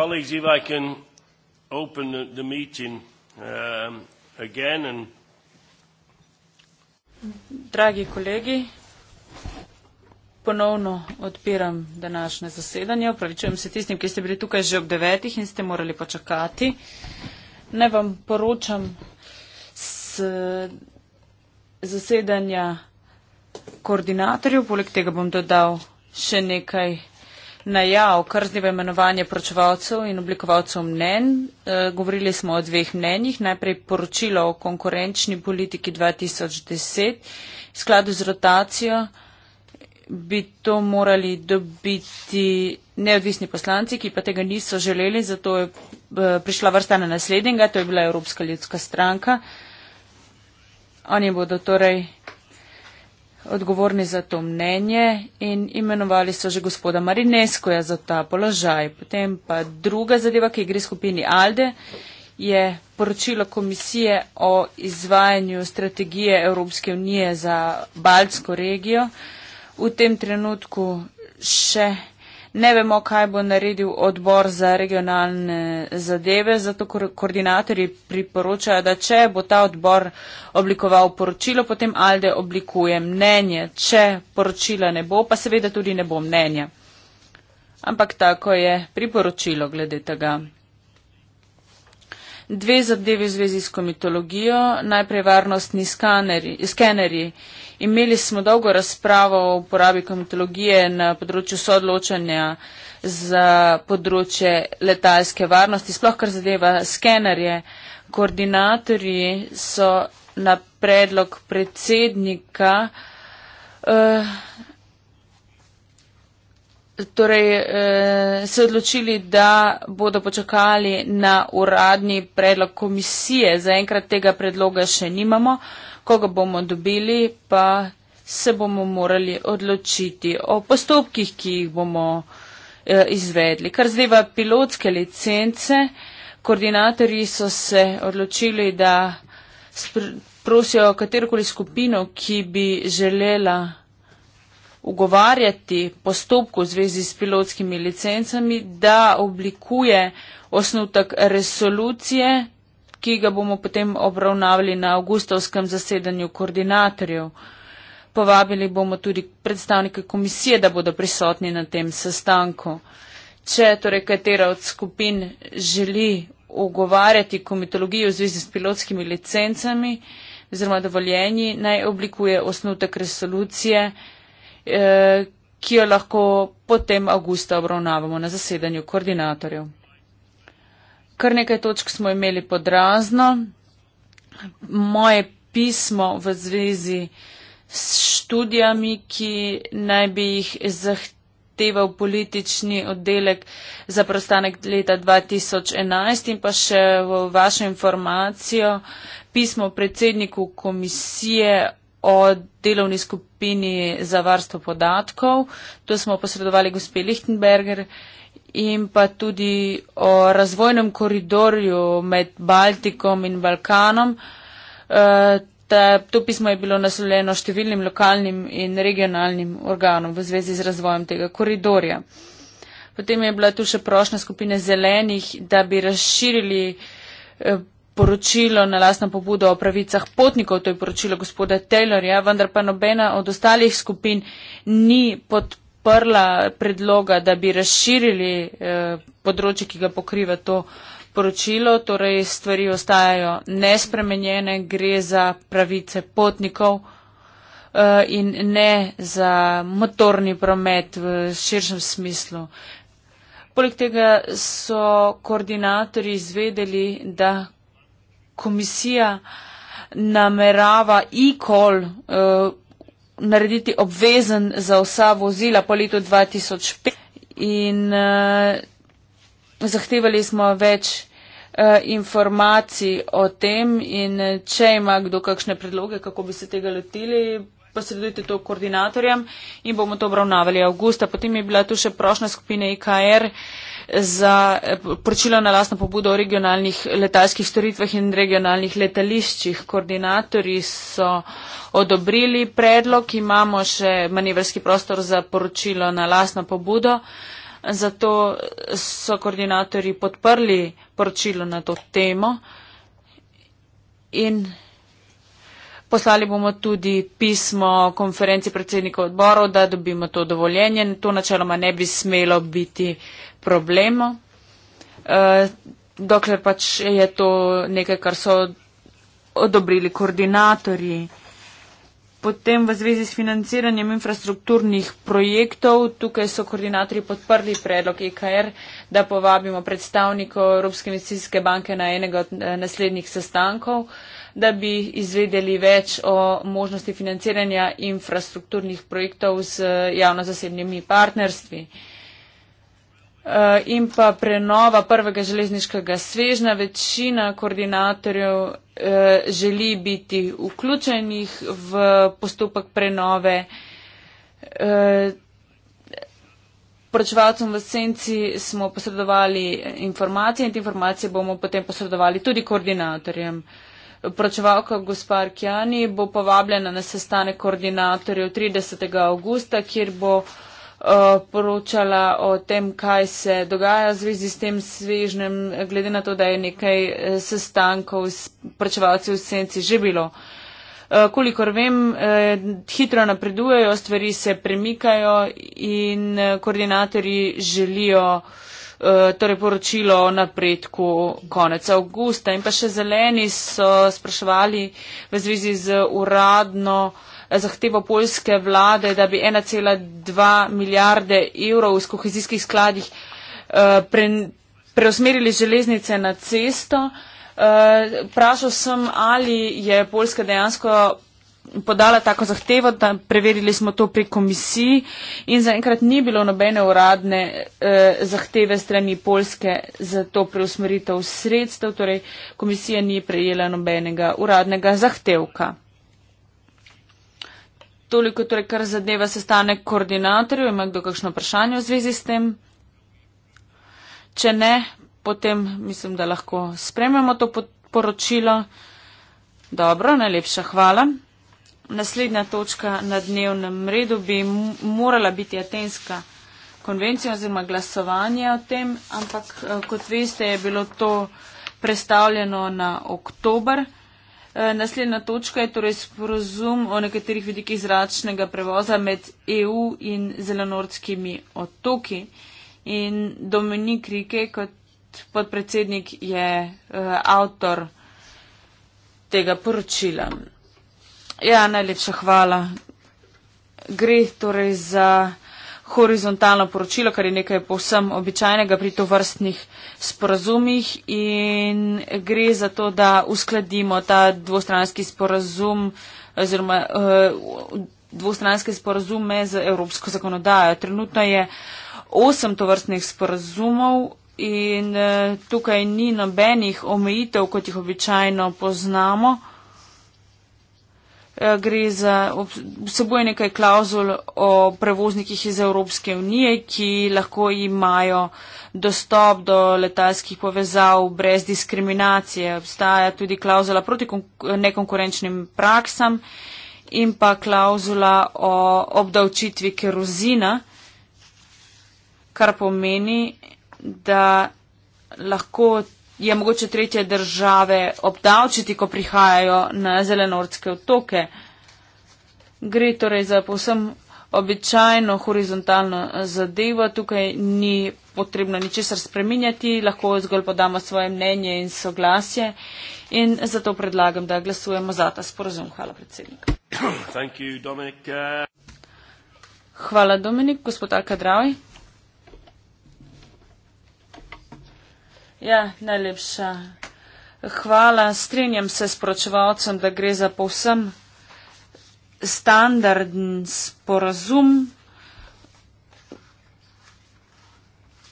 Colleagues, if I can open the, the meeting um, again and. Dragi kolegi, ponovno odpiram današnje zasedanje. Opravičujem se tistim, ki ste bili tukaj že ob devetih in ste morali počakati. Ne vam poročam z zasedanja koordinatorjev, poleg tega bom dodal še nekaj najav krznjeve imenovanje pročevalcev in oblikovalcev mnen. Eh, govorili smo o dveh mnenjih. Najprej poročilo o konkurenčni politiki 2010. V skladu z rotacijo bi to morali dobiti neodvisni poslanci, ki pa tega niso želeli, zato je eh, prišla vrsta na naslednjega, to je bila Evropska ljudska stranka. Oni bodo torej odgovorni za to mnenje in imenovali so že gospoda Marineskoja za ta položaj. Potem pa druga zadeva, ki gre skupini Alde, je poročilo komisije o izvajanju strategije Evropske unije za Baltsko regijo. V tem trenutku še. Ne vemo, kaj bo naredil odbor za regionalne zadeve, zato koordinatorji priporočajo, da če bo ta odbor oblikoval poročilo, potem Alde oblikuje mnenje. Če poročila ne bo, pa seveda tudi ne bo mnenja. Ampak tako je priporočilo glede tega. Dve zadeve v zvezi s komitologijo. Najprej varnostni skanerji. Imeli smo dolgo razpravo o uporabi komitologije na področju soodločanja za področje letalske varnosti, sploh kar zadeva skenerje. Koordinatorji so na predlog predsednika uh, torej, uh, se odločili, da bodo počakali na uradni predlog komisije. Zaenkrat tega predloga še nimamo. Uh, ko ga bomo dobili, pa se bomo morali odločiti o postopkih, ki jih bomo eh, izvedli. Kar zdajva pilotske licence, koordinatorji so se odločili, da prosijo katerokoli skupino, ki bi želela ugovarjati postopku v zvezi s pilotskimi licencami, da oblikuje osnutek resolucije, ki ga bomo potem obravnavali na avgustovskem zasedanju koordinatorjev. Povabili bomo tudi predstavnike komisije, da bodo prisotni na tem sestanku. Če torej katera od skupin želi ogovarjati komitologijo v zvezi s pilotskimi licencami oziroma dovoljenji, naj oblikuje osnutek resolucije, eh, ki jo lahko potem avgusta obravnavamo na zasedanju koordinatorjev kar nekaj točk smo imeli pod razno. Moje pismo v zvezi s študijami, ki naj bi jih zahteval politični oddelek za prostanek leta 2011 in pa še v vašo informacijo pismo predsedniku komisije o delovni skupini za varstvo podatkov. To smo posredovali gospe Lichtenberger in pa tudi o razvojnem koridorju med Baltikom in Balkanom. Eh, ta, to pismo je bilo naslovljeno številnim lokalnim in regionalnim organom v zvezi z razvojem tega koridorja. Potem je bila tu še prošnja skupine zelenih, da bi razširili eh, poročilo na lastno pobudo o pravicah potnikov, to je poročilo gospoda Taylorja, vendar pa nobena od ostalih skupin ni podprla podprla predloga, da bi razširili eh, področje, ki ga pokriva to poročilo. Torej, stvari ostajajo nespremenjene, gre za pravice potnikov eh, in ne za motorni promet v širšem smislu. Poleg tega so koordinatori izvedeli, da komisija namerava e-call uh, narediti obvezen za vsa vozila po letu 2005 in uh, zahtevali smo več eh, informacij o tem in eh, če ima kdo kakšne predloge, kako bi se tega lotili, posredujte to koordinatorjem in bomo to obravnavali. Augusta potem je bila tu še prošna skupina IKR, e uh, za eh, poročilo na lastno pobudo o regionalnih letalskih storitvah in regionalnih letališčih. Koordinatorji so odobrili predlog, imamo še manevrski prostor za poročilo na lastno pobudo, zato so koordinatorji podprli poročilo na to temo in poslali bomo tudi pismo konferenci predsednika odborov, da dobimo to dovoljenje. To načeloma ne bi smelo biti problemov, eh, dokler pač je to nekaj, kar so odobrili koordinatorji. Potem v zvezi s financiranjem infrastrukturnih projektov, tukaj so koordinatorji podprli predlog EKR, da povabimo predstavnikov Evropske investicijske banke na enega od eh, naslednjih sestankov, da bi izvedeli več o možnosti financiranja infrastrukturnih projektov z eh, javno-zasebnimi partnerstvi. Uh, Eh, in pa prenova prvega železniškega svežna. Večina koordinatorjev eh, želi biti vključenih v postopek prenove. Eh, Pročevalcem v senci smo posredovali informacije in te informacije bomo potem posredovali tudi koordinatorjem. Pročevalka gospa Arkjani bo povabljena na sestanek koordinatorjev 30. augusta, kjer bo uh, Eh, poročala o tem, kaj se dogaja v zvezi s tem svežnem, glede na to, da je nekaj eh, sestankov s prečevalci v senci že bilo. Eh, kolikor vem, hitro napredujejo, stvari se premikajo in koordinatori želijo torej poročilo o napredku konec avgusta. In pa še zeleni so spraševali v zvezi z uradno zahtevo polske vlade, da bi 1,2 milijarde evrov iz kohezijskih skladih eh, pre, preosmerili železnice na cesto. Eh, Prašal sem, ali je Polska dejansko podala tako zahtevo, da preverili smo to pri komisiji in zaenkrat ni bilo nobene uradne eh, zahteve strani Polske za to preusmeritev sredstev, torej komisija ni prejela nobenega uradnega zahtevka. Toliko torej, kar zadeva sestanek koordinatorjev. Ima kdo kakšno vprašanje v zvezi s tem? Če ne, potem mislim, da lahko spremljamo to poročilo. Dobro, najlepša hvala. Naslednja točka na dnevnem redu bi morala biti Atenska konvencija oziroma glasovanje o tem, ampak eh, kot veste, je bilo to prestavljeno na oktober. Eh, naslednja točka je torej sporozum o nekaterih vidikih zračnega prevoza med EU in zelenortskimi otoki. In Dominik Rike kot podpredsednik je uh, avtor tega poročila. Ja, najlepša hvala. Gre torej za horizontalno poročilo, kar je nekaj povsem običajnega pri tovrstnih sporazumih in gre za to, da uskladimo ta dvostranski sporazum oziroma eh, dvostranske sporazume z evropsko zakonodajo. Trenutno je osem tovrstnih sporazumov. In eh, tukaj ni nobenih omejitev, kot jih običajno poznamo. Eh, gre za vseboj nekaj klauzul o prevoznikih iz Evropske unije, ki lahko imajo dostop do letalskih povezav brez diskriminacije. Obstaja tudi klauzula proti nekonkurenčnim praksam in pa klauzula o obdavčitvi kerozina, kar pomeni, da lahko je mogoče tretje države obdavčiti, ko prihajajo na zelenortske otoke. Gre torej za povsem običajno horizontalno eh, zadevo, tukaj ni potrebno ničesar spreminjati, lahko zgolj podamo svoje mnenje in soglasje in zato predlagam, da glasujemo za ta sporozum. Hvala predsednik. Hvala Dominik, gospod Alka Dravi. Ja, najlepša. Hvala. Strenjam se s poročevalcem, da gre za povsem standarden sporazum.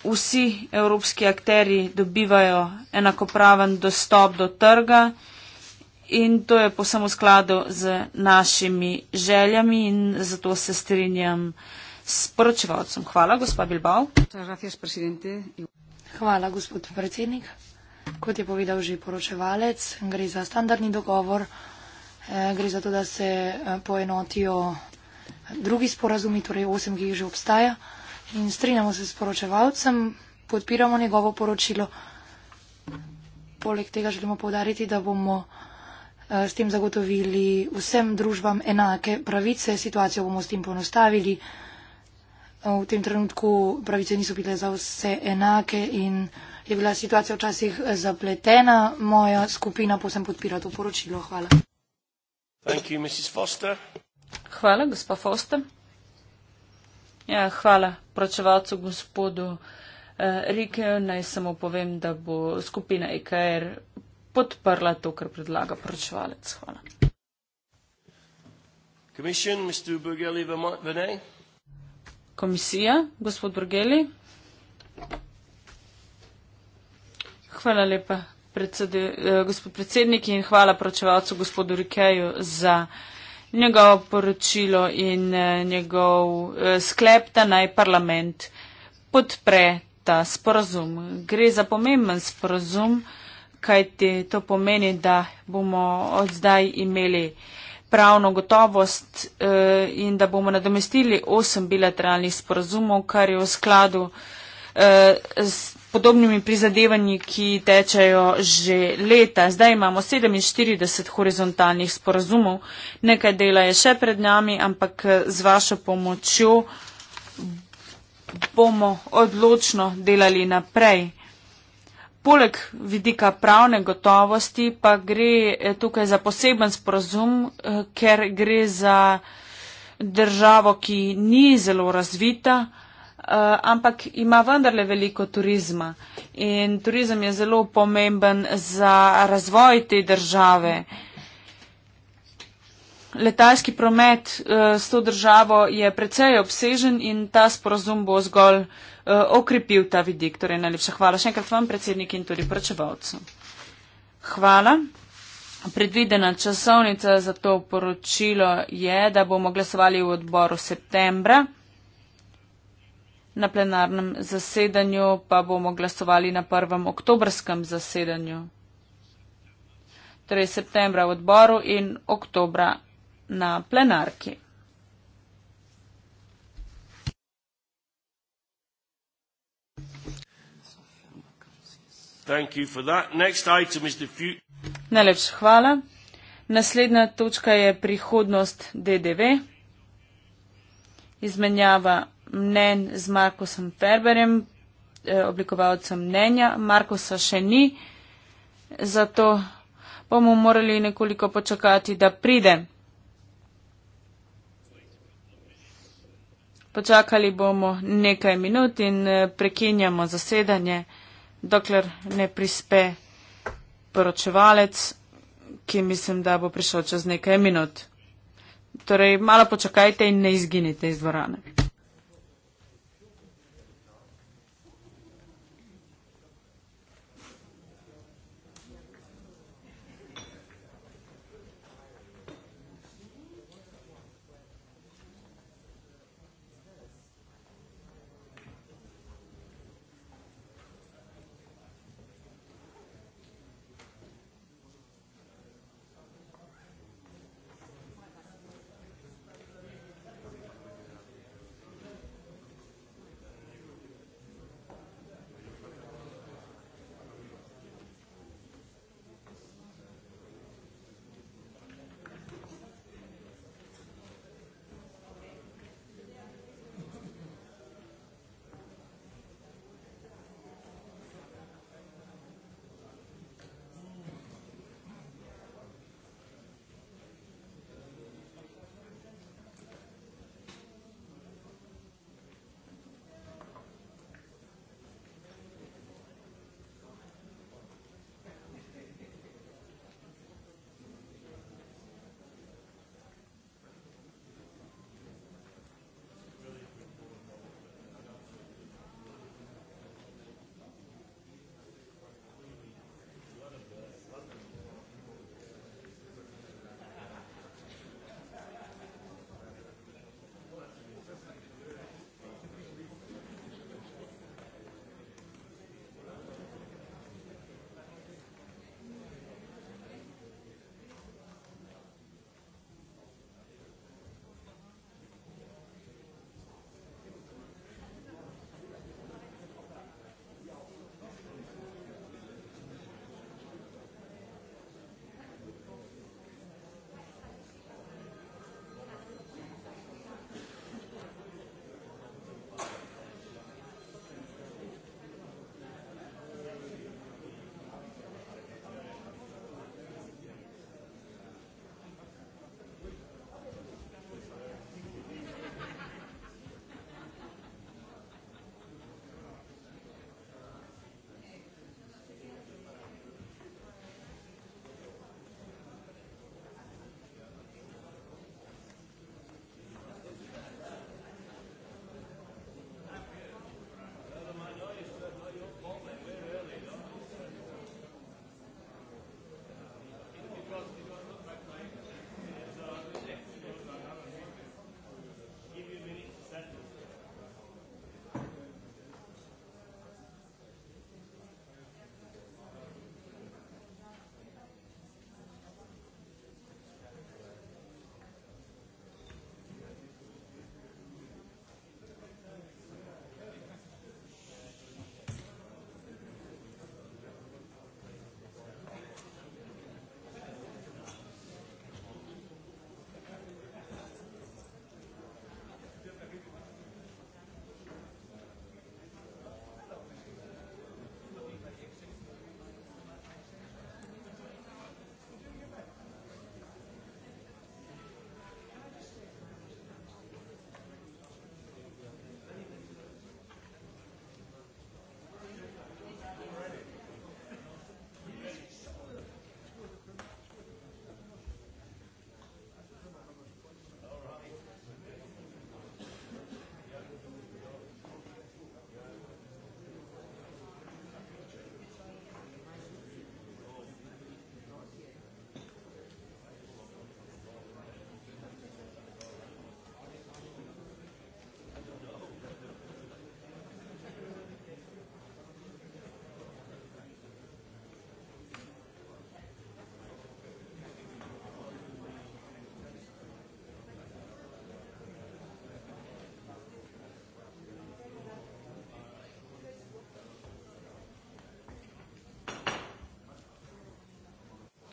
Vsi evropski akteri dobivajo enakopraven dostop do trga in to je posebno skladu z našimi željami in zato se strinjam s poročevalcem. Hvala, gospod Bilbao. Hvala, gospod predsednik. Kot je povedal že poročevalec, gre za standardni dogovor, eh, gre za to, da se eh, poenotijo drugi sporazumi, torej osem, ki jih že obstaja. In strinjamo se s poročevalcem, podpiramo njegovo poročilo. Poleg tega želimo povdariti, da bomo eh, s tem zagotovili vsem družbam enake pravice, situacijo bomo s tem ponostavili v tem trenutku pravice niso bile za vse enake in je bila situacija včasih zapletena. Moja skupina posem podpira to poročilo. Hvala. You, hvala, gospa Foster. Ja, hvala pročevalcu gospodu eh, Rikeju. Naj samo povem, da bo skupina EKR podprla to, kar predlaga pročevalec. Hvala. Commission, Mr. Bugeli Venet komisije. Gospod Brgeli. Hvala lepa, predsede, eh, gospod predsednik, in hvala pročevalcu gospodu Rikeju za njegovo poročilo in eh, njegov eh, sklep, da naj parlament podpre ta sporazum. Gre za pomemben sporazum, kajti to pomeni, da bomo od zdaj imeli pravno gotovost eh, in da bomo nadomestili osem bilateralnih sporazumov, kar je v skladu eh, s podobnimi prizadevanji, ki tečajo že leta. Zdaj imamo 47 horizontalnih sporazumov, nekaj dela je še pred nami, ampak eh, z vašo pomočjo bomo odločno delali naprej. Poleg vidika pravne gotovosti pa gre eh, tukaj za poseben sporozum, eh, ker gre za državo, ki ni zelo razvita, eh, ampak ima vendarle veliko turizma. In turizem je zelo pomemben za razvoj te države. Letalski promet s to državo je precej obsežen in ta sporozum bo zgolj Eh, okrepil ta vidik. Torej, najlepša hvala še enkrat vam, predsednik in tudi pračevalcu. Hvala. Predvidena časovnica za to poročilo je, da bomo glasovali v odboru septembra. Na plenarnem zasedanju pa bomo glasovali na prvem oktobrskem zasedanju. Torej septembra v odboru in oktobra na plenarki. Najlepša hvala. Naslednja točka je prihodnost DDV. Izmenjava mnen z Markusom Ferberjem, eh, oblikovalcem mnenja. Markusa še ni, zato bomo morali nekoliko počakati, da pride. Počakali bomo nekaj minut in eh, prekinjamo zasedanje dokler ne prispe poročevalec, ki mislim, da bo prišel čez nekaj minut. Torej, malo počakajte in ne izginite iz dvorane.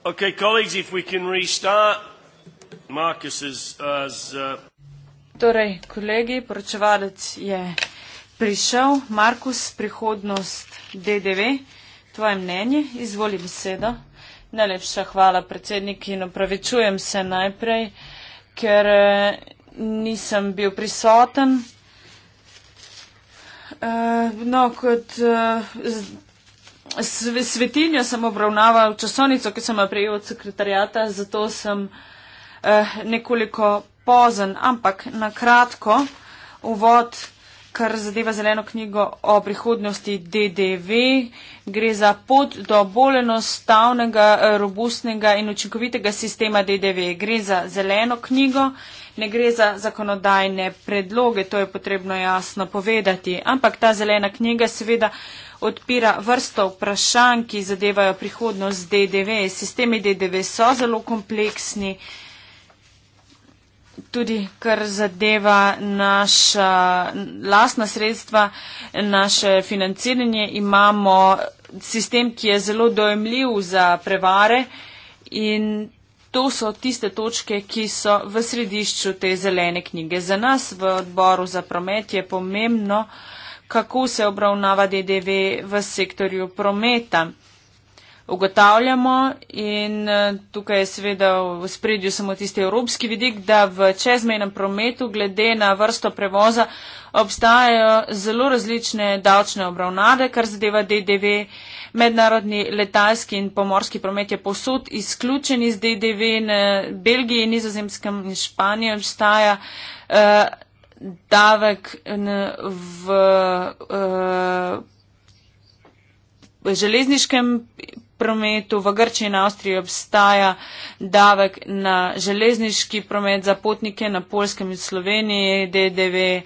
Okay, colleagues, if we can restart. Marcus is, is, uh... Torej, kolegi, poročevalec je prišel. Markus, prihodnost DDV, tvoje mnenje, izvoli besedo. Najlepša hvala, predsednik, in opravičujem se najprej, ker eh, nisem bil prisoten. E, no, kot, eh, svetinjo sem obravnaval časovnico, ki sem jo prejel od sekretarjata, zato sem eh, nekoliko pozen, ampak na kratko uvod, kar zadeva zeleno knjigo o prihodnosti DDV, gre za pot do bolj enostavnega, robustnega in učinkovitega sistema DDV. Gre za zeleno knjigo ne gre za zakonodajne predloge, to je potrebno jasno povedati. Ampak ta zelena knjiga seveda odpira vrsto vprašanj, ki zadevajo prihodnost DDV. Sistemi DDV so zelo kompleksni, tudi kar zadeva naša lastna sredstva, naše financiranje. Imamo sistem, ki je zelo dojemljiv za prevare. In To so tiste točke, ki so v središču te zelene knjige. Za nas v odboru za promet je pomembno, kako se obravnava DDV v sektorju prometa ugotavljamo in eh, tukaj je seveda v spredju samo tisti evropski vidik, da v čezmejnem prometu glede na vrsto prevoza obstajajo zelo različne davčne obravnave, kar zadeva DDV. Mednarodni letalski in pomorski promet je posod izključen iz DDV in Belgiji, Nizozemskem in Španiji obstaja eh, davek v. Eh, V železniškem prometu, v Grčiji in Avstriji obstaja davek na železniški promet za potnike, na Polskem in Sloveniji DDV, eh,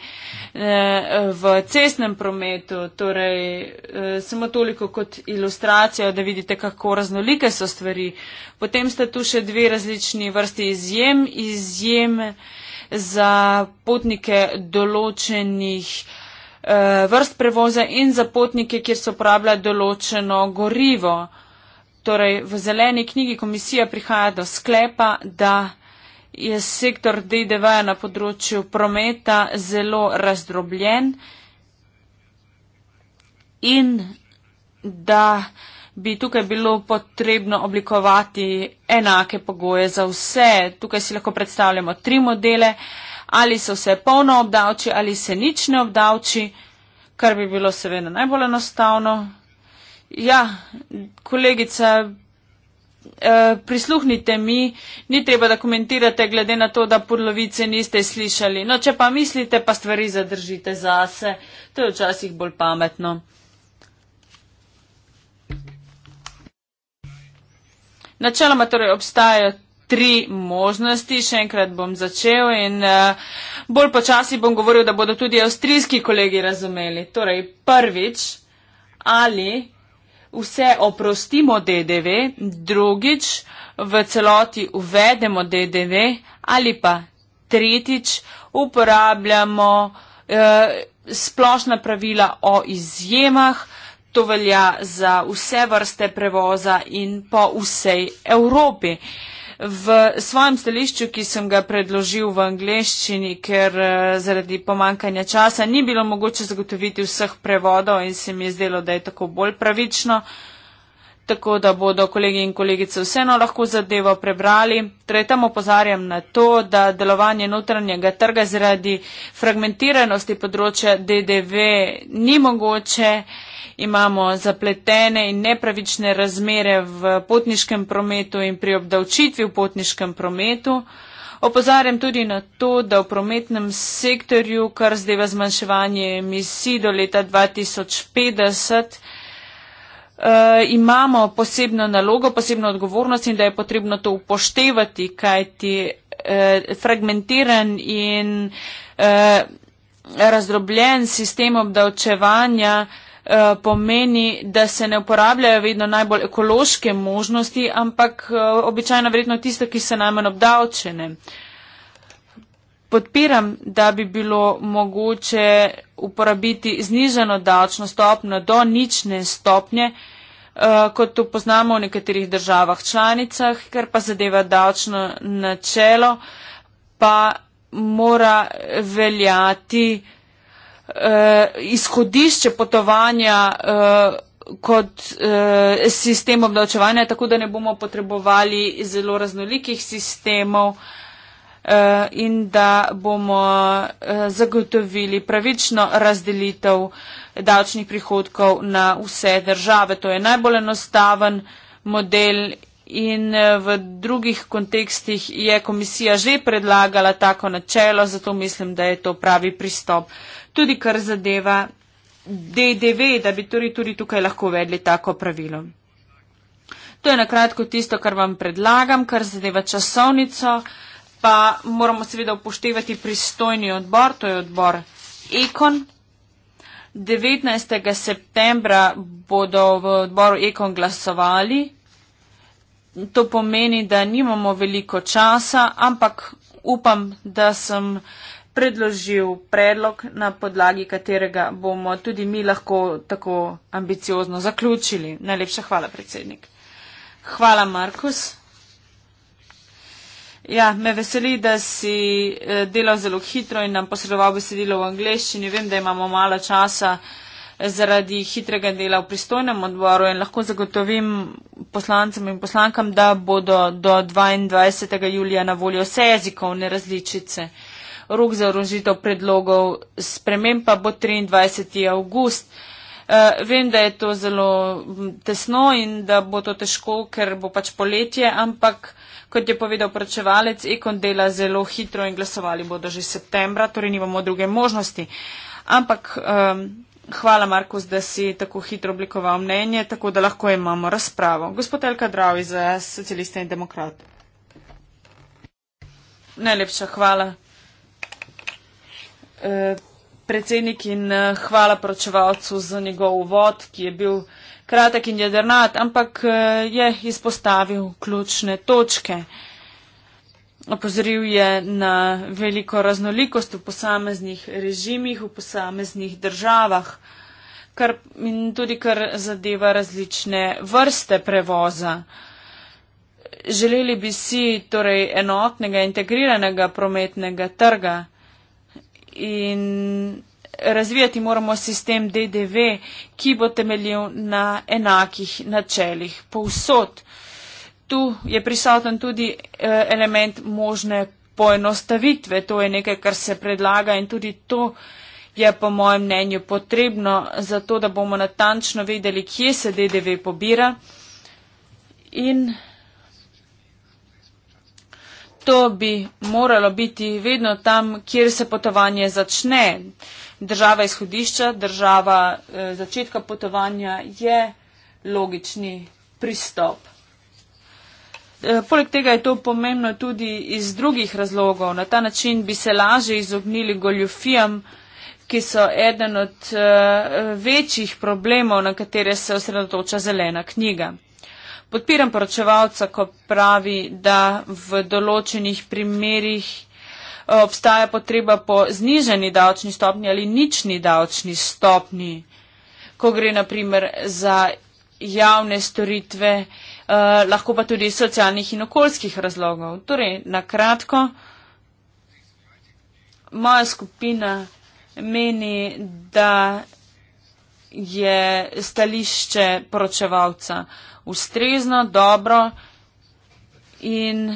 v cestnem prometu. Torej, eh, samo toliko kot ilustracijo, da vidite, kako raznolike so stvari. Potem sta tu še dve različni vrsti izjem. Izjem za potnike določenih eh, vrst prevoza in za potnike, kjer se uporablja določeno gorivo. Torej, v zeleni knjigi komisija prihaja do sklepa, da je sektor DDV na področju prometa zelo razdrobljen in da bi tukaj bilo potrebno oblikovati enake pogoje za vse. Tukaj si lahko predstavljamo tri modele, ali se vse polno obdavči, ali se nič ne obdavči, kar bi bilo seveda najbolj enostavno. Ja, kolegica, eh, prisluhnite mi, ni treba, da komentirate glede na to, da podlovice niste slišali. No, če pa mislite, pa stvari zadržite zase. To je včasih bolj pametno. Načeloma torej obstajajo tri možnosti, še enkrat bom začel in eh, bolj počasi bom govoril, da bodo tudi avstrijski kolegi razumeli. Torej, prvič, ali vse oprostimo DDV, drugič v celoti uvedemo DDV ali pa tretjič uporabljamo eh, splošna pravila o izjemah. To velja za vse vrste prevoza in po vsej Evropi. Eh, v svojem stališču, ki sem ga predložil v angleščini, ker eh, zaradi pomankanja časa ni bilo mogoče zagotoviti vseh prevodov in se mi je zdelo, da je tako bolj pravično. Tako da bodo kolegi in kolegice vseeno lahko zadevo prebrali. Torej, tam opozarjam na to, da delovanje notranjega trga zaradi fragmentiranosti področja DDV ni mogoče. Uh, imamo zapletene in nepravične razmere v potniškem prometu in pri obdavčitvi v potniškem prometu. Opozarjam tudi na to, da v prometnem sektorju, kar zdajva zmanjševanje emisij do leta 2050, Uh, eh, imamo posebno nalogo, posebno odgovornost in da je potrebno to upoštevati, kajti uh, fragmentiran in uh, razdrobljen sistem obdavčevanja uh, Eh, pomeni, da se ne uporabljajo vedno najbolj ekološke možnosti, ampak eh, običajno verjetno tiste, ki so najmanj obdavčene. Podpiram, da bi bilo mogoče uporabiti znižano davčno stopnjo do nične stopnje, eh, kot to poznamo v nekaterih državah članicah, ker pa zadeva davčno načelo, pa mora veljati Eh, izhodišče potovanja eh, kot eh, sistem obdavčevanja, tako da ne bomo potrebovali zelo raznolikih sistemov in da bomo zagotovili pravično razdelitev davčnih prihodkov na vse države. To je najbolj enostaven model in v drugih kontekstih je komisija že predlagala tako načelo, zato mislim, da je to pravi pristop tudi kar zadeva DDV, da bi tudi, tudi tukaj lahko uvedli tako pravilo. To je nakratko tisto, kar vam predlagam, kar zadeva časovnico, pa moramo seveda upoštevati pristojni odbor, to je odbor Ekon. 19. septembra bodo v odboru Ekon glasovali. To pomeni, da nimamo veliko časa, ampak upam, da sem predložil predlog, na podlagi katerega bomo tudi mi lahko tako ambiciozno zaključili. Najlepša hvala, predsednik. Hvala, Markus. Ja, me veseli, da si eh, delal zelo hitro in nam posredoval besedilo v angleščini. Vem, da imamo malo časa eh, zaradi hitrega dela v pristojnem odboru in lahko zagotovim poslancem in poslankam, da bodo do 22. julija na voljo vse jezikovne različice rok za vložitev predlogov, sprememb pa bo 23. august. Eh, vem, da je to zelo mm, tesno in da bo to težko, ker bo pač poletje, ampak kot je povedal pročevalec, ekon dela zelo hitro in glasovali bodo že septembra, torej nimamo druge možnosti. Ampak um, hvala, Markus, da si tako hitro oblikoval mnenje, tako da lahko imamo razpravo. Gospodelka Dravi za socialiste in demokrate. Najlepša hvala predsednik in eh, hvala pročevalcu za njegov uvod, ki je bil kratek in jedernat, ampak eh, je izpostavil ključne točke. Opozoril je na veliko raznolikost v posameznih režimih, v posameznih državah kar, in tudi kar zadeva različne vrste prevoza. Želeli bi si torej enotnega integriranega prometnega trga in razvijati moramo sistem DDV, ki bo temeljil na enakih načelih. Povsod tu je prisoten tudi eh, element možne poenostavitve. To je nekaj, kar se predlaga in tudi to je po mojem mnenju potrebno, zato da bomo natančno vedeli, kje se DDV pobira. In To bi moralo biti vedno tam, kjer se potovanje začne. Država izhodišča, država eh, začetka potovanja je logični pristop. Eh, poleg tega je to pomembno tudi iz drugih razlogov. Na ta način bi se laže izognili goljufijam, ki so eden od eh, večjih problemov, na katere se osredotoča zelena knjiga podpiram poročevalca, ko pravi, da v določenih primerjih eh, obstaja potreba po zniženi davčni stopni ali nični davčni stopni, ko gre naprimer za javne storitve, eh, lahko pa tudi socialnih in okoljskih razlogov. Torej, na kratko, moja skupina meni, da je stališče poročevalca eh, ustrezno, dobro in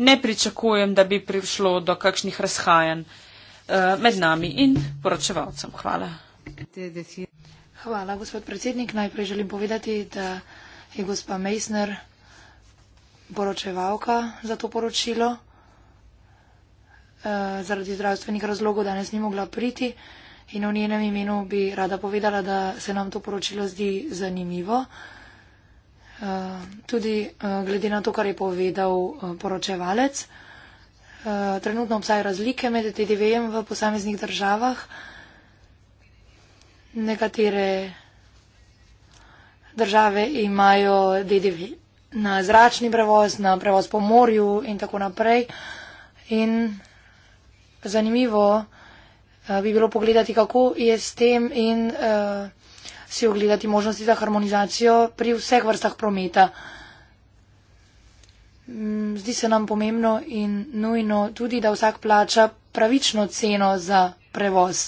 ne pričakujem, da bi prišlo do kakšnih razhajanj eh, med nami in poročevalcem. Hvala. Hvala, gospod predsednik. Najprej želim povedati, da je gospa Meissner poročevalka za to poročilo. Eh, zaradi zdravstvenih razlogov danes ni mogla priti in v njenem imenu bi rada povedala, da se nam to poročilo zdi zanimivo. Eh, tudi eh, glede na to, kar je povedal eh, poročevalec. Trenutno obstajajo razlike med DDV-jem v posameznih državah. Nekatere države imajo DDV na zračni prevoz, na prevoz po morju in tako naprej. In zanimivo bi bilo pogledati, kako je s tem in uh, si ogledati možnosti za harmonizacijo pri vseh vrstah prometa. Mm, zdi se nam pomembno in nujno tudi, da vsak plača pravično ceno za prevoz.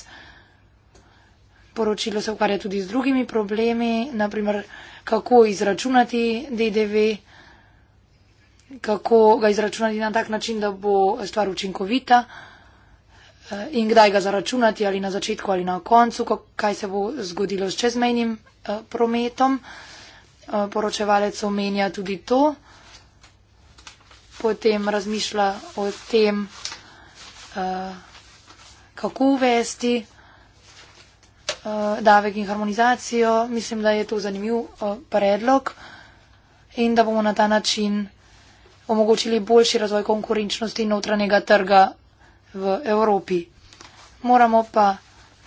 Poročilo se ukvarja tudi z drugimi problemi, naprimer kako izračunati DDV, kako ga izračunati na tak način, da bo stvar učinkovita. Eh, in kdaj ga zaračunati, ali na začetku ali na koncu, kaj se bo zgodilo s čezmejnim eh, prometom. Eh, poročevalec omenja tudi to, potem razmišlja o tem, kako uvesti davek in harmonizacijo. Mislim, da je to zanimiv predlog in da bomo na ta način omogočili boljši razvoj konkurenčnosti notranjega trga v Evropi. Moramo pa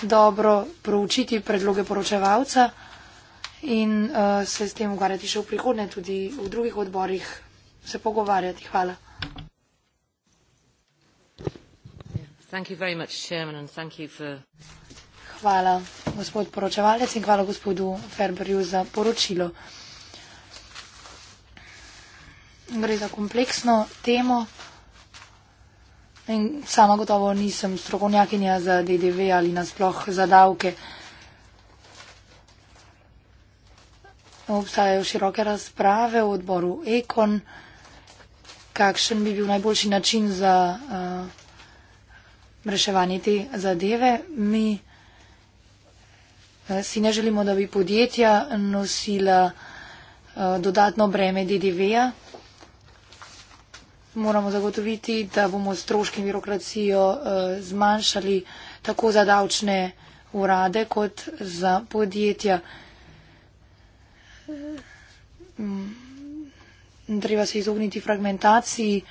dobro proučiti predloge poročevalca in uh, se s tem ukvarjati še v prihodnje, tudi v drugih odborih se pogovarjati. Hvala. Hvala, gospod poročevalec in hvala gospodu Ferberju za poročilo. Gre za kompleksno temo. In sama gotovo nisem strokovnjakinja za DDV ali nasploh za davke. Obstajajo široke razprave v odboru Ekon, kakšen bi bil najboljši način za uh, reševanje te zadeve. Mi uh, si ne želimo, da bi podjetja nosila uh, dodatno breme DDV-ja moramo zagotoviti, da bomo stroški birokracijo uh, zmanjšali tako za davčne urade kot za podjetja. Mm, treba se izogniti fragmentaciji,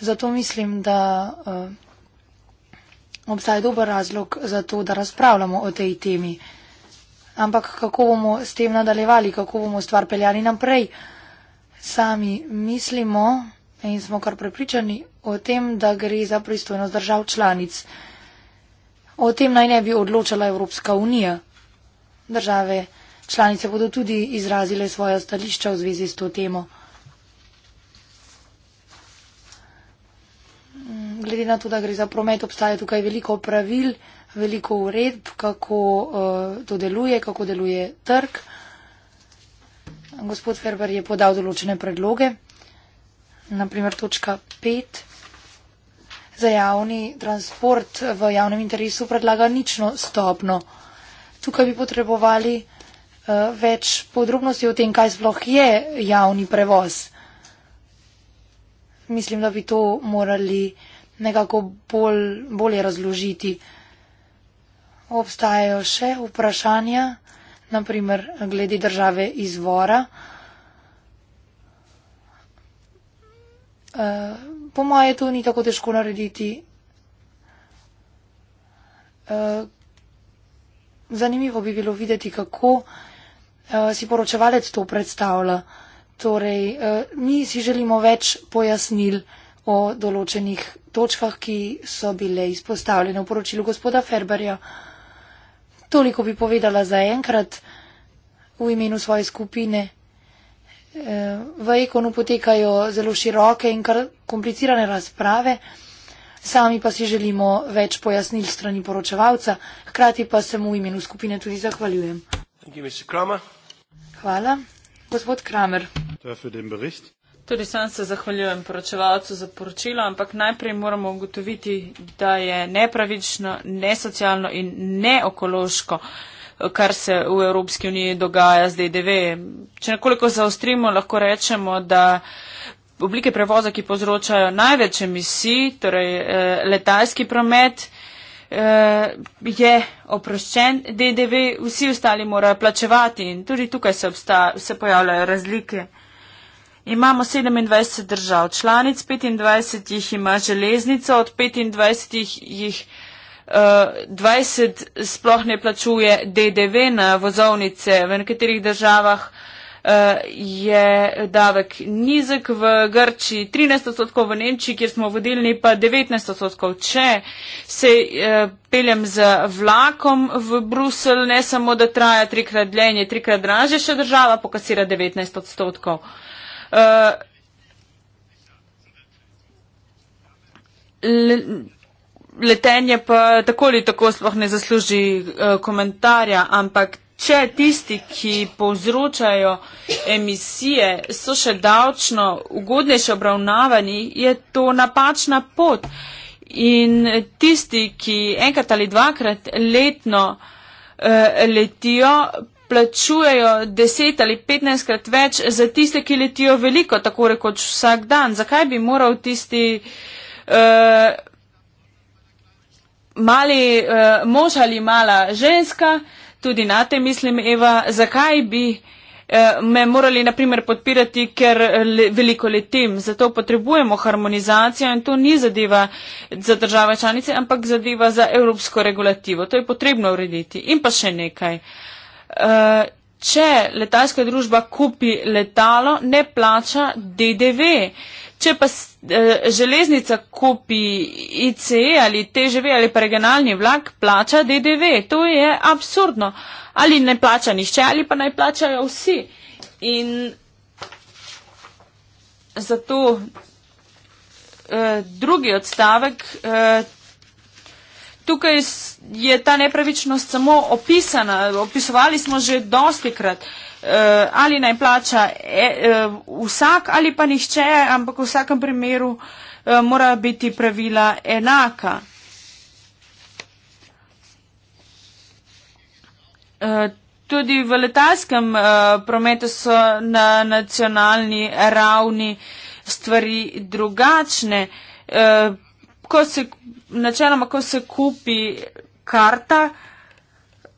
zato mislim, da uh, obstaja dober razlog za to, da razpravljamo o tej temi. Ampak kako bomo s tem nadaljevali, kako bomo stvar peljali naprej, sami mislimo in smo kar prepričani o tem, da gre za pristojnost držav članic. O tem naj ne bi odločala Evropska unija. Države članice bodo tudi izrazile svoja stališča v zvezi s to temo. Glede na to, da gre za promet, obstaja tukaj veliko pravil, veliko uredb, kako uh, to deluje, kako deluje trg. Gospod Ferber je podal določene predloge naprimer točka 5, za javni transport v javnem interesu predlaga nično stopno. Tukaj bi potrebovali uh, več podrobnosti o tem, kaj sploh je javni prevoz. Mislim, da bi to morali nekako bolj, bolje razložiti. Obstajajo še vprašanja, naprimer glede države izvora. Eh, po moje to ni tako težko narediti. Uh, zanimivo bi bilo videti, kako uh, si poročevalec to predstavlja. Torej, uh, mi si želimo več pojasnil o določenih točkah, ki so bile izpostavljene v poročilu gospoda Ferberja. Toliko bi povedala za enkrat v imenu svoje skupine v ekonu potekajo zelo široke in kar komplicirane razprave, sami pa si želimo več pojasnil strani poročevalca, hkrati pa se mu v imenu skupine tudi zahvaljujem. Hvala. Gospod Kramer. Tudi sam se zahvaljujem poročevalcu za poročilo, ampak najprej moramo ugotoviti, da je nepravično, nesocialno in neokološko kar se v Evropski uniji dogaja z DDV. Če nekoliko zaostrimo, lahko rečemo, da oblike prevoza, ki povzročajo največ emisij, torej eh, letalski promet, eh, je oproščen DDV, vsi ostali morajo plačevati in tudi tukaj se, se pojavljajo razlike. Imamo 27 držav članic, 25 jih ima železnico, od 25 jih 20 sploh ne plačuje DDV na vozovnice. V nekaterih državah eh, je davek nizek, v Grči 13 odstotkov, v Nemčiji, kjer smo vodilni, pa 19 odstotkov. Če se eh, peljem z vlakom v Brusel, ne samo, da traja trikrat dlje, je trikrat draže, še država pokasira 19 odstotkov. Uh, letenje pa tako ali tako sploh ne zasluži eh, komentarja, ampak če tisti, ki povzročajo emisije, so še davčno ugodnejše obravnavani, je to napačna pot. In tisti, ki enkrat ali dvakrat letno eh, letijo, plačujejo 10 ali 15 krat več za tiste, ki letijo veliko, tako rekoč vsak dan. Zakaj bi moral tisti uh, mali uh, mož ali mala ženska, tudi na te mislim, Eva, zakaj bi uh, me morali naprimer podpirati, ker le, veliko letim. Zato potrebujemo harmonizacijo in to ni zadeva za države članice, ampak zadeva za evropsko regulativo. To je potrebno urediti. In pa še nekaj. Uh, če letalska družba kupi letalo, ne plača DDV. Uh, Če pa eh, železnica kupi ICE ali TŽV ali pa regionalni vlak, plača DDV. To je absurdno. Ali ne plača nišče ali pa naj plačajo vsi. In zato eh, drugi odstavek. Eh, tukaj je ta nepravičnost samo opisana, opisovali smo že dostikrat, eh, ali naj plača e, e, vsak ali pa nihče, ampak v vsakem primeru eh, mora biti pravila enaka. Eh, tudi v letalskem prometu so na nacionalni ravni stvari drugačne ko se, načeloma, ko se kupi karta,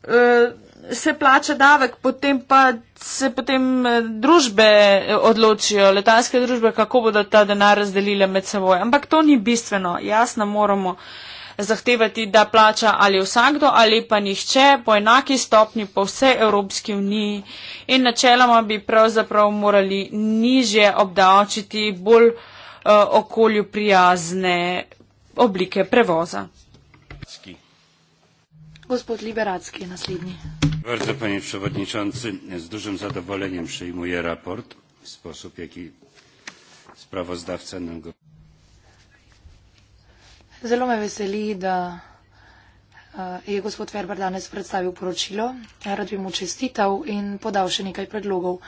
eh, se plača davek, potem pa se potem eh, družbe eh, odločijo, letalske družbe, kako bodo ta denar razdelile med seboj. Ampak to ni bistveno. Jasno moramo zahtevati, da plača ali vsakdo ali pa nihče po enaki stopni po vsej Evropski uniji in načeloma bi pravzaprav morali nižje obdavčiti bolj uh, okolju prijazne oblike prevoza. Ski. Gospod Liberacki je naslednji. Bardzo panie przewodniczący, z dużym zadowoleniem przyjmuję raport w sposób, jaki sprawozdawca nam go. Zelo me veseli, da e, je gospod Ferber danes predstavil poročilo. Rad bi mu čestital in podal še nekaj predlogov.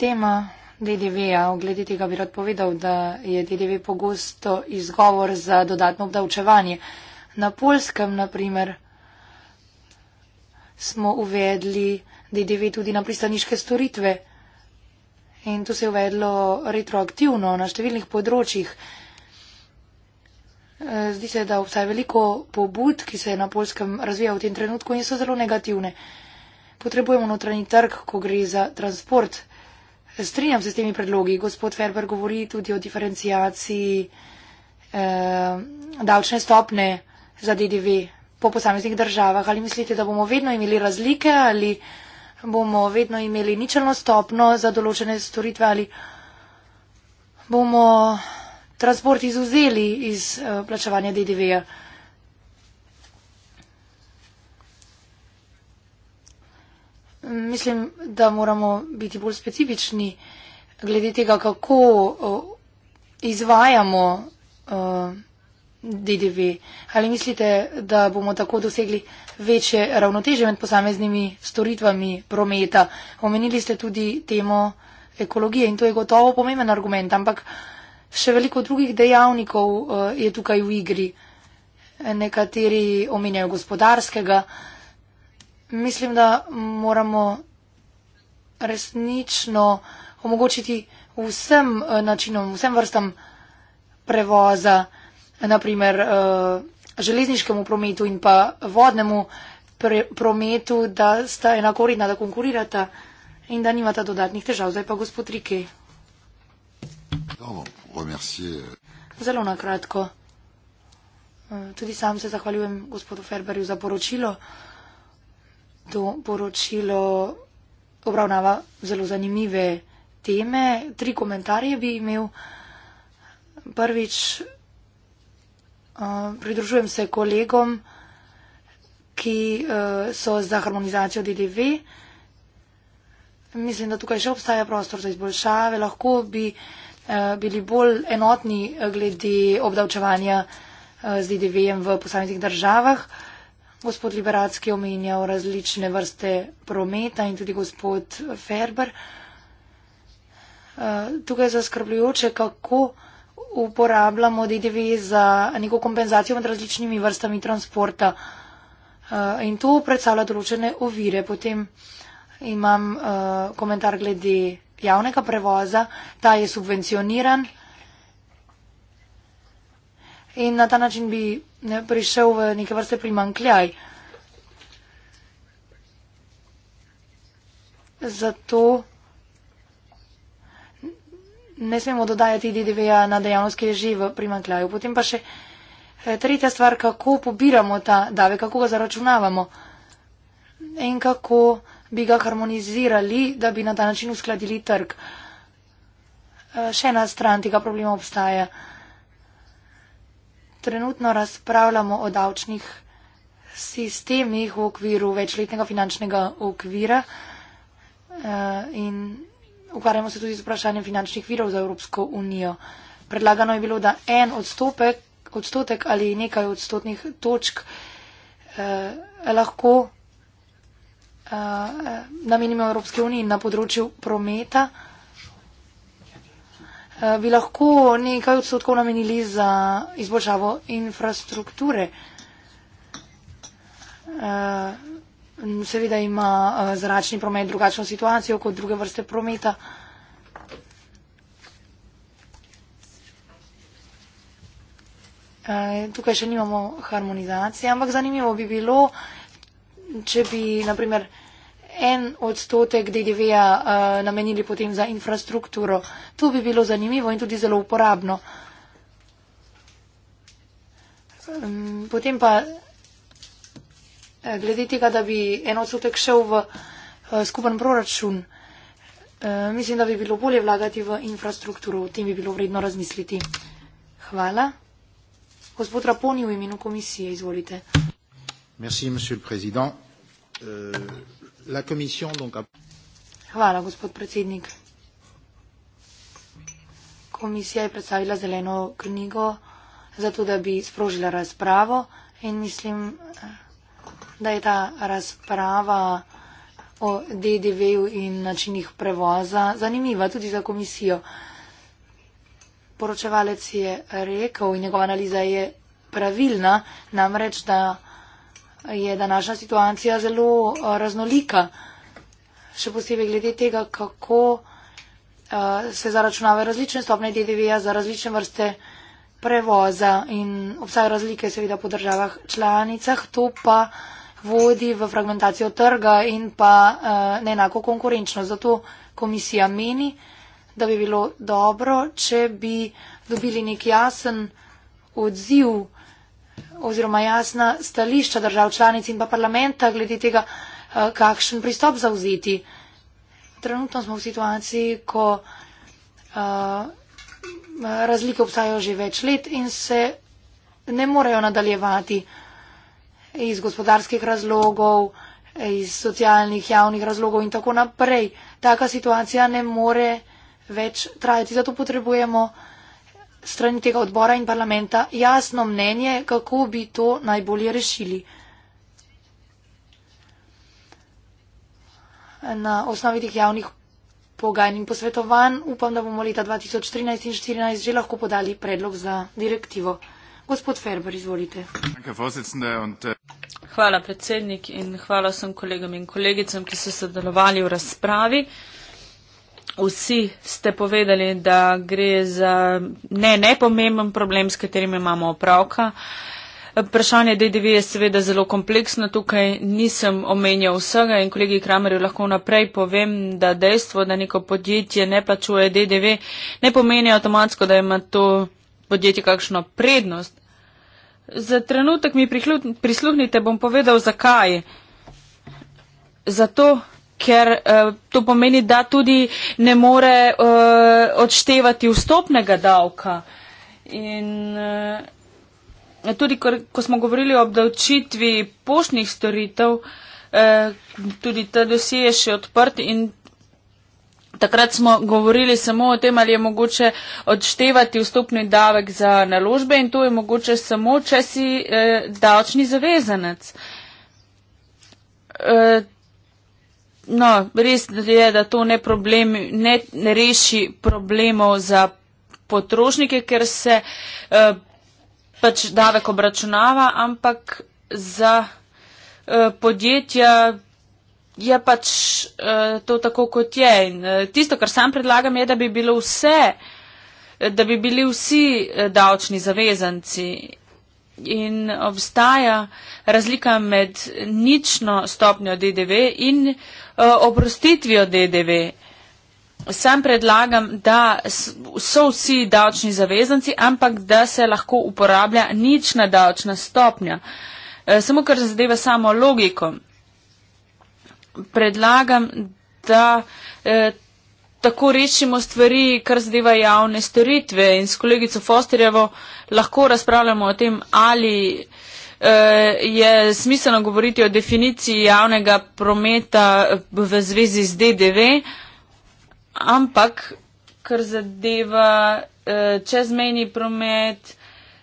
tema DDV-ja. Oglede tega bi rad povedal, da je DDV pogosto izgovor za dodatno obdavčevanje. Na polskem, naprimer, smo uvedli DDV tudi na pristaniške storitve. In to se je uvedlo retroaktivno na številnih področjih. E, zdi se, da obstaja veliko pobud, ki se na polskem razvija v tem trenutku in so zelo negativne. Potrebujemo notranji trg, ko gre za transport. Strinjam se s temi predlogi. Gospod Ferber govori tudi o diferencijaciji eh, davčne stopne za DDV po posameznih državah. Ali mislite, da bomo vedno imeli razlike ali bomo vedno imeli ničelno stopno za določene storitve ali bomo transport izuzeli iz eh, plačevanja DDV-ja? mislim, da moramo biti bolj specifični glede tega, kako izvajamo DDV. Ali mislite, da bomo tako dosegli večje ravnoteže med posameznimi storitvami prometa? Omenili ste tudi temo ekologije in to je gotovo pomemben argument, ampak še veliko drugih dejavnikov je tukaj v igri. Nekateri omenjajo gospodarskega, mislim, da moramo resnično omogočiti vsem eh, načinom, vsem vrstam prevoza, naprimer eh, železniškemu prometu in pa vodnemu pre, prometu, da sta enakovredna, da konkurirata in da nimata dodatnih težav. Zdaj pa gospod Rike. Zelo na kratko. Eh, tudi sam se zahvaljujem gospodu Ferberju za poročilo to poročilo obravnava zelo zanimive teme. Tri komentarje bi imel. Prvič, uh, pridružujem se kolegom, ki uh, so za harmonizacijo DDV. Mislim, da tukaj še obstaja prostor za izboljšave. Lahko bi uh, bili bolj enotni glede obdavčevanja uh, z DDV-jem v posameznih državah. Uh, gospod Liberacki omenjal različne vrste prometa in tudi gospod Ferber. Eh, tukaj je zaskrbljujoče, kako uporabljamo DDV za neko kompenzacijo med različnimi vrstami transporta. Eh, in to predstavlja določene ovire. Potem imam eh, komentar glede javnega prevoza. Ta je subvencioniran. In na ta način bi ne, prišel v neke vrste primankljaj. Zato ne smemo dodajati DDV-ja na dejavnost, ki je že v primankljaju. Potem pa še eh, tretja stvar, kako pobiramo ta davek, kako ga zaračunavamo in kako bi ga harmonizirali, da bi na ta način uskladili trg. Eh, še ena stran tega problema obstaja trenutno razpravljamo o davčnih sistemih v okviru večletnega finančnega okvira eh, in ukvarjamo se tudi z vprašanjem finančnih virov za Evropsko unijo. Predlagano je bilo, da en odstopek, odstotek ali nekaj odstotnih točk eh, lahko eh, namenimo Evropske unije na področju prometa. Eh, bi lahko nekaj odstotkov namenili za izboljšavo infrastrukture. Eh, seveda ima eh, zračni promet drugačno situacijo kot druge vrste prometa. Tukaj še nimamo harmonizacije, ampak zanimivo bi bilo, če bi, na primer, en odstotek DDV-ja uh, eh, namenili potem za infrastrukturo. To bi bilo zanimivo in tudi zelo uporabno. Um, potem pa eh, glede tega, da bi en odstotek šel v uh, skupen proračun, uh, mislim, da bi bilo bolje vlagati v infrastrukturo. O tem bi bilo vredno razmisliti. Hvala. Gospod Raponi v imenu komisije, izvolite. Merci, monsieur le président. Euh la Commission donc a... Hvala, gospod predsednik. Komisija je predstavila zeleno knjigo zato, da bi sprožila razpravo in mislim, da je ta razprava o DDV-ju in načinih prevoza zanimiva tudi za komisijo. Poročevalec je rekel in njegova analiza je pravilna, namreč da je današnja situacija zelo eh, raznolika. Še posebej glede tega, kako eh, se zaračunavajo različne stopne DDV-ja za različne vrste prevoza in obstajajo razlike seveda po državah članicah, to pa vodi v fragmentacijo trga in pa eh, neenako konkurenčnost. Zato komisija meni, da bi bilo dobro, če bi dobili nek jasen odziv, oziroma jasna stališča držav članic in pa parlamenta glede tega, eh, kakšen pristop zauzeti. Trenutno smo v situaciji, ko uh, razlike obstajajo že več let in se ne morejo nadaljevati iz gospodarskih razlogov, iz socialnih javnih razlogov in tako naprej. Taka situacija ne more več trajati, zato potrebujemo uh, strani tega odbora in parlamenta jasno mnenje, kako bi to najbolje rešili. Na osnovi teh javnih pogajanj in posvetovanj upam, da bomo leta 2013 in 2014 že lahko podali predlog za direktivo. Gospod Ferber, izvolite. Äh, hvala predsednik in hvala vsem kolegom in kolegicam, ki so sodelovali v razpravi vsi ste povedali, da gre za ne, nepomemben problem, s katerim imamo opravka. Vprašanje DDV je seveda zelo kompleksno, tukaj nisem omenjal vsega in kolegi Kramerju lahko naprej povem, da dejstvo, da neko podjetje ne plačuje DDV, ne pomeni avtomatsko, da ima to podjetje kakšno prednost. Za trenutek mi prisluhnite, bom povedal zakaj. Zato, ker uh, to pomeni, da tudi ne more uh, odštevati vstopnega davka. In uh, tudi, ko, ko smo govorili o obdavčitvi poštnih storitev, uh, tudi ta dosije je še odprt in takrat smo govorili samo o tem, ali je mogoče odštevati vstopni davek za naložbe in to je mogoče samo, če si uh, davčni zavezanec. Uh, no, res je, da to ne, problem, ne, ne reši problemov za potrošnike, ker se uh, pač davek obračunava, ampak za uh, podjetja. Je pač uh, to tako, kot je. In, uh, tisto, kar sam predlagam, je, da bi, vse, da bi bili vsi davčni zavezanci in obstaja razlika med nično stopnjo DDV in eh, oprostitvijo DDV. Sam predlagam, da so vsi davčni zavezanci, ampak da se lahko uporablja nična davčna stopnja. Eh, samo kar zadeva samo logiko. Predlagam, da eh, tako rešimo stvari, kar zadeva javne storitve in s kolegico Fosterjevo lahko razpravljamo o tem, ali eh, je smiselno govoriti o definiciji javnega prometa v zvezi z DDV, ampak kar zadeva eh, čezmejni promet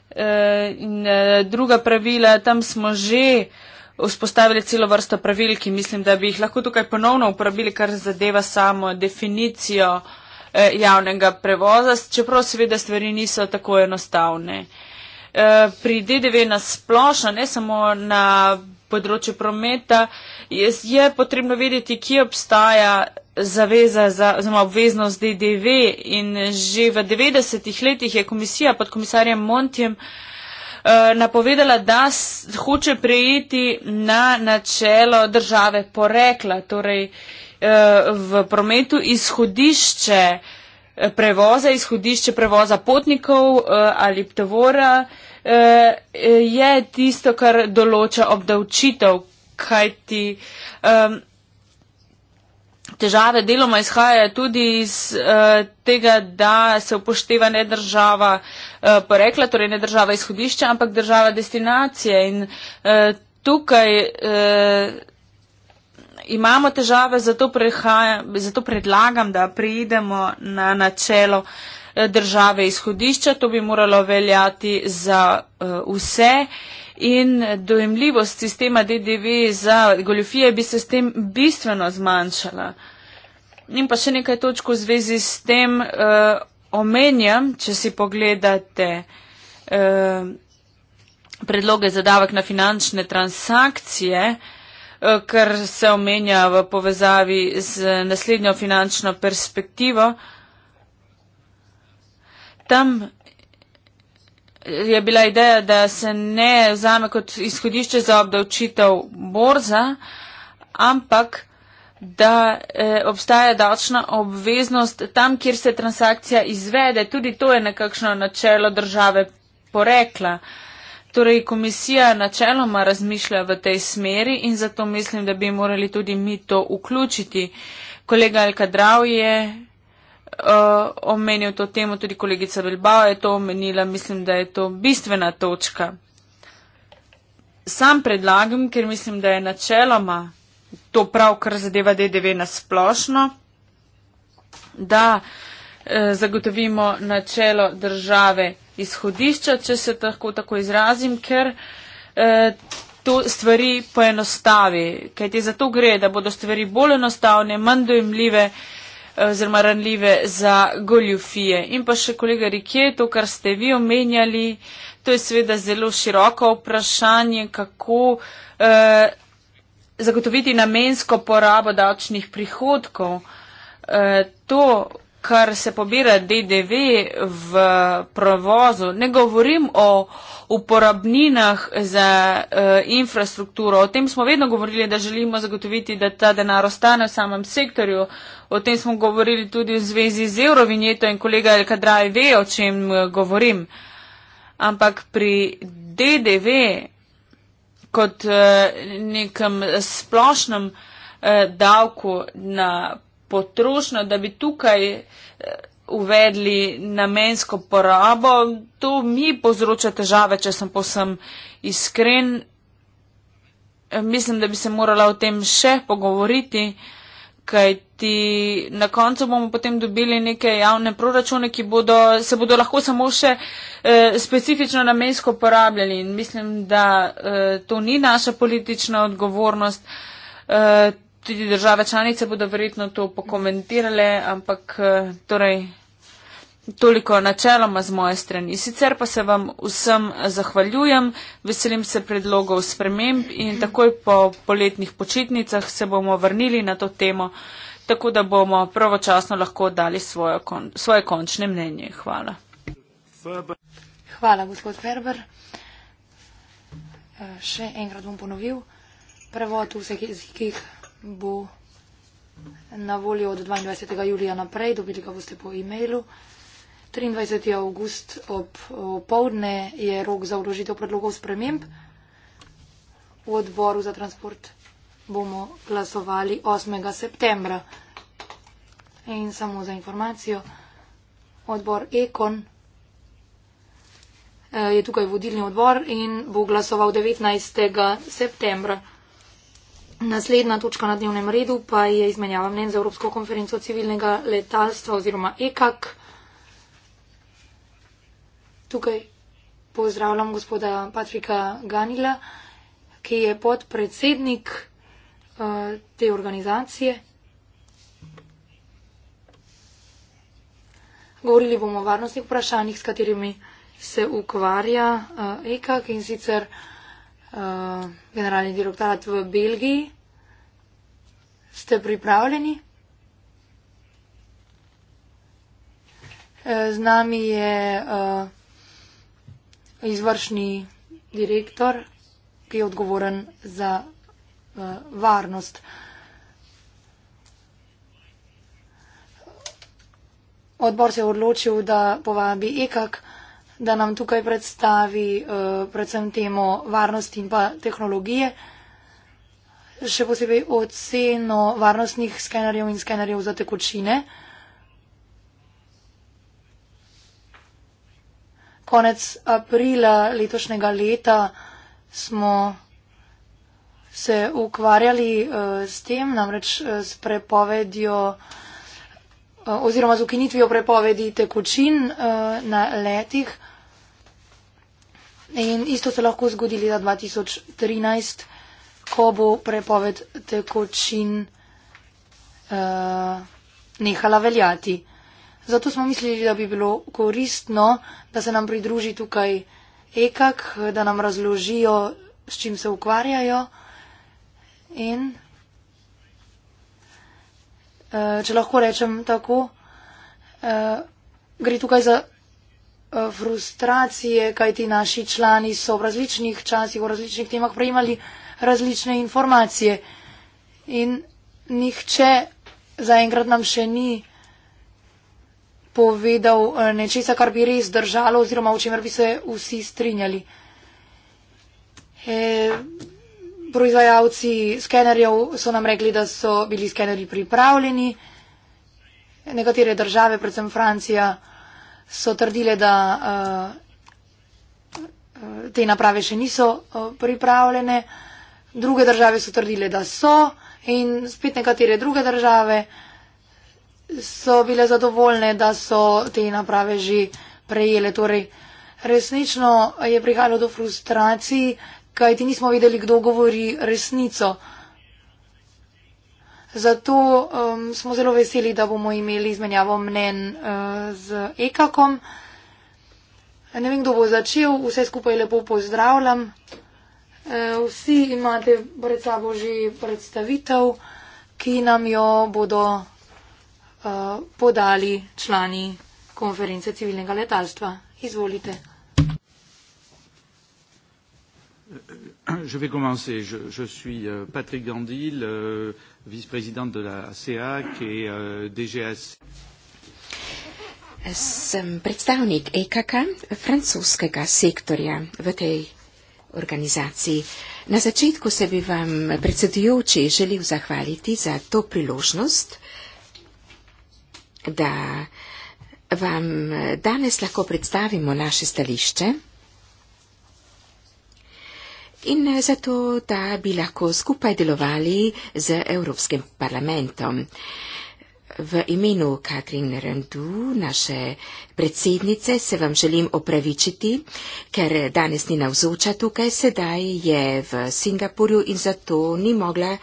eh, in eh, druga pravila, tam smo že eh, vzpostavili celo vrsto pravil, ki mislim, da bi jih lahko tukaj ponovno uporabili, kar zadeva samo definicijo eh, javnega prevoza, čeprav seveda stvari niso tako enostavne. Eh, pri DDV na splošno, ne samo na področju prometa, je potrebno vedeti, kje obstaja zaveza za, oziroma obveznost DDV in že v 90-ih letih je komisija pod komisarjem Montjem uh, Eh, napovedala, da hoče prejeti na načelo države porekla, torej eh, v prometu izhodišče eh, prevoza, izhodišče prevoza potnikov ali tovora je tisto, kar določa obdavčitev, kajti Težave deloma izhajajo tudi iz uh, tega, da se upošteva ne država uh, porekla, torej ne država izhodišča, ampak država destinacije. In uh, tukaj uh, imamo težave, zato, zato predlagam, da preidemo na načelo države izhodišča. To bi moralo veljati za uh, vse. Uh, in dojemljivost sistema DDV za goljofije bi se s tem bistveno zmanjšala. In pa še nekaj točk v zvezi s tem uh, omenjam, če si pogledate uh, predloge za davek na finančne transakcije, eh, kar se omenja v povezavi z naslednjo finančno perspektivo. Tam je bila ideja, da se ne vzame kot izhodišče za obdavčitev borza, ampak da e, obstaja davčna obveznost tam, kjer se transakcija izvede. Tudi to je nekakšno načelo države porekla. Torej, komisija načeloma razmišlja v tej smeri in zato mislim, da bi morali tudi mi to vključiti. Kolega Alkadrav je uh, omenil to temo, tudi kolegica Bilbao je to omenila, mislim, da je to bistvena točka. Sam predlagam, ker mislim, da je načeloma to prav, kar zadeva DDV na splošno, da eh, zagotovimo načelo države izhodišča, če se tako, tako izrazim, ker eh, to stvari poenostavi, kajti zato gre, da bodo stvari bolj enostavne, manj dojemljive. Eh, oziroma ranljive za goljufije. In pa še kolega Rikje, to, kar ste vi omenjali, to je seveda zelo široko vprašanje, kako eh, zagotoviti namensko porabo davčnih prihodkov. Eh, to kar se pobira DDV v provozu. Ne govorim o uporabninah za uh, infrastrukturo. O tem smo vedno govorili, da želimo zagotoviti, da ta denar ostane v samem sektorju. O tem smo govorili tudi v zvezi z eurovinjeto in kolega Kadraj ve, o čem eh, govorim. Ampak pri DDV kot uh, nekem splošnem uh, davku na potrošnjo, da bi tukaj eh, uvedli namensko porabo, to mi povzroča težave, če sem posem iskren. Eh, mislim, da bi se morala o tem še pogovoriti, kaj ti na koncu bomo potem dobili neke javne proračune, ki bodo, se bodo lahko samo še eh, specifično namensko porabljali. In mislim, da eh, to ni naša politična odgovornost. Eh, tudi države članice bodo verjetno to pokomentirale, ampak eh, torej toliko načeloma z moje strani. Sicer pa se vam vsem zahvaljujem, veselim se predlogov sprememb in takoj po poletnih počitnicah se bomo vrnili na to temo, tako da bomo pravočasno lahko dali svojo, svoje končne mnenje. Hvala. Hvala, gospod Ferber. Eh, še enkrat bom ponovil. Prevod vseh jezikih bo na voljo od 22. julija naprej, dobili ga boste po e-mailu. 23. august ob povdne je rok za vložitev predlogov sprememb. V odboru za transport bomo glasovali 8. septembra. In samo za informacijo, odbor Ekon eh, je tukaj vodilni odbor in bo glasoval 19. septembra. Naslednja točka na dnevnem redu pa je izmenjava mnen za Evropsko konferenco civilnega letalstva oziroma EKAK. Tukaj pozdravljam gospoda Patrika Ganila, ki je podpredsednik uh, te organizacije. Govorili bomo o varnostnih vprašanjih, s katerimi se ukvarja uh, eh, EKAK in sicer. Eh, generalni direktorat v Belgiji. Ste pripravljeni? Eh, z nami je uh, izvršni direktor, ki je odgovoren za uh, varnost. Odbor se je odločil, da povabi EKAK. Uh, da nam tukaj predstavi uh, predvsem temo varnosti in pa tehnologije, še posebej oceno varnostnih skenerjev in skenerjev za tekočine. Konec aprila letošnjega leta smo se ukvarjali uh, s tem, namreč uh, s prepovedjo uh, Eh, oziroma z ukinitvijo prepovedi tekočin eh, na letih. In isto se lahko zgodi leta 2013, ko bo prepoved tekočin eh, nehala veljati. Zato smo mislili, da bi bilo koristno, da se nam pridruži tukaj EKAK, da nam razložijo, s čim se ukvarjajo. In Eh, če lahko rečem tako, eh, gre tukaj za eh, frustracije, kajti naši člani so v različnih časih, v različnih temah prejemali različne informacije. In nihče zaenkrat nam še ni povedal nečesa, kar bi res držalo oziroma o čemer bi se vsi strinjali. E, proizvajalci skenerjev so nam rekli, da so bili skenerji pripravljeni. Nekatere države, predvsem Francija, so trdile, da uh, te naprave še niso eh, pripravljene. Druge države so trdile, da so in spet nekatere druge države so bile zadovoljne, da so te naprave že prejele. Torej, resnično je prihajalo do frustracij. Uh, kaj ti nismo vedeli, kdo govori resnico. Zato um, smo zelo veseli, da bomo imeli izmenjavo mnen uh, z EKAKom. Ne vem, kdo bo začel, vse skupaj lepo pozdravljam. Uh, vsi imate pred sabo že predstavitev, ki nam jo bodo uh, podali člani konference civilnega letalstva. Izvolite. Je vais commencer. Je, je suis euh, Patrick Gandil, euh, vice-président de la CEAC et euh, DGS. Sem predstavnik EKK, francoskega sektorja v tej organizaciji. Na začetku se bi vam predsedujoči želel zahvaliti za to priložnost, da vam danes lahko predstavimo naše stališče. In eh, zato, da bi lahko skupaj delovali z Evropskim parlamentom. V imenu Katrin Rendu, naše predsednice, se vam želim opravičiti, ker danes ni navzoča tukaj, sedaj je v Singapurju in zato ni mogla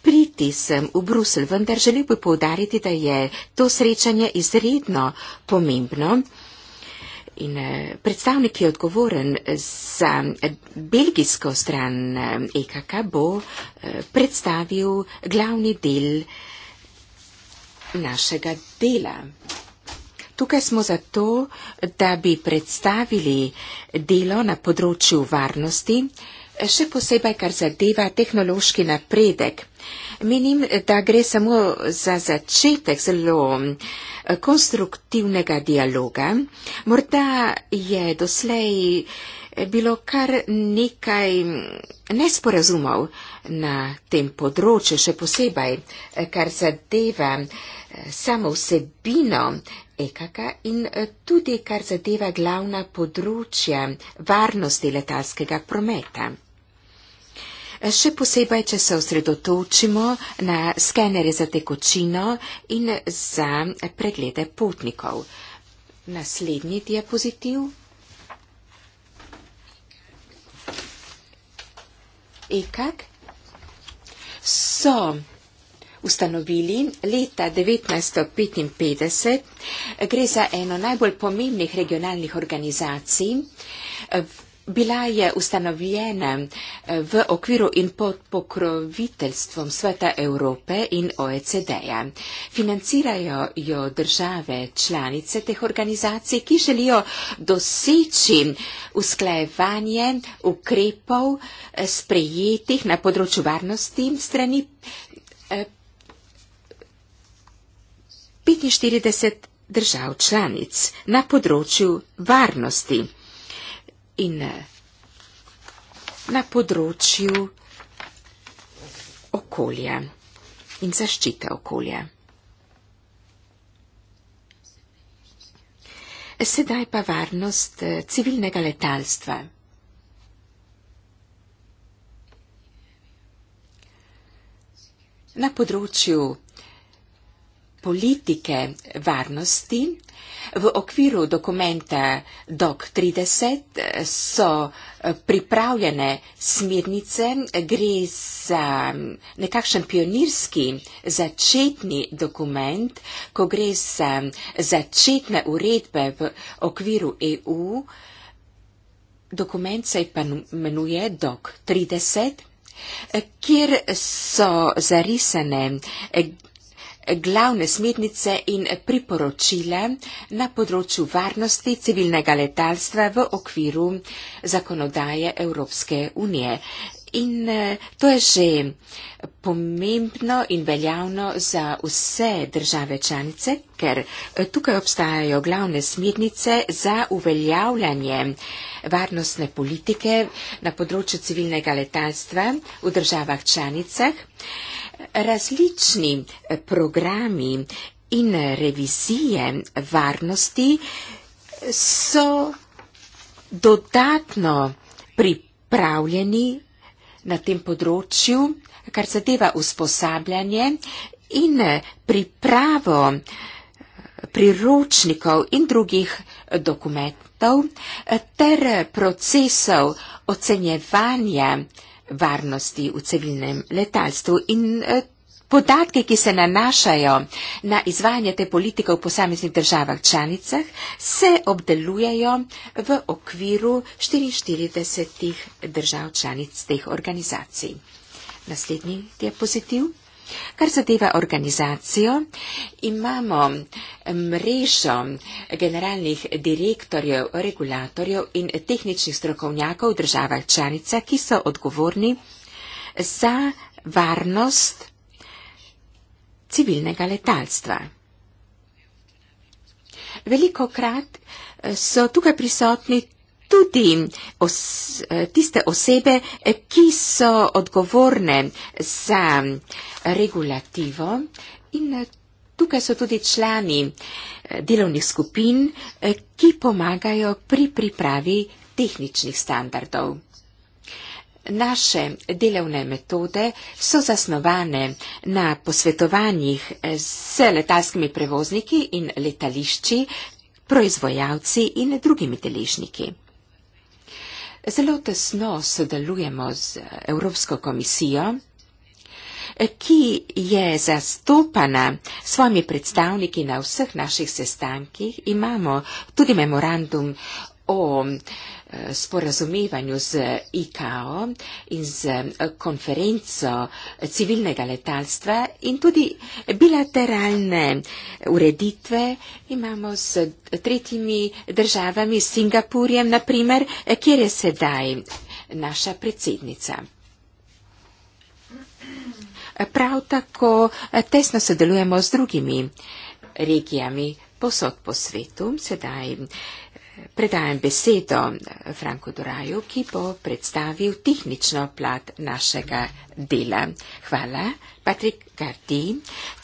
priti sem v Brusel. Vendar želim bi poudariti, da je to srečanje izredno pomembno. In eh, predstavnik, ki je odgovoren za eh, belgijsko stran EKK, eh, e bo predstavil glavni del našega dela. Tukaj smo zato, da bi predstavili delo na področju varnosti, še posebej, kar zadeva tehnološki napredek. Menim, da gre samo za začetek zelo konstruktivnega dialoga. Morda je doslej bilo kar nekaj nesporazumov na tem področju, še posebej, kar zadeva eh, samo vsebino EKK in eh, tudi kar zadeva glavna področja varnosti letalskega prometa še posebej, če se osredotočimo na skenere za tekočino in za preglede potnikov. Naslednji diapozitiv. EKAG so ustanovili leta 1955. Gre za eno najbolj pomembnih regionalnih organizacij. Bila je ustanovljena eh, v okviru in pod pokroviteljstvom Sveta Evrope in OECD-ja. Financirajo jo države članice teh organizacij, ki želijo doseči usklajevanje ukrepov eh, sprejetih na področju varnosti strani 45 eh, držav članic na področju varnosti in na področju okolja in zaščite okolja. Sedaj pa varnost eh, civilnega letalstva. Na področju politike varnosti V okviru dokumenta DOC 30 so eh, pripravljene smernice, gre za mm, nekakšen pionirski začetni dokument, ko gre za mm, začetne uredbe v okviru EU. Dokument se pa imenuje DOC 30, eh, kjer so zarisane eh, glavne smetnice in priporočile na področju varnosti civilnega letalstva v okviru zakonodaje Evropske unije. In eh, to je že pomembno in veljavno za vse države članice, ker eh, tukaj obstajajo glavne smetnice za uveljavljanje varnostne politike na področju civilnega letalstva v državah članicah. Različni eh, programi in revizije varnosti so dodatno pripravljeni na tem področju, kar zadeva usposabljanje in eh, pripravo eh, priročnikov in drugih dokumentov ter procesov ocenjevanja varnosti v civilnem letalstvu in eh, podatke, ki se nanašajo na izvajanje te politike v posameznih državah članicah, se obdelujejo v okviru 44 držav članic teh organizacij. Naslednji diapozitiv. Kar zadeva organizacijo, imamo eh, mrežo generalnih direktorjev, regulatorjev in tehničnih strokovnjakov država članica, ki so odgovorni za varnost civilnega letalstva. Veliko krat eh, so tukaj prisotni tudi os, eh, tiste osebe, eh, ki so odgovorne za regulativo in eh, tukaj so tudi člani delovnih skupin, ki pomagajo pri pripravi tehničnih standardov. Naše delovne metode so zasnovane na posvetovanjih s letalskimi prevozniki in letališči, proizvojalci in drugimi deležniki zelo tesno sodelujemo z Evropsko komisijo, ki je zastopana svojimi predstavniki na vseh naših sestankih. Imamo tudi memorandum o eh, sporazumevanju z IKO in z eh, konferenco civilnega letalstva in tudi bilateralne ureditve imamo s tretjimi državami, s Singapurjem naprimer, eh, kjer je sedaj naša predsednica. Prav tako tesno sodelujemo z drugimi regijami posod po svetu. Sedaj Predajam besedo Franku Doraju, ki bo predstavil tehnično plat našega dela. Hvala, Patrik Gardi.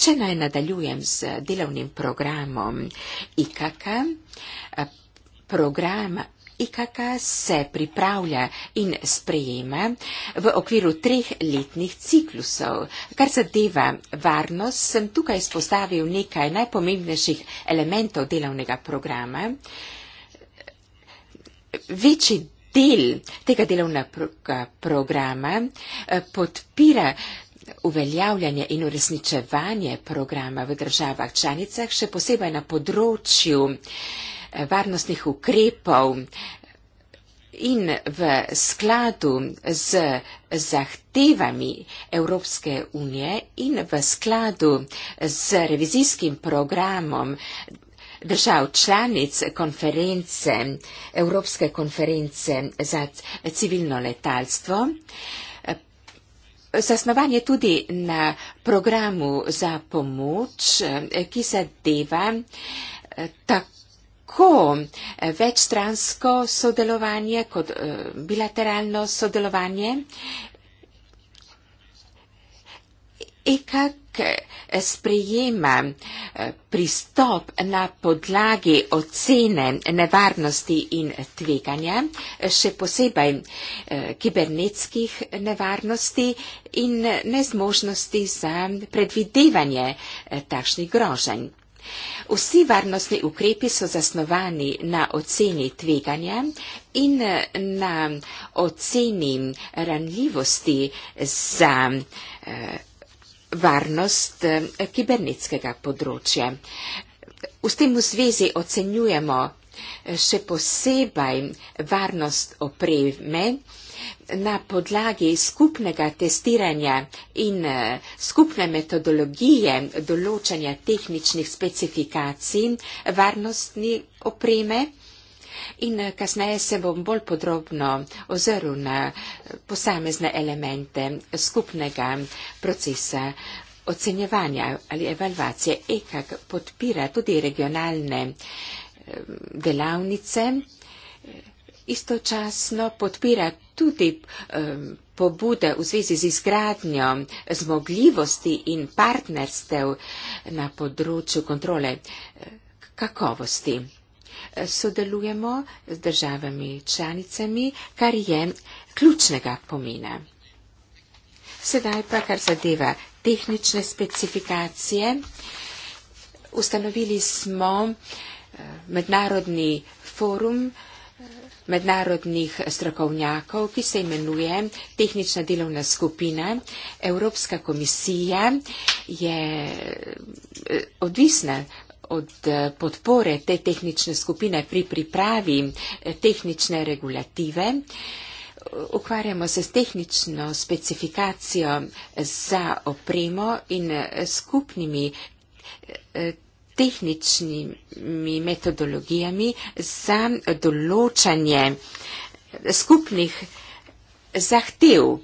Če naj nadaljujem z delovnim programom IKK, program IKK se pripravlja in sprejema v okviru treh letnih ciklusov. Kar zadeva varnost, sem tukaj spostavil nekaj najpomembnejših elementov delovnega programa večji del tega delovnega pro eh, programa eh, podpira uveljavljanje in uresničevanje programa v državah članicah, še posebej na področju eh, varnostnih ukrepov in v skladu z zahtevami Evropske unije in v skladu z revizijskim programom držav članic konference, Evropske konference za civilno letalstvo. Zasnovan je tudi na programu za pomoč, ki zadeva eh, tako eh, večstransko sodelovanje kot eh, bilateralno sodelovanje и как сприема пристоп на подлаги оцене неварности и твигания, ше посебай кибернетских неварности и незможности за предвидывание такшних грожен. Vsi varnostni ukrepi so zasnovani na oceni tveganja in eh, na oceni eh, ranljivosti za eh, varnost eh, kibernetskega področja. V tem v zvezi ocenjujemo eh, še posebej varnost opreme na podlagi skupnega testiranja in eh, skupne metodologije določanja tehničnih specifikacij varnostni opreme in eh, kasneje se bom bolj podrobno ozrl na eh, posamezne elemente skupnega procesa ocenjevanja ali evalvacije. EKAG podpira tudi regionalne eh, delavnice, istočasno podpira tudi pobude v zvezi z izgradnjo zmogljivosti in partnerstev na področju kontrole kakovosti sodelujemo z državami članicami, kar je ključnega pomena. Sedaj pa, kar zadeva tehnične specifikacije, ustanovili smo eh, mednarodni forum eh, mednarodnih strokovnjakov, ki se imenuje tehnična delovna skupina. Evropska komisija je eh, odvisna od eh, podpore te tehnične skupine pri pripravi eh, tehnične regulative. Ukvarjamo se s tehnično specifikacijo za opremo in eh, skupnimi tehničnimi metodologijami za določanje skupnih zahtev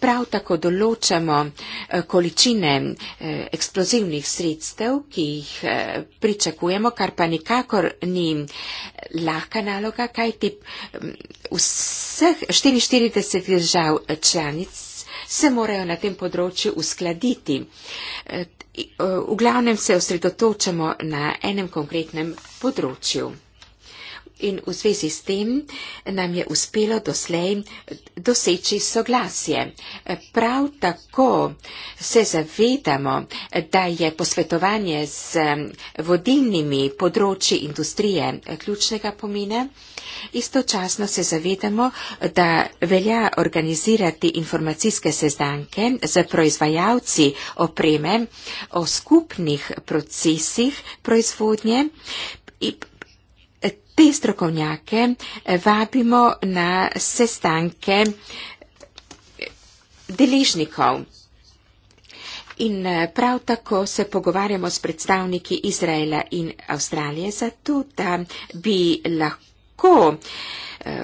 Prav tako določamo eh, količine eh, eksplozivnih sredstev, ki jih eh, pričakujemo, kar pa nikakor ni lahka naloga, kaj ti mm, vseh 44 držav članic se morajo na tem področju uskladiti. V glavnem se osredotočamo na enem konkretnem področju in v zvezi s tem nam je uspelo doslej doseči soglasje. Prav tako se zavedamo, da je posvetovanje z vodilnimi področji industrije eh, ključnega pomena. Istočasno se zavedamo, da velja organizirati informacijske sezdanke z proizvajalci opreme o skupnih procesih proizvodnje te strokovnjake eh, vabimo na sestanke eh, deležnikov. In eh, prav tako se pogovarjamo s predstavniki Izraela in Avstralije, zato da bi lahko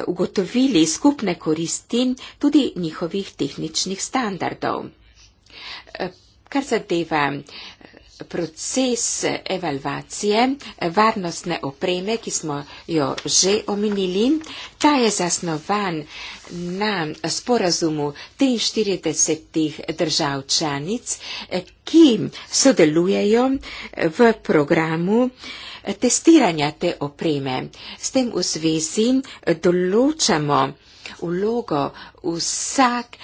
ugotovili skupne koristi tudi njihovih tehničnih standardov. Kar zadeva proces evalvacije varnostne opreme, ki smo jo že omenili. Ta je zasnovan na sporazumu 43 držav članic, ki sodelujejo v programu testiranja te opreme. S tem v zvezi določamo vlogo vsak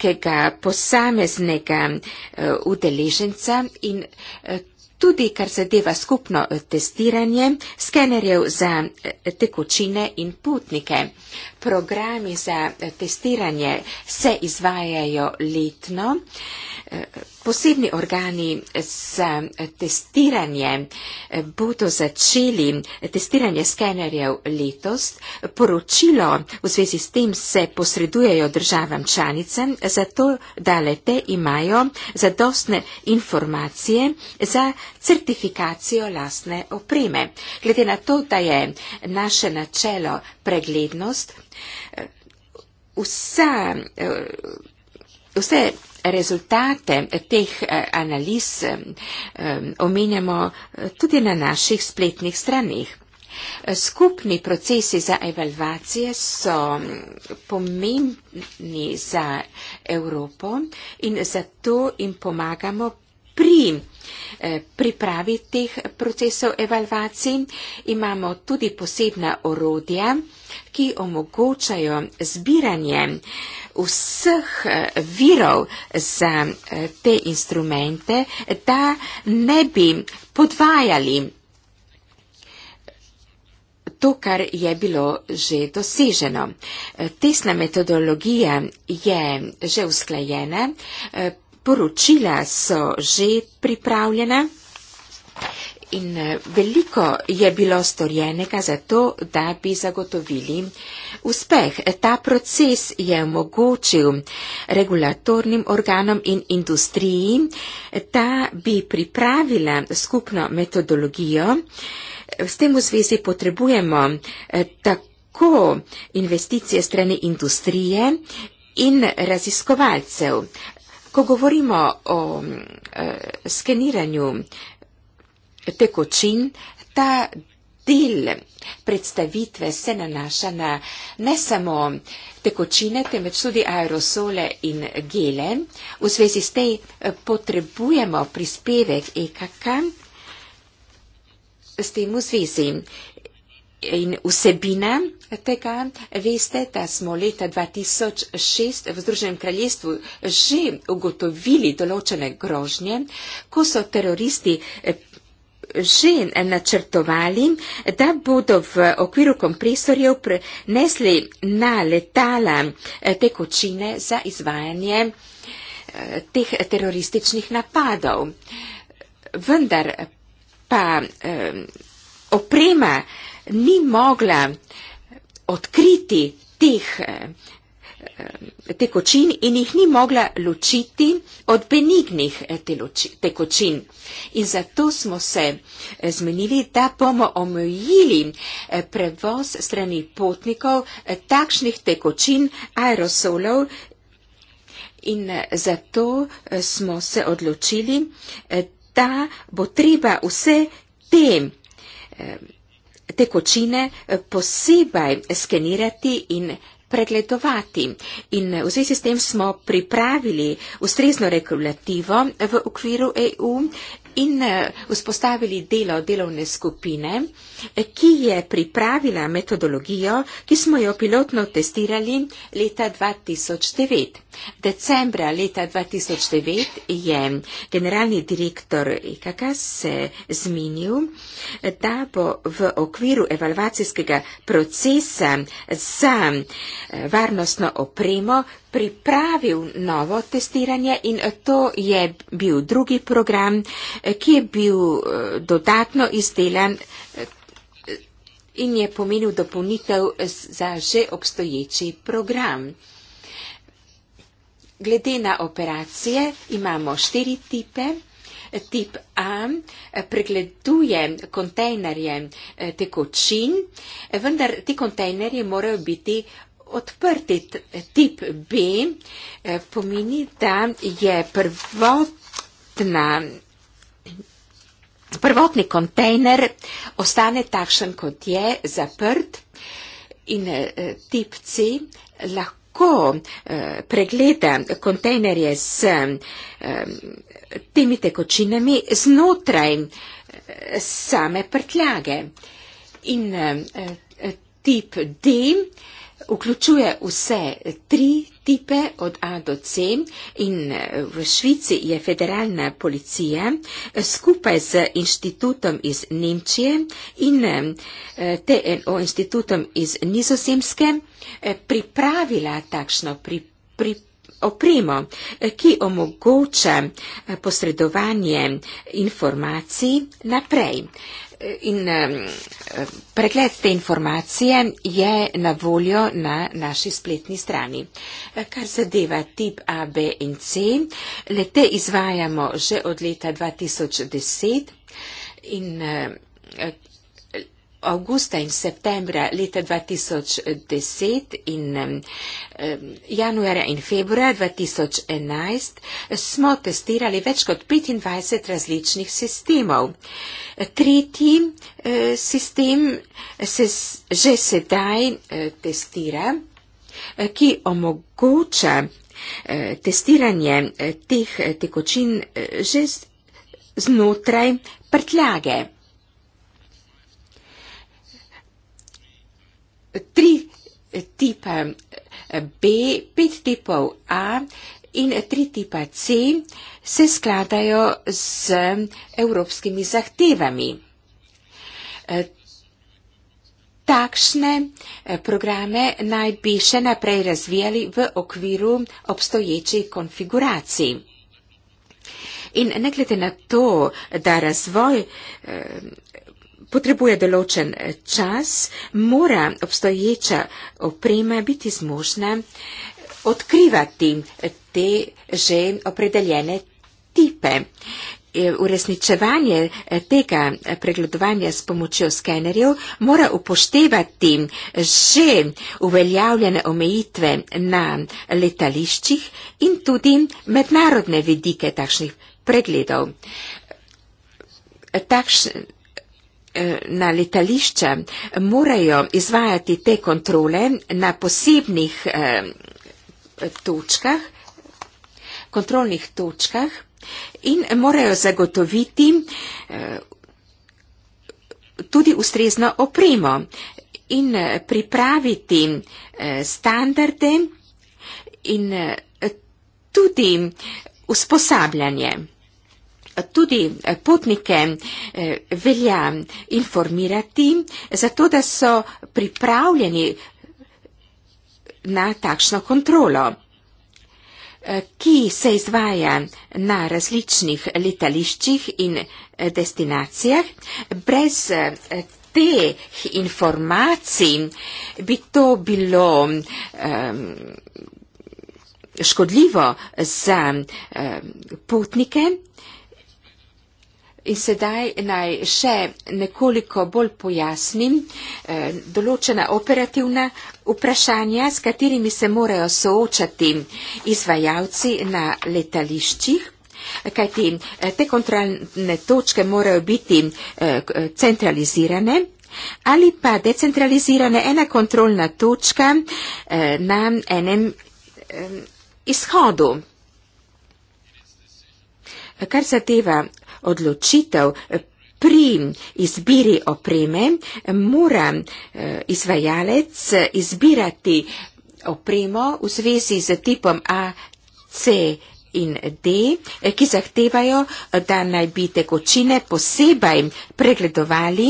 vsakega posameznega eh, udeleženca in eh, tudi kar zadeva skupno eh, testiranje skenerjev za tekočine in potnike. Programi za testiranje se izvajajo letno posebni organi s testiranjem eh, bodo začeli testiranje skenerjev letos. Poročilo v zvezi s tem se posredujejo državam članicam, zato da le te imajo zadostne informacije za certifikacijo lastne opreme. Glede na to, da je naše načelo preglednost, eh, vsa, eh, vse Rezultate teh eh, analiz eh, eh, omenjamo tudi na naših spletnih stranih. Skupni procesi za evalvacije so mm, pomembni za Evropo in zato jim pomagamo pri eh, pripravi teh procesov evalvacij imamo tudi posebna orodja, ki omogočajo zbiranje vseh eh, virov za eh, te instrumente, da ne bi podvajali to, kar je bilo že doseženo. Tesna metodologija je že usklajena, poročila so že pripravljena in eh, veliko je bilo storjenega za to, da bi zagotovili uspeh. Ta proces je omogočil regulatornim organom in industriji, da bi pripravila skupno metodologijo. S tem v zvezi potrebujemo eh, tako investicije strani industrije in raziskovalcev. Ko govorimo o eh, skeniranju tekočin, ta del predstavitve se nanaša na ne samo tekočine, temveč tudi aerosole in gele. V zvezi s tej eh, potrebujemo prispevek EKK. S tem v zvezi in vsebina tega. Veste, da smo leta 2006 v Združenem kraljestvu že ugotovili določene grožnje, ko so teroristi eh, že načrtovali, da bodo v okviru kompresorjev prenesli na letala eh, te kočine za izvajanje eh, teh terorističnih napadov. Vendar pa eh, oprema eh, ni mogla odkriti teh, eh, te kočin in jih ni mogla ločiti od benignih eh, te, loči, te kočin. In zato smo se eh, zmenili, da bomo omejili prevoz strani potnikov takšnih te kočin aerosolov. In zato smo se odločili, da bo treba vse te tekočine eh, posebej skenirati in pregledovati. In eh, v zvezi s tem smo pripravili ustrezno regulativo eh, v okviru EU in vzpostavili delo delovne skupine ki je pripravila metodologijo, ki smo jo pilotno testirali leta 2009. Decembra leta 2009 je generalni direktor IKK e se zmenil, da bo v okviru evalvacijskega procesa za eh, varnostno opremo pripravil novo testiranje in to je bil drugi program, eh, ki je bil eh, dodatno izdelan in je pomenil dopolnitev za že obstoječi program. Glede na operacije imamo štiri tipe. Tip A pregleduje kontejnerje eh, tekočin, vendar ti kontejnerje morajo biti odprti. Tip B eh, pomeni, da je prvotna prvotni kontejner ostane takšen, kot je, zaprt in eh, tipci lahko. Ko eh, pregleda kontejnerje s eh, temi tekočinami znotraj same prtljage. In tip D vključuje vse tri tipe od A do C in eh, v Švici je federalna policija eh, skupaj z inštitutom iz Nemčije in eh, TNO inštitutom iz Nizozemske pripravila takšno pripravo opremo, ki omogoča posredovanje informacij naprej. In eh, pregled te informacije je na voljo na naši spletni strani. Eh, kar zadeva tip A, B in C, lete izvajamo že od leta 2010 in eh, Augusta in septembra leta 2010 in eh, januarja in februarja 2011 smo testirali več kot 25 različnih sistemov. Tretji eh, sistem se že sedaj eh, testira, eh, ki omogoča eh, testiranje eh, teh eh, tekočin eh, že znotraj prtljage. tri tipe eh, B, pet tipov A in tri tipa C se skladajo z evropskimi zahtevami. Eh, takšne eh, programe naj bi še naprej razvijali v okviru obstoječej konfiguraciji. In ne glede na to, da razvoj potrebuje določen eh, čas, mora obstoječa oprema biti zmožna eh, odkrivati eh, te že opredeljene tipe. Uresničevanje tega pregledovanja s pomočjo skenerjev mora upoštevati že uveljavljene omejitve na letališčih in tudi mednarodne vidike takšnih pregledov. Takšne Eh, na letališče morajo izvajati te kontrole na posebnih eh, točkah, kontrolnih točkah in morajo zagotoviti eh, tudi ustrezno opremo in pripraviti standarde in tudi usposabljanje tudi eh, potnike eh, velja informirati, zato da so pripravljeni na takšno kontrolo, eh, ki se izvaja na različnih letališčih in destinacijah. Brez teh informacij bi to bilo um, škodljivo za um, potnike. In sedaj naj še nekoliko bolj pojasnim eh, določena operativna vprašanja, s katerimi se morajo soočati izvajalci na letališčih. Kajti eh, te kontrolne točke morajo biti eh, centralizirane ali pa decentralizirane ena kontrolna točka na enem izhodu. Kar zadeva odločitev pri izbiri opreme mora eh, izvajalec izbirati opremo v zvezi z tipom A, C in D, eh, ki zahtevajo, da naj bi tekočine posebej pregledovali.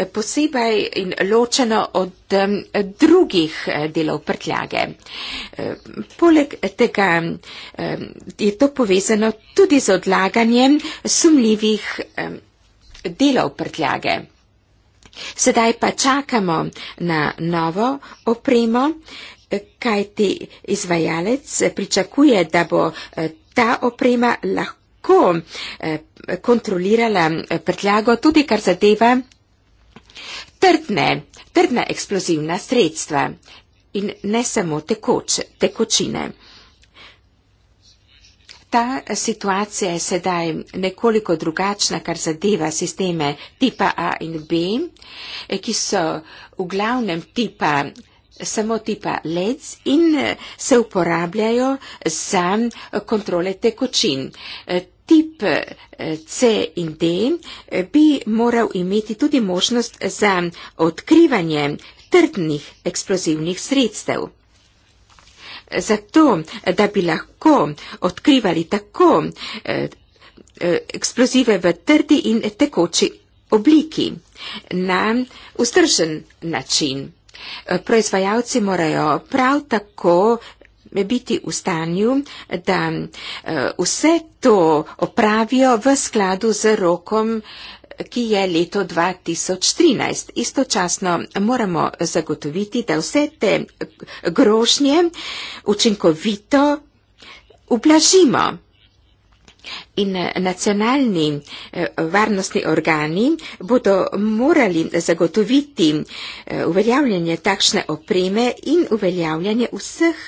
Eh, posebej in ločeno od drugih eh, delov prtljage. Eh, poleg tega je to povezano tudi z odlaganjem sumljivih delov prtljage. Sedaj pa čakamo na novo opremo, kajti izvajalec pričakuje, da bo ta oprema lahko kontrolirala prtljago tudi, kar zadeva trdne, trdne eksplozivne sredstva in ne samo tekoč, tekočine. Ta situacija je sedaj nekoliko drugačna, kar zadeva sisteme tipa A in B, ki so v glavnem tipa, samo tipa LEDs in se uporabljajo za kontrole tekočin tip eh, C in D eh, bi moral imeti tudi možnost za odkrivanje trdnih eksplozivnih sredstev. Zato, da bi lahko odkrivali tako eh, eksplozive v trdi in tekoči obliki na vzdržen način. Proizvajalci morajo prav tako biti v stanju, da eh, vse to opravijo v skladu z rokom, ki je leto 2013. Istočasno moramo zagotoviti, da vse te grožnje učinkovito ublažimo. In eh, nacionalni eh, varnostni organi bodo morali zagotoviti eh, uveljavljanje takšne opreme in uveljavljanje vseh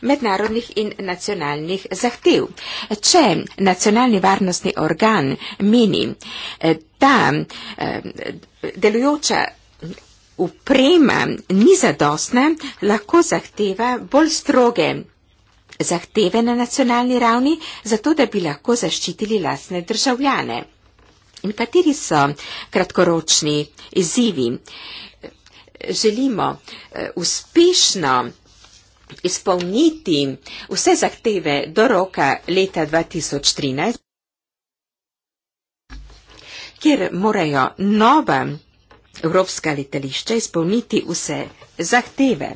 mednarodnih in nacionalnih zahtev. Če nacionalni varnostni organ meni, da delujoča uprema ni zadostna, lahko zahteva bolj stroge zahteve na nacionalni ravni, zato da bi lahko zaščitili lasne državljane. In kateri so kratkoročni izzivi? Želimo eh, uspešno izpolniti vse zahteve do roka leta 2013, kjer morajo nova evropska letališča izpolniti vse zahteve.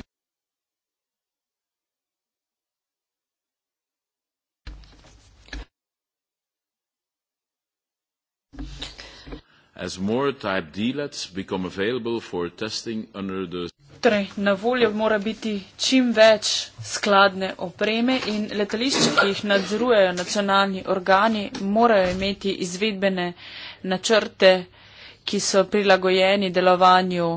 as more type D LEDs become available for testing under the Torej, na voljo mora biti čim več skladne opreme in letališče, ki jih nadzorujejo nacionalni organi, morajo imeti izvedbene načrte, ki so prilagojeni delovanju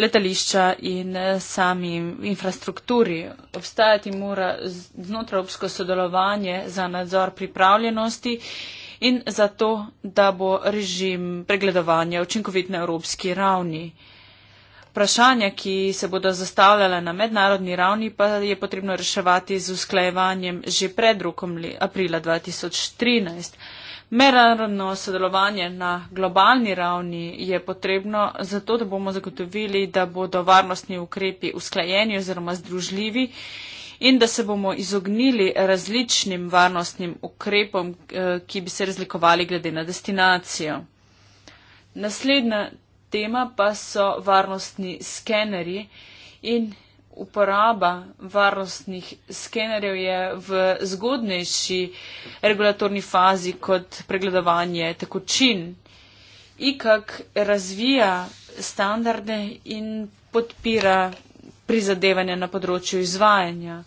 letališča in eh, sami infrastrukturi. Obstajati mora znotraj obsko sodelovanje za nadzor pripravljenosti in zato, da bo režim pregledovanja učinkovit na evropski ravni. Vprašanja, ki se bodo zastavljala na mednarodni ravni, pa je potrebno reševati z usklajevanjem že pred rokom aprila 2013. Mednarodno sodelovanje na globalni ravni je potrebno zato, da bomo zagotovili, da bodo varnostni ukrepi usklajeni oziroma združljivi in da se bomo izognili različnim varnostnim ukrepom, eh, ki bi se razlikovali glede na destinacijo. Naslednja tema pa so varnostni skeneri in uporaba varnostnih skenerjev je v zgodnejši regulatorni fazi kot pregledovanje tekočin. IKAK razvija standarde in podpira prizadevanje na področju izvajanja.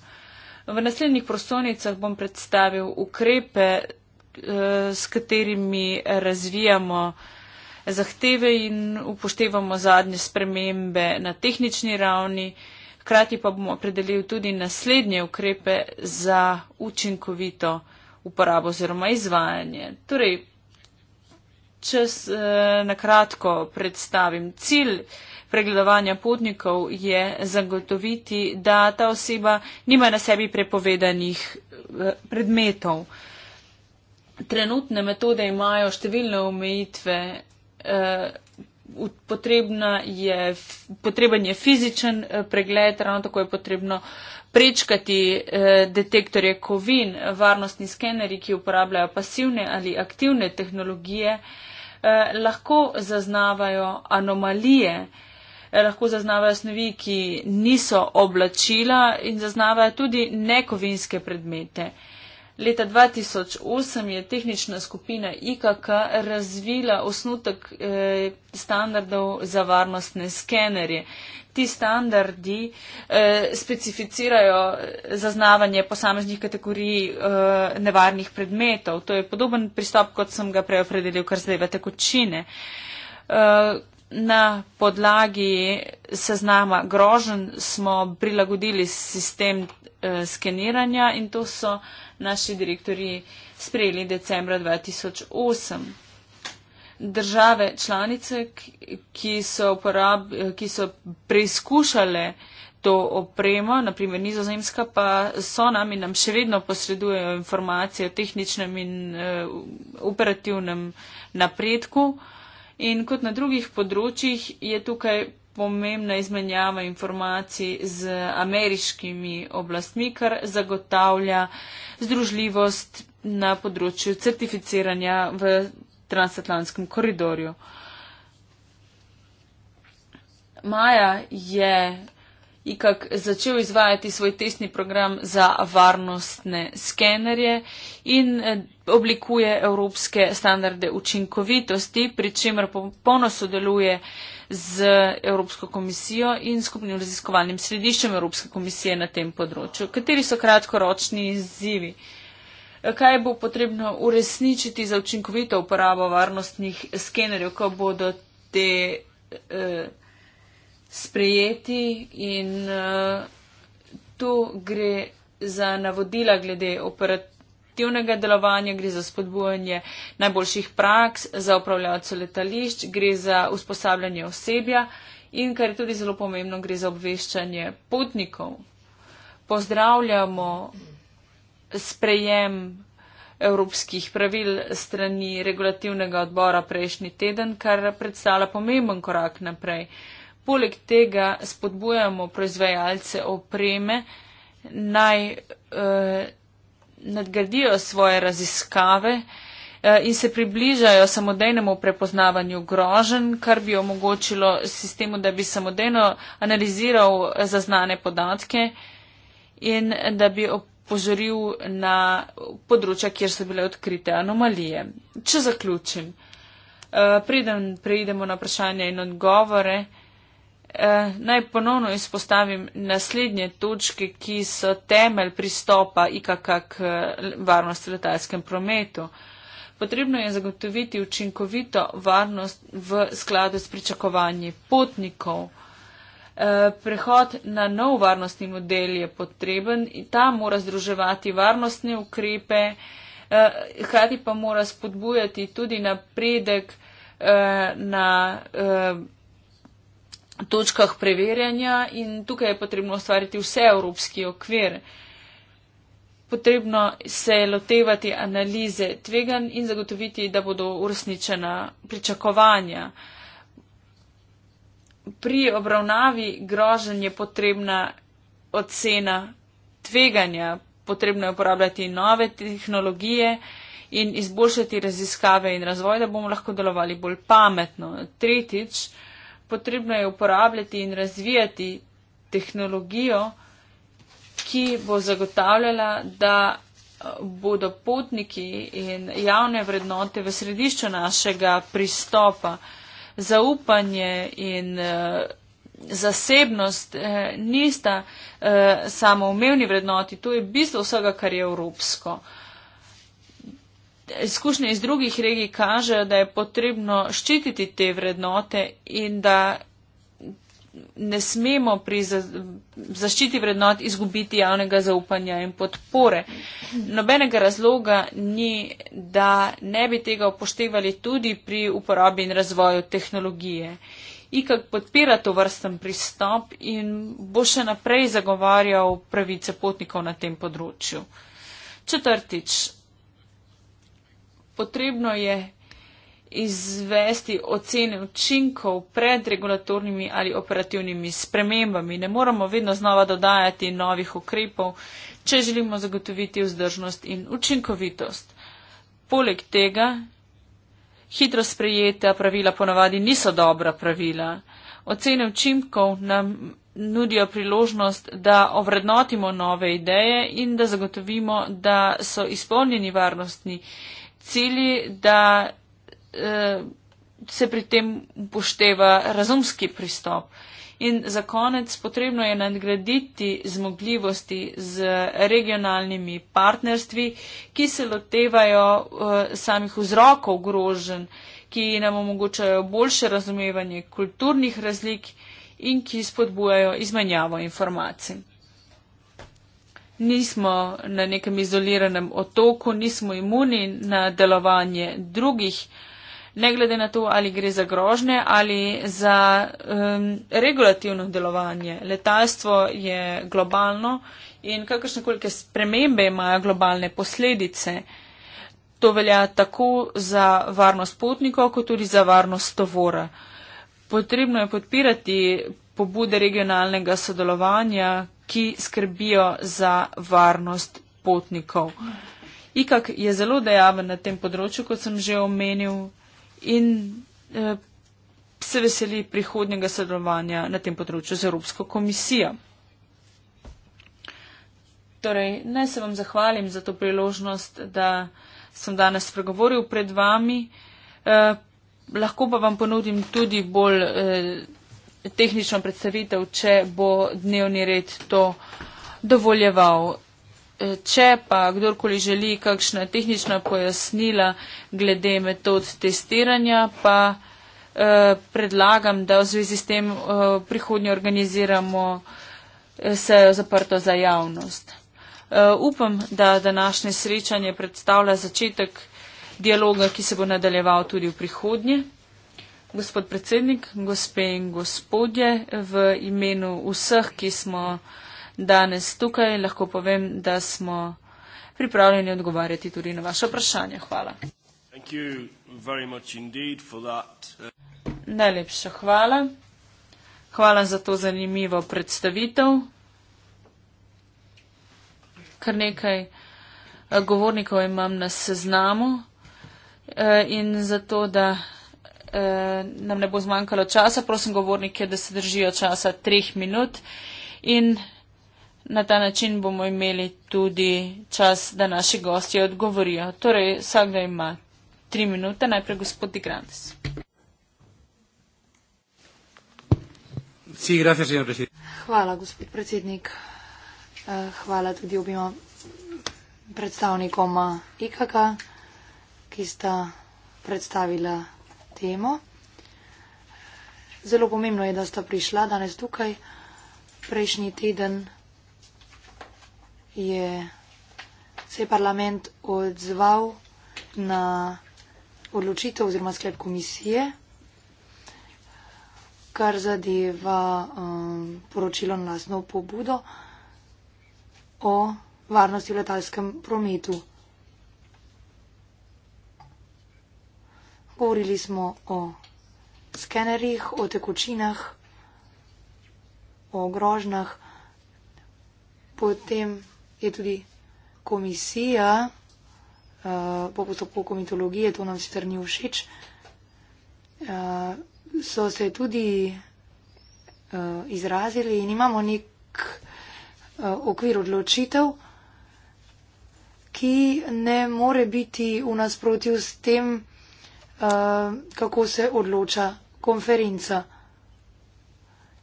V naslednjih prosonicah bom predstavil ukrepe, eh, s katerimi razvijamo zahteve in upoštevamo zadnje spremembe na tehnični ravni. Hkrati pa bomo opredelil tudi naslednje ukrepe za učinkovito uporabo oziroma izvajanje. Torej, čez eh, nakratko predstavim cilj eh, pregledovanja potnikov je zagotoviti, da ta oseba nima na sebi prepovedanih eh, predmetov. Trenutne metode imajo številne omejitve. Eh, je, potreben je fizičen eh, pregled, ravno tako je potrebno prečkati detektorje kovin, varnostni skeneri, ki uporabljajo pasivne ali aktivne tehnologije, lahko zaznavajo anomalije. Eh, lahko zaznavajo snovi, ki niso oblačila in zaznavajo tudi nekovinske predmete. Leta 2008 je tehnična skupina IKK razvila osnutek eh, standardov za varnostne skenerje. Ti standardi eh, specificirajo zaznavanje posameznih kategorij nevarnih predmetov. To je podoben pristop, kot sem ga prej opredelil, kar zdaj v tekočine na podlagi seznama grožen smo prilagodili sistem eh, skeniranja in to so naši direktori sprejeli decembra 2008. Države članice, ki so, uporab, ki so preizkušale to opremo, naprimer nizozemska, pa so nam in nam še vedno posredujejo informacije o tehničnem in uh, operativnem napredku. Uh, In kot na drugih področjih je tukaj pomembna izmenjava informacij z ameriškimi oblastmi, kar zagotavlja združljivost na področju certificiranja v transatlantskem koridorju. Maja je IKAK začel izvajati svoj testni program za varnostne skenerje in eh, oblikuje evropske standarde učinkovitosti, pri čemer popolno sodeluje z Evropsko komisijo in skupnim raziskovalnim središčem Evropske komisije na tem področju. Kateri so kratkoročni izzivi? Eh, kaj bo potrebno uresničiti za učinkovito uporabo varnostnih skenerjev, ko bodo te. Eh, sprejeti in uh, tu gre za navodila glede operativnega delovanja, gre za spodbujanje najboljših praks za upravljalce letališč, gre za usposabljanje osebja in, kar je tudi zelo pomembno, gre za obveščanje potnikov. Pozdravljamo sprejem evropskih pravil strani regulativnega odbora prejšnji teden, kar predstavlja pomemben korak naprej. Uh, Poleg tega spodbujamo proizvajalce opreme naj eh, nadgradijo svoje raziskave eh, in se približajo samodejnemu prepoznavanju grožen, kar bi omogočilo sistemu, da bi samodejno analiziral zaznane podatke in da bi opozoril na področja, kjer so bile odkrite anomalije. Če zaključim, eh, preden preidemo na vprašanje in odgovore, eh, Eh, naj ponovno izpostavim naslednje točke, ki so temelj pristopa IKK k varnosti v letalskem prometu. Potrebno je zagotoviti učinkovito varnost v skladu s pričakovanji potnikov. Eh, prehod na nov varnostni model je potreben in ta mora združevati varnostne ukrepe, eh, hkrati pa mora spodbujati tudi napredek na. na točkah preverjanja in tukaj je potrebno ustvariti vse evropski okvir. Potrebno se je lotevati analize tvegan in zagotoviti, da bodo uresničena pričakovanja. Pri obravnavi grožen je potrebna ocena tveganja, potrebno je uporabljati nove tehnologije in izboljšati raziskave in razvoj, da bomo lahko delovali bolj pametno. Tretjič, potrebno je uporabljati in razvijati tehnologijo, ki bo zagotavljala, da eh, bodo potniki in javne vrednote v središču našega pristopa. Zaupanje in e, zasebnost e, nista e, samoumevni vrednoti, to je bistvo vsega, kar je evropsko. E, izkušnje iz drugih regij kažejo, da je potrebno ščititi te vrednote in da ne smemo pri zaščiti vrednot izgubiti javnega zaupanja in podpore. Nobenega razloga ni, da ne bi tega upoštevali tudi pri uporabi in razvoju tehnologije. IKAK podpira to vrsten pristop in bo še naprej zagovarjal pravice potnikov na tem področju. Četrtič, potrebno je izvesti ocene učinkov pred regulatornimi ali operativnimi spremembami. Ne moramo vedno znova dodajati novih ukrepov, če želimo zagotoviti vzdržnost in učinkovitost. Poleg tega, hitro sprejeta pravila ponavadi niso dobra pravila. Ocene učinkov nam nudijo priložnost, da ovrednotimo nove ideje in da zagotovimo, da so izpolnjeni varnostni cilji, da uh, se pri tem upošteva razumski pristop. In za konec potrebno je nadgraditi zmogljivosti z regionalnimi partnerstvi, ki se lotevajo uh, samih vzrokov grožen, ki nam omogočajo boljše razumevanje kulturnih razlik in ki spodbujajo izmenjavo informacij nismo na nekem izoliranem otoku, nismo imuni na delovanje drugih, ne glede na to, ali gre za grožne ali za um, regulativno delovanje. Letalstvo je globalno in kakršnekoli spremembe imajo globalne posledice. To velja tako za varnost potnikov, kot tudi za varnost tovora. Potrebno je podpirati pobude regionalnega sodelovanja, ki skrbijo za varnost potnikov. IKAK je zelo dejaven na tem področju, kot sem že omenil, in eh, se veseli prihodnjega sodelovanja na tem področju z Evropsko komisijo. Torej, naj se vam zahvalim za to priložnost, da sem danes spregovoril pred vami. Eh, lahko pa vam ponudim tudi bolj. Eh, tehnično predstavitev, če bo dnevni red to dovoljeval. E, če pa kdorkoli želi kakšna tehnična pojasnila glede metod testiranja, pa eh, predlagam, da v zvezi s tem eh, prihodnje organiziramo e, sejo zaprto za javnost. Eh, upam, da današnje srečanje predstavlja začetek dialoga, ki se bo nadaljeval tudi v prihodnje. Gospod predsednik, gospe in gospodje, v imenu vseh, ki smo danes tukaj, lahko povem, da smo pripravljeni odgovarjati tudi na vaše vprašanje. Hvala. Uh, Najlepša hvala. Hvala za to zanimivo predstavitev. Kar nekaj uh, govornikov imam na seznamu uh, in zato, da eh, nam ne bo zmanjkalo časa. Prosim govornike, da se držijo časa treh minut in na ta način bomo imeli tudi čas, da naši gosti odgovorijo. Torej, vsak ga ima tri minute. Najprej gospod Digrantes. Hvala, gospod predsednik. Eh, hvala tudi obima predstavnikoma IKK, ki sta predstavila temo. Zelo pomembno je, da sta prišla danes tukaj. Prejšnji teden je se parlament odzval na odločitev oziroma sklep komisije, kar zadeva um, poročilo na lasno pobudo o varnosti v letalskem prometu. Govorili smo o skenerjih, o tekočinah, o grožnah. Potem je tudi komisija uh, po postopku komitologije, to nam sicer ni všeč, uh, so se tudi uh, izrazili in imamo nek uh, okvir odločitev, ki ne more biti v nasprotju s tem, Eh, kako se odloča konferenca.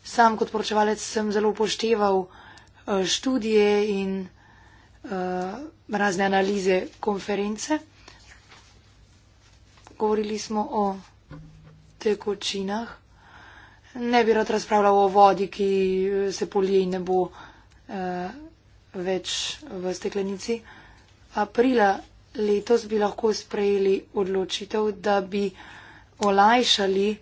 Sam kot poročevalec sem zelo upošteval eh, študije in eh, razne analize konference. Govorili smo o tekočinah. Ne bi rad razpravljal o vodi, ki se polije in ne bo uh, več v steklenici. Aprila letos bi lahko sprejeli odločitev, da bi olajšali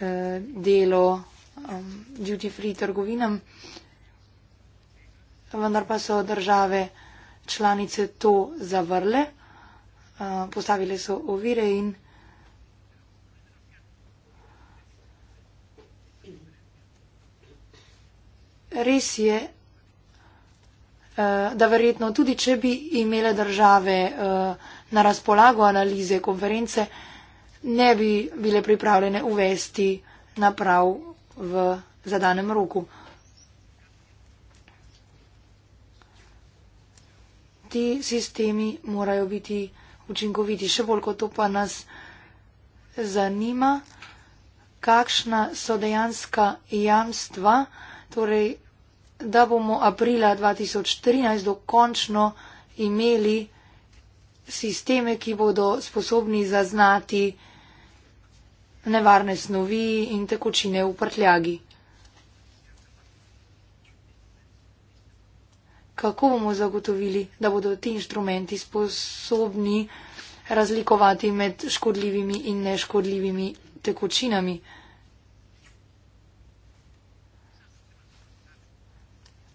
eh, delo um, duty free trgovinam, vendar pa so države članice to zavrle, uh, postavile so ovire in. Res je, Eh, da verjetno tudi, če bi imele države eh, na razpolago analize konference, ne bi bile pripravljene uvesti naprav v zadanem roku. Ti sistemi morajo biti učinkoviti, še bolj kot to pa nas zanima, kakšna so dejanska jamstva, torej da bomo aprila 2013 dokončno imeli sisteme, ki bodo sposobni zaznati nevarne snovi in tekočine v prtljagi. Kako bomo zagotovili, da bodo ti inštrumenti sposobni razlikovati med škodljivimi in neškodljivimi tekočinami?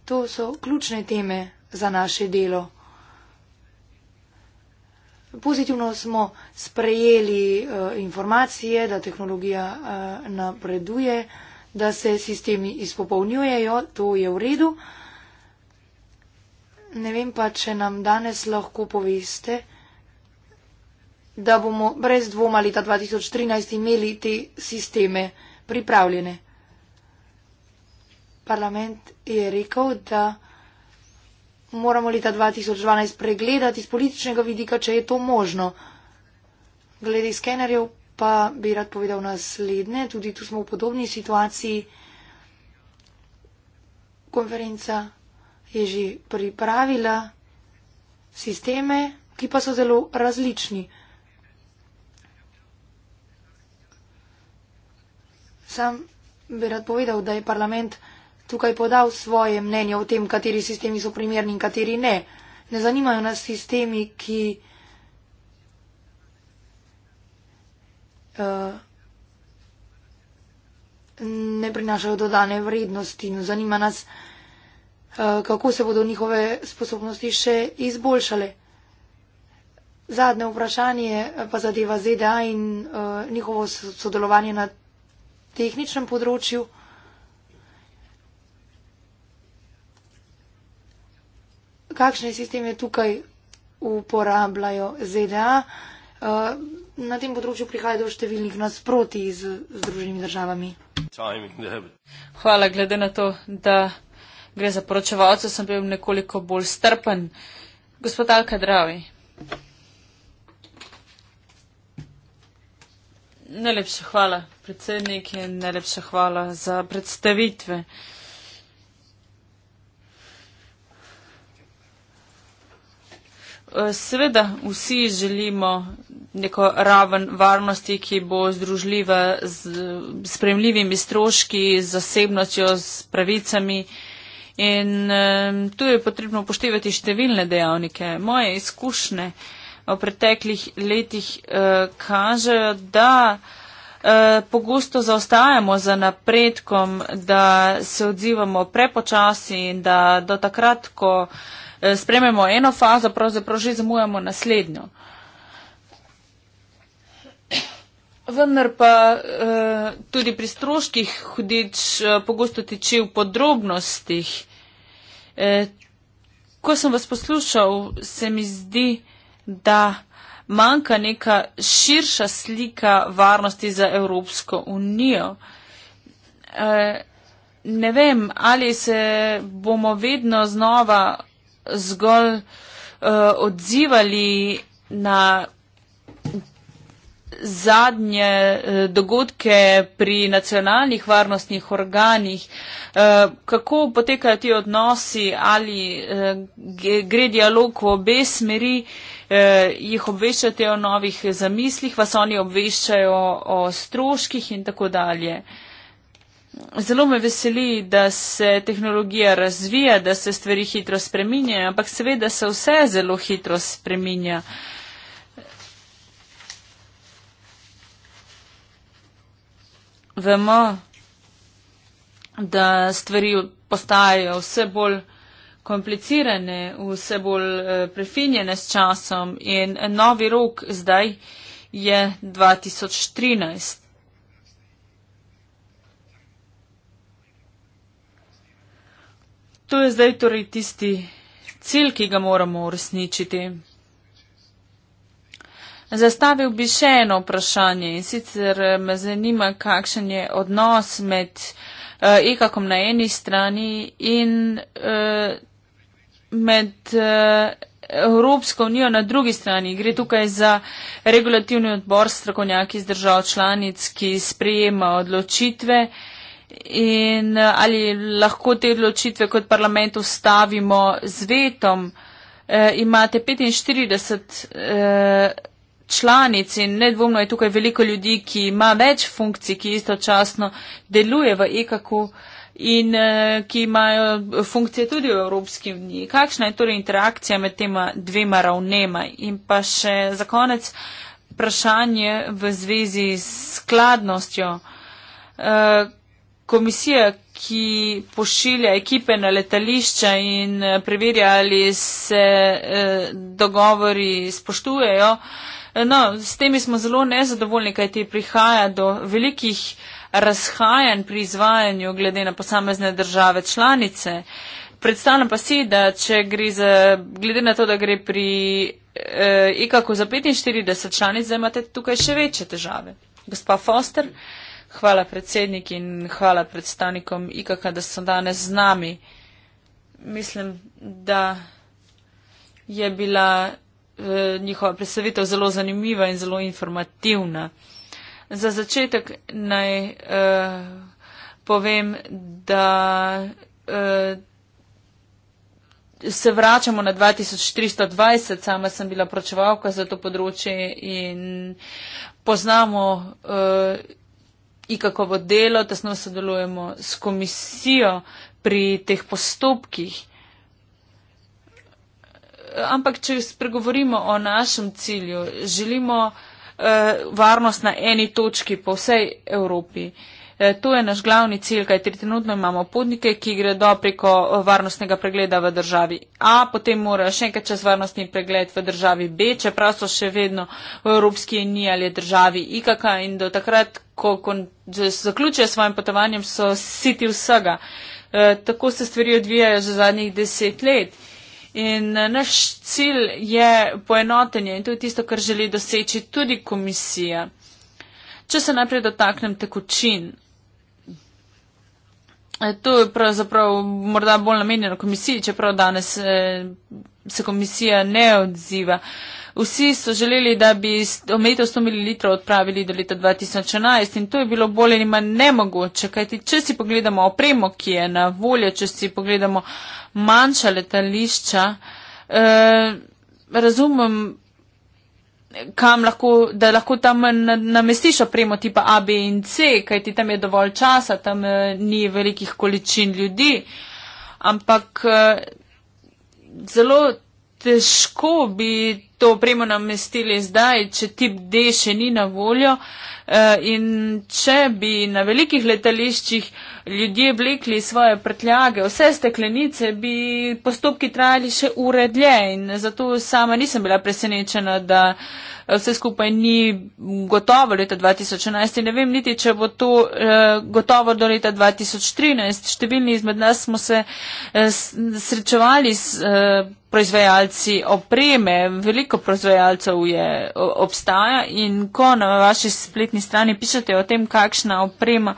To so ključne teme za naše delo. Pozitivno smo sprejeli uh, informacije, da tehnologija uh, napreduje, da se sistemi izpopolnjujejo, to je v redu. Ne vem pa, če nam danes lahko poveste, da bomo brez dvoma leta 2013 imeli te sisteme pripravljene parlament je rekel, da moramo leta 2012 pregledati z političnega vidika, če je to možno. Glede skenerjev pa bi rad povedal naslednje, tudi tu smo v podobni situaciji. Konferenca je že pripravila sisteme, ki pa so zelo različni. Sam bi rad povedal, da je parlament tukaj podal svoje mnenje o tem, kateri sistemi so primerni in kateri ne. Ne zanimajo nas sistemi, ki uh, ne prinašajo dodane vrednosti. No, zanima nas, uh, kako se bodo njihove sposobnosti še izboljšale. Zadnje vprašanje eh, pa zadeva ZDA in uh, njihovo sodelovanje na tehničnem področju. kakšne sisteme tukaj uporabljajo ZDA. Eh, na tem področju prihaja do številnih nasproti z Združenimi državami. Hvala, glede na to, da gre za poročevalce, sem bil nekoliko bolj strpen. Gospod Alka Dravi. Najlepša hvala, predsednik, in najlepša hvala za predstavitve. Eh, seveda vsi želimo neko raven varnosti, ki bo združljiva s spremljivimi stroški, z zasebnostjo, s pravicami. In tu je potrebno upoštevati številne dejavnike. Moje izkušnje v preteklih letih eh, kažejo, da eh, pogosto zaostajamo za napredkom, da se odzivamo prepočasi in da do takrat, ko Eh, sprememo eno fazo, pravzaprav že zamujamo naslednjo. Vendar pa eh, tudi pri stroških hudič eh, pogosto teči v podrobnostih. Ko sem vas poslušal, se mi zdi, da manjka neka širša slika varnosti za Evropsko unijo. Ne vem, ali se bomo vedno znova zgolj uh, odzivali na zadnje eh, dogodke pri nacionalnih varnostnih organih, eh, kako potekajo ti odnosi, ali gre dialog v obe smeri, jih obveščate o novih zamislih, vas oni obveščajo o stroških in tako dalje. Zelo me veseli, da se tehnologija razvija, da se stvari hitro spreminjajo, ampak seveda se vse zelo hitro spreminja. Vemo, da stvari postajajo vse bolj komplicirane, vse bolj eh, prefinjene s časom in novi rok zdaj je 2013. to je zdaj torej tisti cilj, ki ga moramo uresničiti. Zastavil bi še eno vprašanje in sicer eh, me zanima, kakšen je odnos med uh, eh, ikakom na eni strani in uh, med uh, Evropsko unijo na drugi strani. Gre tukaj za regulativni odbor strokovnjaki z držav članic, ki sprejema odločitve uh, in eh, ali lahko te odločitve kot parlament ustavimo z vetom. E, imate 45 e, eh, članic in nedvomno je tukaj veliko ljudi, ki ima več funkcij, ki istočasno deluje v EKK-u in e, ki imajo funkcije tudi v Evropski uniji. Kakšna je torej interakcija med tema dvema ravnema? In pa še za konec vprašanje v zvezi s skladnostjo. E, komisija, ki pošilja ekipe na letališča in eh, preverja, ali se eh, dogovori spoštujejo. Eh, no, s temi smo zelo nezadovoljni, kaj ti prihaja do velikih razhajanj pri izvajanju glede na posamezne države članice. Predstavljam pa si, da če gre za, glede na to, da gre pri eh, IKAKO za 45 članic, da imate tukaj še večje težave. Gospa Foster. Eh, Hvala predsednik in hvala predstavnikom IKK, da so danes z nami. Mislim, da je bila e, njihova predstavitev zelo zanimiva in zelo informativna. Za začetek naj e, povem, da e, se vračamo na 2420. Sama sem bila pročevalka za to področje in poznamo. E, ikakovo delo, tesno sodelujemo s komisijo pri teh postopkih. Ampak, če spregovorimo o našem cilju, želimo eh, varnost na eni točki po vsej Evropi. Eh, E, to je naš glavni cilj, kaj tri trenutno imamo potnike, ki gredo preko e, varnostnega pregleda v državi A, potem morajo še enkrat čez varnostni pregled v državi B, čeprav so še vedno v Evropski uniji ali državi IKK in do takrat, ko zaključijo s svojim potovanjem, so siti vsega. E, tako se stvari odvijajo že zadnjih deset let. In naš cilj je poenotenje in to je tisto, kar želi doseči tudi komisija. Če se najprej dotaknem tekočin, E, to je pravzaprav morda bolj namenjeno komisiji, čeprav danes e, se komisija ne odziva. Vsi so želeli, da bi omejitev 100 ml odpravili do leta 2011 in to je bilo bolj ali manj nemogoče, kajti če si pogledamo opremo, ki je na voljo, če si pogledamo manjša letališča, eh, razumem kam lahko, da lahko tam namestiš opremo tipa A, B in C, kaj ti tam je dovolj časa, tam eh, ni velikih količin ljudi. Ampak eh, zelo težko bi to opremo namestili zdaj, če tip D še ni na voljo, Eh, in če bi na velikih letališčih ljudje vlekli svoje prtljage, vse steklenice, bi postopki trajali še ure dlje. In zato sama nisem bila presenečena, da vse skupaj ni gotovo leta 2011. In ne vem niti, če bo to eh, gotovo do leta 2013. Številni izmed nas smo se eh, srečevali s proizvajalci opreme. Veliko proizvajalcev je, obstaja in ko na vaši spletni strani pišete o tem, kakšna oprema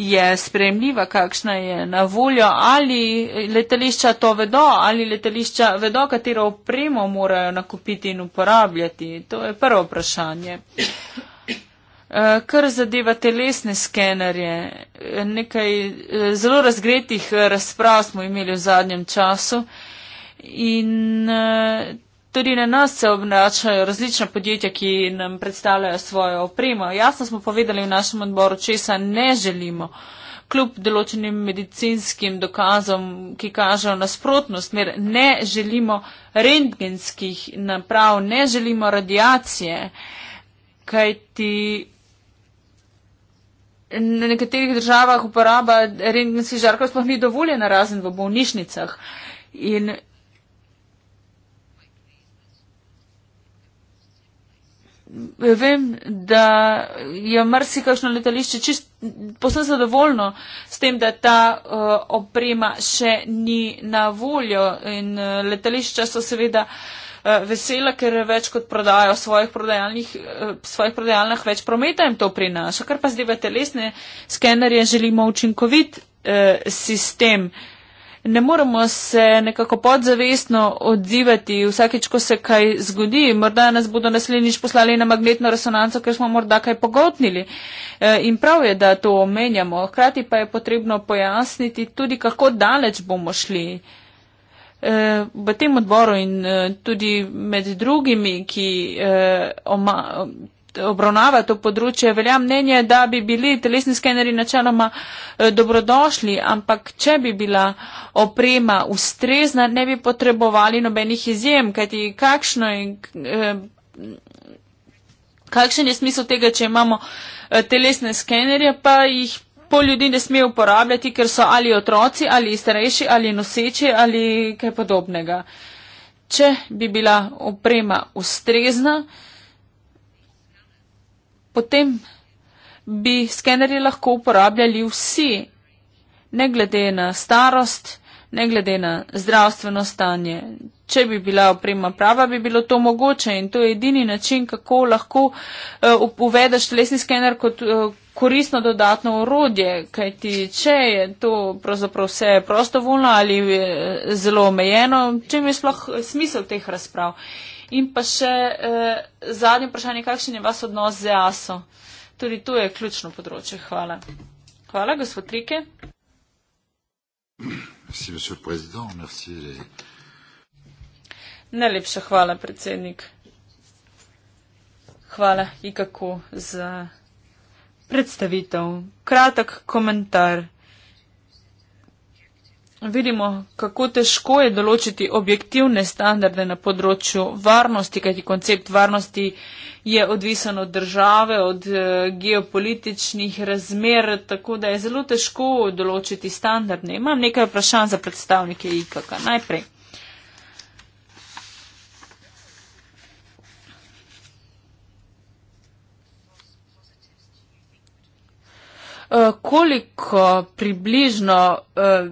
je spremljiva, kakšna je na voljo, ali letališča to vedo, ali letališča vedo, katero opremo morajo nakupiti in uporabljati. To je prvo vprašanje. Eh, kar zadeva telesne skenerje, eh, nekaj eh, zelo razgretih razprav smo imeli v zadnjem času in Tudi na nas se obnašajo različna podjetja, ki nam predstavljajo svojo opremo. Jasno smo povedali v našem odboru, česa ne želimo. Kljub določenim medicinskim dokazom, ki kažejo nasprotno smer, ne želimo rentgenskih naprav, ne želimo radiacije, kajti na nekaterih državah uporaba rentgenskih žarkov sploh ni dovoljena razen v bolnišnicah. In vem, da je marsikakšno letališče čist posebno zadovoljno s tem, da ta uh, oprema še ni na voljo in uh, letališča so seveda uh, vesela, ker več kot prodajo svojih prodajalnih, uh, svojih prodajalnih več prometa jim to prinaša. Kar pa zdaj v telesne skenerje želimo učinkovit uh, sistem. Uh, ne moremo se nekako podzavestno odzivati vsakeč, ko se kaj zgodi. Morda nas bodo naslednjič poslali na magnetno resonanco, ker smo morda kaj pogotnili. E, in prav je, da to omenjamo. Hkrati pa je potrebno pojasniti tudi, kako daleč bomo šli. E, v tem odboru in e, tudi med drugimi, ki, obravnava to področje, velja mnenje, da bi bili telesni skeneri načeloma eh, dobrodošli, ampak če bi bila oprema ustrezna, ne bi potrebovali nobenih izjem, kajti kakšno in. Eh, kakšen je smisel tega, če imamo eh, telesne skenerje, pa jih po ljudi ne smejo uporabljati, ker so ali otroci, ali starejši, ali noseči, ali kaj podobnega. Če bi bila oprema ustrezna, potem bi skenerje lahko uporabljali vsi, ne glede na starost, ne glede na zdravstveno stanje. Če bi bila oprema prava, bi bilo to mogoče in to je edini način, kako lahko uh, uvedeš telesni skener kot uh, koristno dodatno orodje, kajti če je to pravzaprav vse prostovoljno ali eh, zelo omejeno, čem je sploh smisel teh razprav. Uh, In pa še eh, zadnje vprašanje, kakšen je vaš odnos z EASO? Tudi tu je ključno področje. Hvala. Hvala, gospod Trike. Najlepša hvala, predsednik. Hvala, Ikako, za predstavitev. Kratek komentar. Vidimo, kako težko je določiti objektivne standarde na področju varnosti, kajti koncept varnosti je odvisen od države, od eh, geopolitičnih razmer, tako da je zelo težko določiti standardne. Imam nekaj vprašanj za predstavnike IKK. Najprej. Eh, koliko približno eh,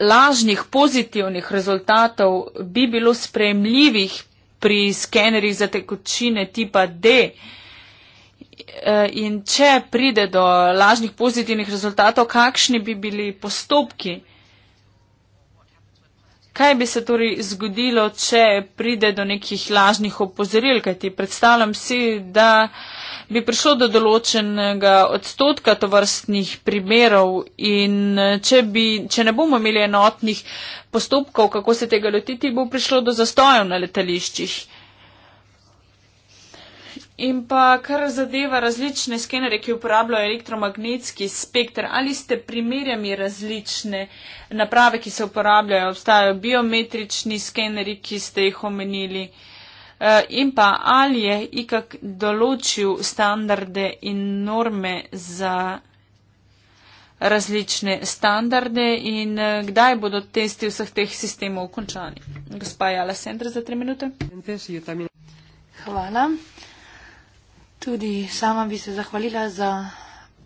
lažnih pozitivnih rezultatov bi bilo sprejemljivih pri skenerjih za tekočine tipa D. E, in če pride do lažnih pozitivnih rezultatov, kakšni bi bili postopki? kaj bi se torej zgodilo, če pride do nekih lažnih opozoril, kajti predstavljam si, da bi prišlo do določenega odstotka tovrstnih primerov in če, bi, če ne bomo imeli enotnih postopkov, kako se tega lotiti, bo prišlo do zastojev na letališčih. In pa kar zadeva različne skenere, ki uporabljajo elektromagnetski spektr, ali ste primerjali različne naprave, ki se uporabljajo, obstajajo biometrični skeneri, ki ste jih omenili. Eh, in pa ali je IKAK določil standarde in norme za različne standarde in eh, kdaj bodo testi vseh teh sistemov končani. Gospa Jala Sendra za tri minute. Hvala. Tudi sama bi se zahvalila za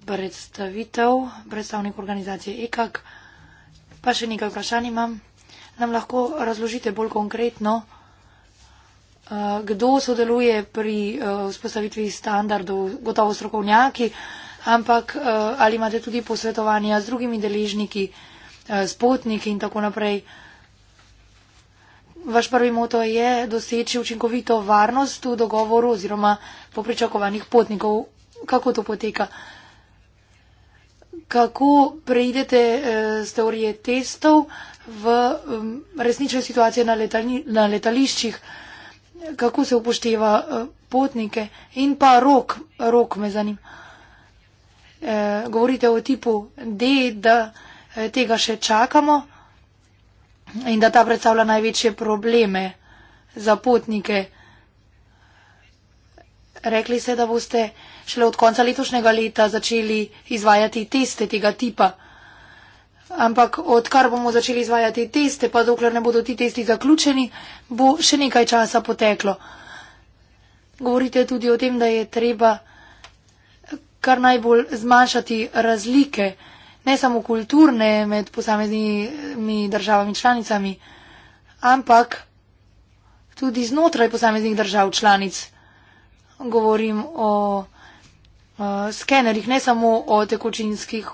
predstavitev predstavnik organizacije EKAK. Pa še nekaj vprašanj imam. Nam lahko razložite bolj konkretno, eh, kdo sodeluje pri eh, vzpostavitvi standardov, gotovo strokovnjaki, ampak eh, ali imate tudi posvetovanja z drugimi deležniki, spotniki in tako naprej. Vaš prvi moto je doseči učinkovito varnost v dogovoru oziroma po pričakovanjih potnikov. Kako to poteka? Kako preidete eh, z eh, teorije testov v hm, resnične situacije na, letali, na letališčih? Kako se upošteva eh, potnike in pa rok, rok me zanima. Eh, govorite o tipu D, da eh, tega še čakamo in da ta predstavlja največje probleme za potnike rekli ste, da boste šele od konca letošnjega leta začeli izvajati teste tega tipa. Ampak odkar bomo začeli izvajati teste, pa dokler ne bodo ti testi zaključeni, bo še nekaj časa poteklo. Govorite tudi o tem, da je treba kar najbolj zmanjšati razlike, ne samo kulturne med posameznimi državami članicami, ampak tudi znotraj posameznih držav članic govorim o uh, skenerjih, ne samo o tekočinskih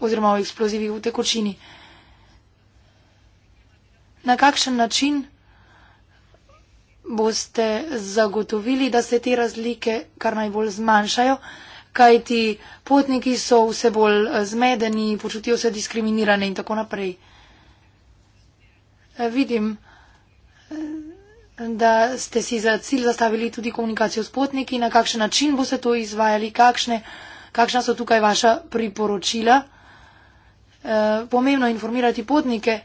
oziroma o eksplozivih v tekočini. Na kakšen način boste zagotovili, da se te razlike kar najbolj zmanjšajo, kajti potniki so vse bolj eh, zmedeni, počutijo se diskriminirane in tako naprej. Eh, vidim, da ste si za cilj zastavili tudi komunikacijo s potniki, na kakšen način boste to izvajali, kakšne, kakšna so tukaj vaša priporočila. E, pomembno je informirati potnike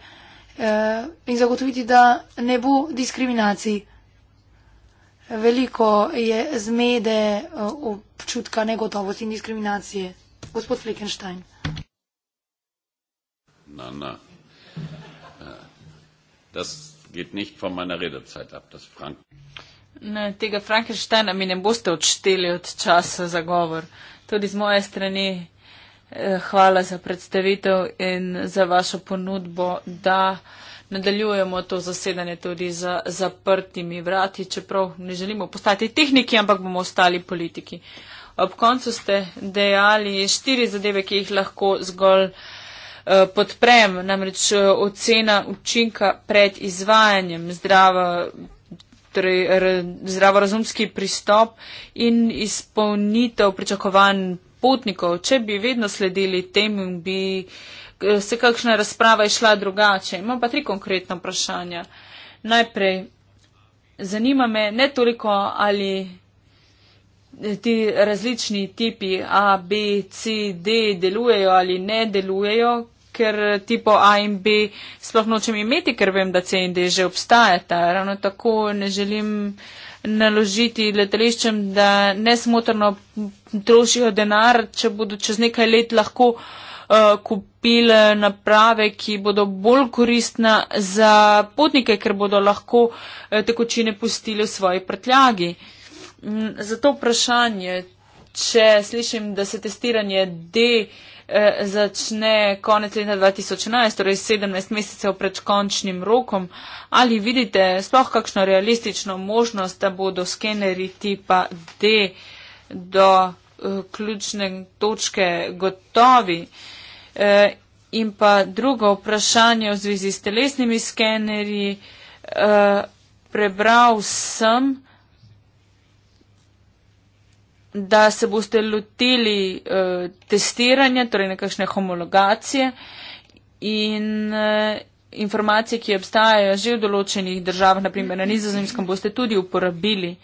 e, in zagotoviti, da ne bo diskriminacij. Veliko je zmede eh, občutka negotovosti in diskriminacije. Gospod Flekenstein. Na, na. Das geht nicht von meiner Redezeit ab, das Frank. Ne, tega Frankensteina mi ne boste odšteli od časa za govor. Tudi z moje strani eh, hvala za predstavitev in za vašo ponudbo, da nadaljujemo to zasedanje tudi za zaprtimi vrati, čeprav ne želimo postati tehniki, ampak bomo ostali politiki. Ob koncu ste dejali štiri zadeve, ki jih lahko zgolj. Eh, podprem, namreč eh, ocena učinka pred izvajanjem zdrava. Torej, zdravorazumski pristop in izpolnitev pričakovanj potnikov. Če bi vedno sledili temu, bi eh, se kakšna razprava išla drugače. Imam pa tri konkretna vprašanja. Najprej, zanima me ne toliko, ali ti različni tipi A, B, C, D delujejo ali ne delujejo, ker tipo A in B sploh nočem imeti, ker vem, da C in D že obstajata. Ravno tako ne želim naložiti letališčem, da nesmotrno trošijo denar, če bodo čez nekaj let lahko uh, kupile naprave, ki bodo bolj koristna za potnike, ker bodo lahko uh, tekočine pustili v svoji prtljagi. Mm, zato vprašanje, če slišim, da se testiranje D uh, Eh, začne konec leta 2011, torej 17 mesecev pred končnim rokom. Ali vidite sploh kakšno realistično možnost, da bodo skeneri tipa D do eh, ključne točke gotovi? Eh, in pa drugo vprašanje v zvezi s telesnimi skeneri. Prebral sem, da se boste lotili uh, testiranja, torej nekakšne homologacije in uh, informacije, ki obstajajo že v določenih državah, naprimer na nizozemskem, boste tudi uporabili.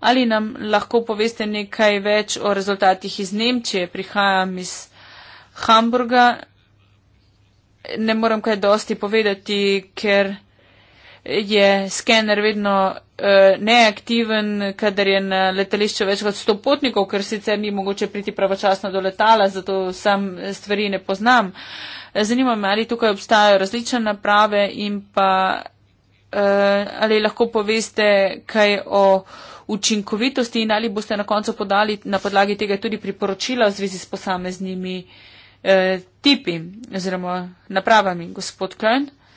Ali nam lahko poveste nekaj več o rezultatih iz Nemčije? Prihajam iz Hamburga. Ne morem kaj dosti povedati, ker je skener vedno uh, neaktiven, kadar je na letališču več kot 100 potnikov, ker sicer ni mogoče priti pravočasno do letala, zato sam stvari ne poznam. Zanima me, ali tukaj obstajajo različne naprave in pa uh, ali lahko poveste kaj o učinkovitosti in ali boste na koncu podali na podlagi tega tudi priporočila v zvezi s posameznimi eh, tipi oziroma napravami, gospod Klein. Uh,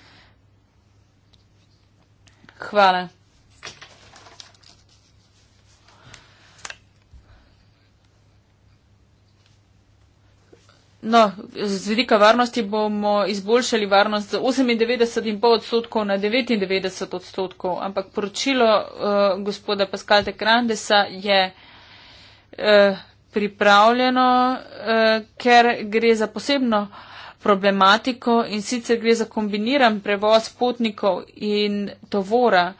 Hvala. No, z vidika varnosti bomo izboljšali varnost z 98,5 odstotkov na 99 odstotkov, ampak poročilo uh, gospoda Paskalte Krandesa je uh, pripravljeno, uh, ker gre za posebno uh, problematiko in sicer gre za kombiniran prevoz potnikov in tovora.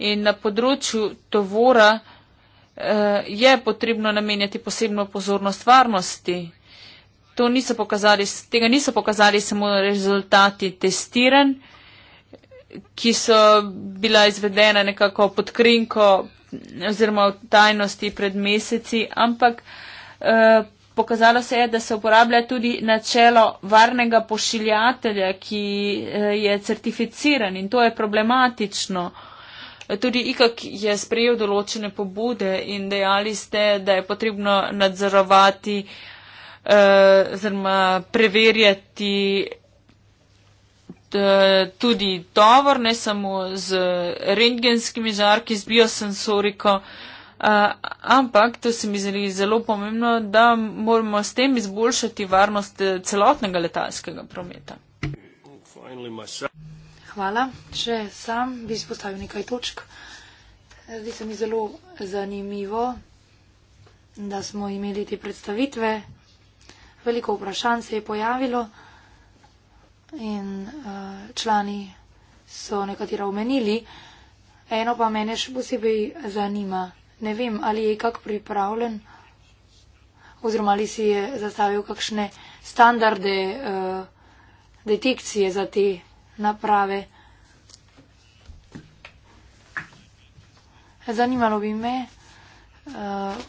In na področju tovora eh, je potrebno namenjati posebno pozornost varnosti. To niso pokazali, tega niso pokazali samo rezultati testiranj, ki so bila izvedena nekako pod krinko oziroma v tajnosti pred meseci, ampak eh, pokazalo se je, da se uporablja tudi načelo varnega pošiljatelja, ki eh, je certificiran in to je problematično. Tudi IKAK je sprejel določene pobude in dejali ste, da je potrebno nadzorovati, eh, oziroma eh, preverjati tudi tovor, ne samo z rengenskimi žarki, z biosensoriko. Eh, ampak to se mi zdi zelo pomembno, da moramo s tem izboljšati varnost eh, celotnega letalskega prometa. Hvala. Če sam bi izpostavil nekaj točk. Eh, zdi se mi zelo zanimivo, da smo imeli te predstavitve. Veliko vprašanj se je pojavilo in uh, člani so nekatera omenili. Eno pa mene še posebej zanima ne vem, ali je kak pripravljen oziroma ali si je zastavil kakšne standarde uh, detekcije za te naprave. Zanimalo bi me, uh,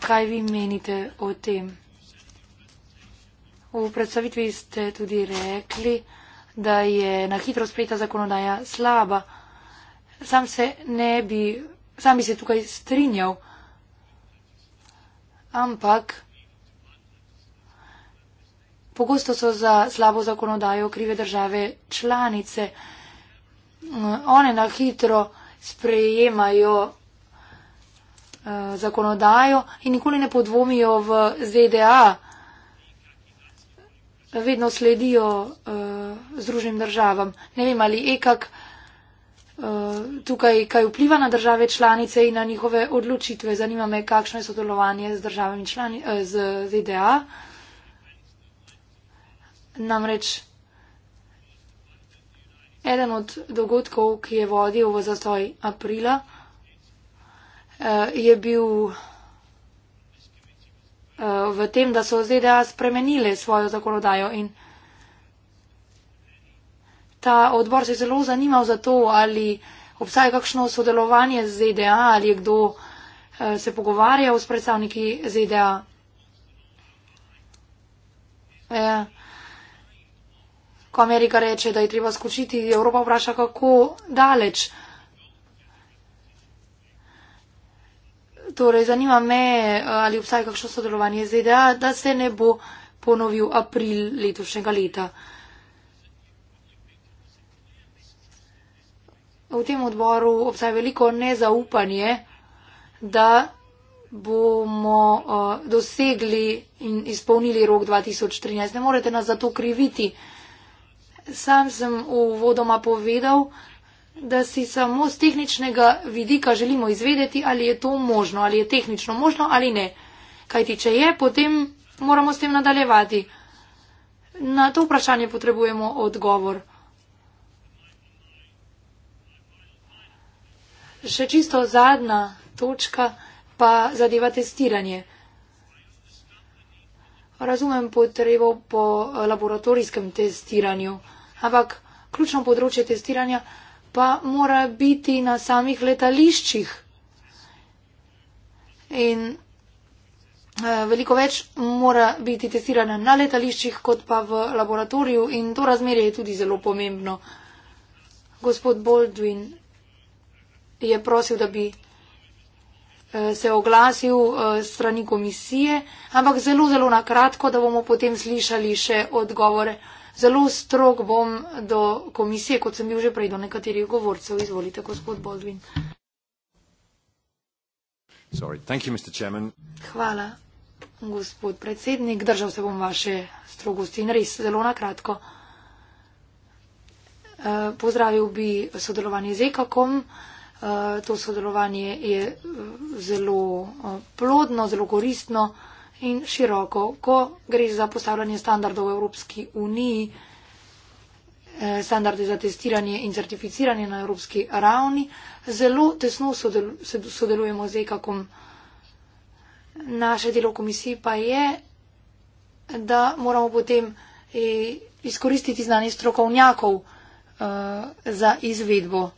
kaj vi menite o tem. V predstavitvi ste tudi rekli, da je na hitro sprejeta zakonodaja slaba. Sam, se ne bi, sam bi se tukaj strinjal. Ampak pogosto so za slabo zakonodajo krive države članice. One na hitro sprejemajo eh, zakonodajo in nikoli ne podvomijo v ZDA. Vedno sledijo uh, Združenim državam. Ne vem, ali je kak uh, Eh, tukaj, kaj vpliva na države članice in na njihove odločitve. Zanima me, kakšno je sodelovanje z državami člani, eh, z ZDA. Namreč eden od dogodkov, ki je vodil v zastoj aprila, eh, je bil v tem, da so ZDA spremenile svojo zakonodajo in ta odbor se je zelo zanimal za to, ali obstaja kakšno sodelovanje z ZDA, ali je kdo eh, se pogovarjal s predstavniki ZDA. E, eh, ko Amerika reče, da je treba skočiti, Evropa vpraša, kako daleč. Torej, zanima me, eh, ali obstaja kakšno sodelovanje z ZDA, da se ne bo ponovil april letošnjega leta. v tem odboru obstaja veliko nezaupanje, da bomo uh, dosegli in izpolnili rok 2013. Ne morete nas za to kriviti. Sam sem uvodoma povedal, da si samo z tehničnega vidika želimo izvedeti, ali je to možno, ali je tehnično možno ali ne. Kajti, če je, potem moramo s tem nadaljevati. Na to vprašanje potrebujemo odgovor. še čisto zadnja točka pa zadeva testiranje. Razumem potrebo po laboratorijskem testiranju, ampak ključno področje testiranja pa mora biti na samih letališčih. In eh, Veliko več mora biti testirana na letališčih, kot pa v laboratoriju in to razmerje je tudi zelo pomembno. Gospod Baldwin, je prosil, da bi eh, se oglasil eh, strani komisije, ampak zelo, zelo na kratko, da bomo potem slišali še odgovore. Zelo strog bom do komisije, kot sem bil že prej do nekaterih govorcev. Izvolite, gospod Baldwin. Hvala, gospod predsednik. Držal se bom vaše strogosti in res zelo na kratko. Eh, pozdravil bi sodelovanje z EKOM. Eh, to sodelovanje je eh, zelo eh, plodno, zelo koristno in široko. Ko gre za postavljanje standardov v Evropski uniji, standarde za testiranje in certificiranje na evropski ravni, zelo tesno sodelujemo z EKAKom. Naše delo komisije pa je, da moramo potem izkoristiti znanje strokovnjakov za izvedbo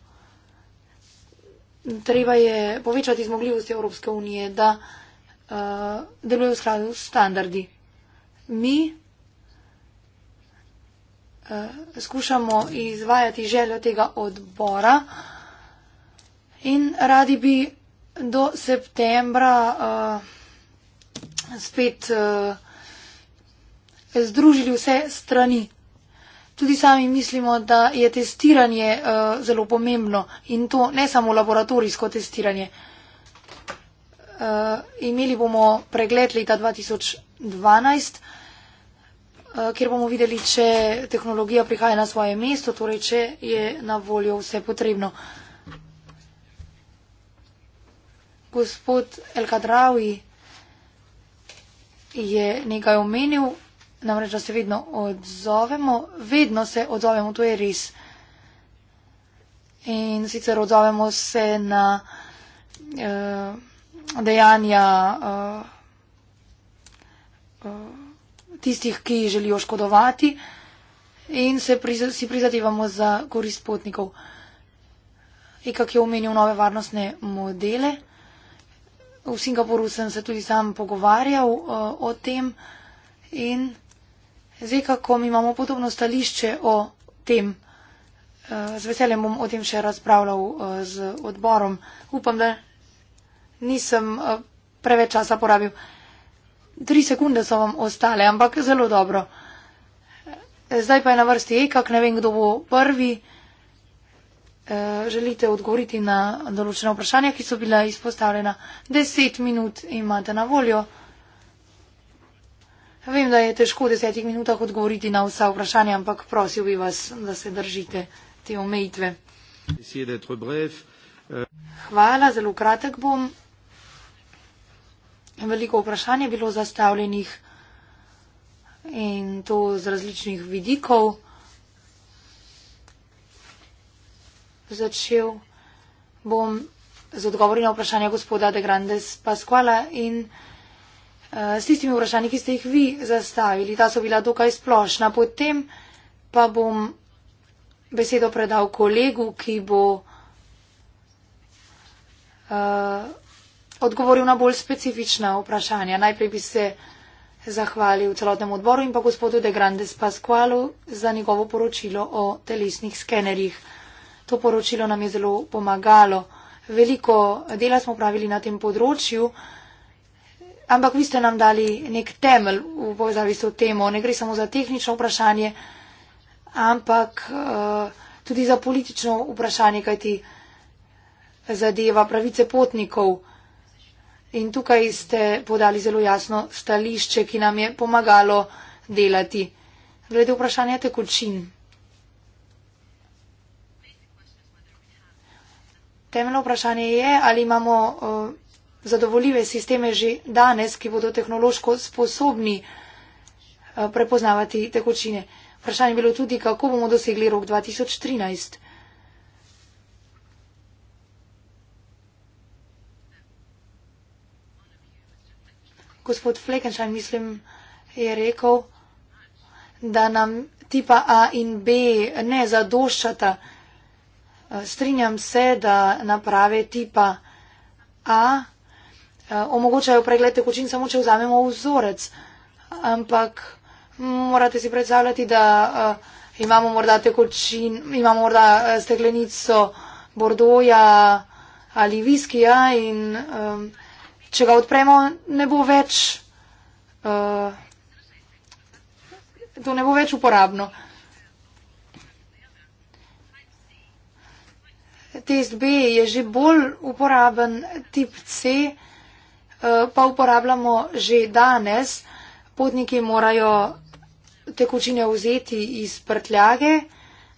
treba je povečati zmogljivosti Evropske unije, da uh, deluje v skladu s standardi. Mi uh, skušamo izvajati željo tega odbora in radi bi do septembra uh, spet uh, združili vse strani. Tudi sami mislimo, da je testiranje uh, zelo pomembno in to ne samo laboratorijsko testiranje. Uh, imeli bomo pregled leta 2012, uh, eh, kjer bomo videli, če tehnologija prihaja na svoje mesto, torej če je na voljo vse potrebno. Gospod Elkadravi je nekaj omenil, Namreč, da se vedno odzovemo, vedno se odzovemo, to je res. In sicer odzovemo se na uh, dejanja uh, uh, tistih, ki želijo škodovati in se priz prizadevamo za korist potnikov. In kak je omenil nove varnostne modele. V Singapuru sem se tudi sam pogovarjal uh, o tem in Zdaj, kako mi imamo podobno stališče o tem, eh, z veseljem bom o tem še razpravljal eh, z odborom. Upam, da nisem eh, preveč časa porabil. Tri sekunde so vam ostale, ampak zelo dobro. Zdaj pa je na vrsti EKAK, ne vem, kdo bo prvi. Želite odgovoriti na določene vprašanja, ki so bila izpostavljena. Deset minut imate na voljo. Vem, da je težko v desetih minutah odgovoriti na vsa vprašanja, ampak prosil bi vas, da se držite te omejitve. Hvala, zelo kratek bom. Veliko vprašanj je bilo zastavljenih in to z različnih vidikov. Začel bom z odgovori na vprašanje gospoda De Grandes Pasquala in Eh, s tistimi vprašanji, ki ste jih vi zastavili. Ta so bila dokaj splošna. Potem pa bom besedo predal kolegu, ki bo uh, odgovoril na bolj specifična vprašanja. Najprej bi se zahvalil celotnemu odboru in pa gospodu De Grande Spasqualu za njegovo poročilo o telesnih skenerjih. To poročilo nam je zelo pomagalo. Veliko dela smo pravili na tem področju. Uh, ampak vi ste nam dali nek temelj v povezavi s to temo. Ne gre samo za tehnično vprašanje, ampak uh, tudi za politično vprašanje, kajti zadeva pravice potnikov. In tukaj ste podali zelo jasno stališče, ki nam je pomagalo delati. Glede vprašanja tekočin. Temeljno vprašanje je, ali imamo. Uh, zadovoljive sisteme že danes, ki bodo tehnološko sposobni eh, prepoznavati tekočine. Vprašanje je bilo tudi, kako bomo dosegli rok 2013. Gospod Flekenšaj, mislim, je rekel, da nam tipa A in B ne zadoščata. Eh, strinjam se, da naprave tipa A Eh, omogočajo pregled tekočin samo, če vzamemo vzorec. Ampak morate si predstavljati, da eh, imamo morda tekočin, imamo morda eh, steklenico bordoja ali viskija in če ga odpremo, ne bo več. To ne bo več uporabno. Test B je že bolj uporaben, tip C. Eh, pa uporabljamo že danes. Potniki morajo tekočine vzeti iz prtljage,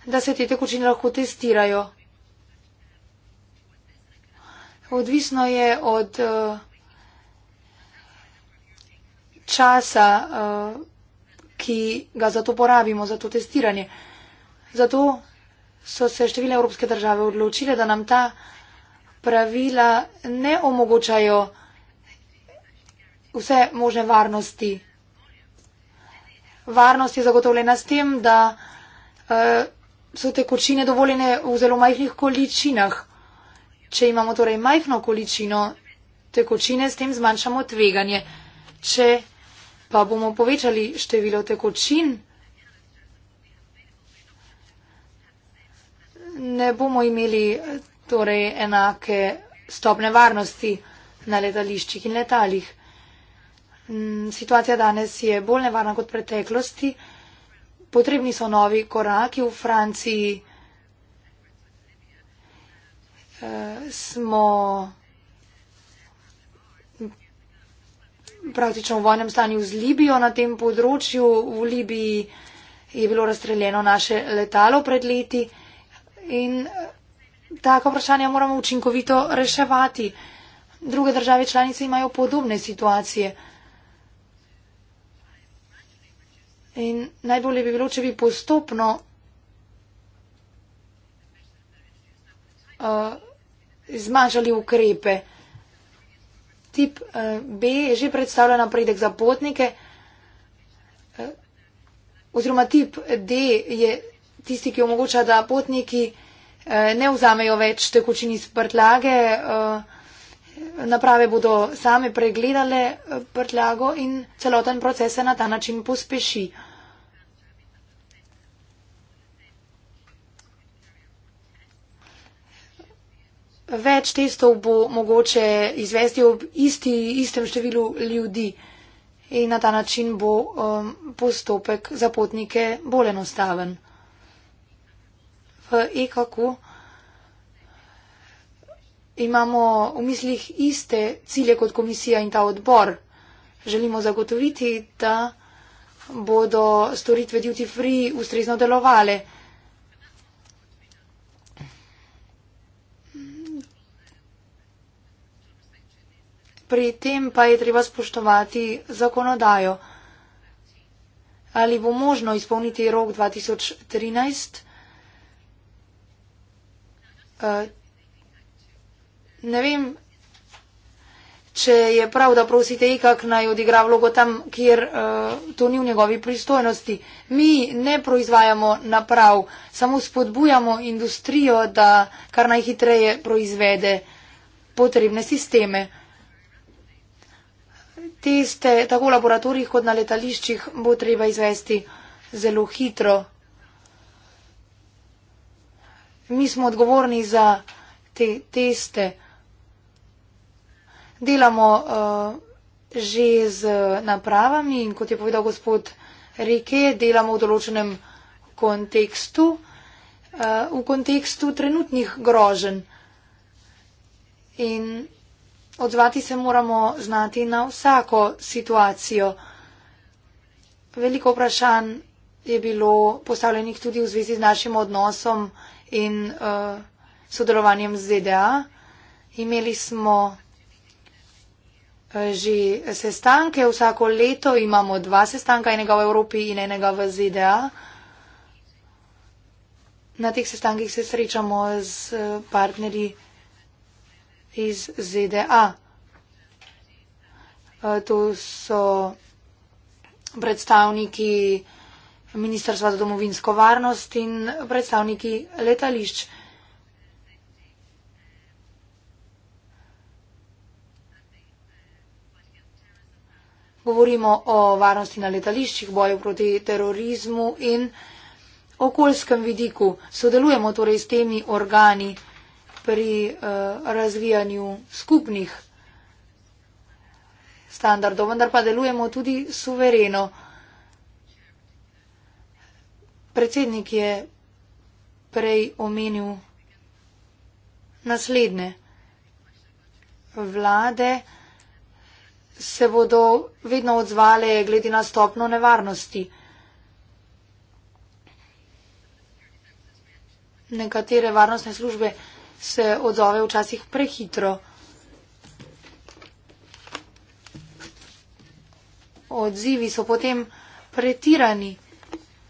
da se te tekočine lahko testirajo. Odvisno je od eh, časa, eh, ki ga za to porabimo, za to testiranje. Zato so se številne evropske države odločile, da nam ta pravila ne omogočajo, vse možne varnosti. Varnost je zagotovljena s tem, da uh, so te kočine dovoljene v zelo majhnih količinah. Če imamo torej majhno količino te kočine, s tem zmanjšamo tveganje. Če pa bomo povečali število te kočin, ne bomo imeli eh, torej enake stopne varnosti na letališčih in letalih. Mm, situacija danes je bolj nevarna kot preteklosti. Potrebni so novi koraki v Franciji. E, smo praktično v vojnem stanju z Libijo na tem področju. V Libiji je bilo razstreljeno naše letalo pred leti in eh, tako vprašanje moramo učinkovito reševati. Druge države članice imajo podobne situacije. In najbolje bi bilo, če bi postopno uh, eh, zmanjšali ukrepe. Tip uh, B je že predstavljen napredek za potnike. Uh, oziroma tip D je tisti, ki omogoča, da potniki ne vzamejo več tekočin iz prtlage, naprave bodo same pregledale prtljago in celoten proces se na ta način pospeši. več testov bo mogoče izvesti ob isti, istem številu ljudi in na ta način bo um, postopek za potnike bolj enostaven. V EKQ imamo v mislih iste cilje kot komisija in ta odbor. Želimo zagotoviti, da bodo storitve duty free ustrezno delovale. pri tem pa je treba spoštovati zakonodajo. Ali bo možno izpolniti rok 2013? E, ne vem, če je prav, da prosite ikak naj odigra vlogo tam, kjer e, to ni v njegovi pristojnosti. Mi ne proizvajamo naprav, samo spodbujamo industrijo, da kar najhitreje proizvede potrebne sisteme teste tako v laboratorijih kot na letališčih bo treba izvesti zelo hitro. Mi smo odgovorni za te teste. Delamo uh, že z napravami in kot je povedal gospod Rike, delamo v določenem kontekstu, uh, v kontekstu trenutnih groženj. In odzvati se moramo znati na vsako situacijo. Veliko vprašanj je bilo postavljenih tudi v zvezi z našim odnosom in uh, sodelovanjem z ZDA. Imeli smo eh, že sestanke, vsako leto imamo dva sestanka, enega v Evropi in enega v ZDA. Na teh sestankih se srečamo z eh, partnerji iz ZDA. E, to so predstavniki Ministrstva za domovinsko varnost in predstavniki letališč. Govorimo o varnosti na letališčih, boju proti terorizmu in okoljskem vidiku. Sodelujemo torej s temi organi pri uh, razvijanju skupnih standardov, vendar pa delujemo tudi suvereno. Predsednik je prej omenil naslednje. Vlade se bodo vedno odzvale glede na stopno nevarnosti. Nekatere varnostne službe se odzove včasih prehitro. Odzivi so potem pretirani.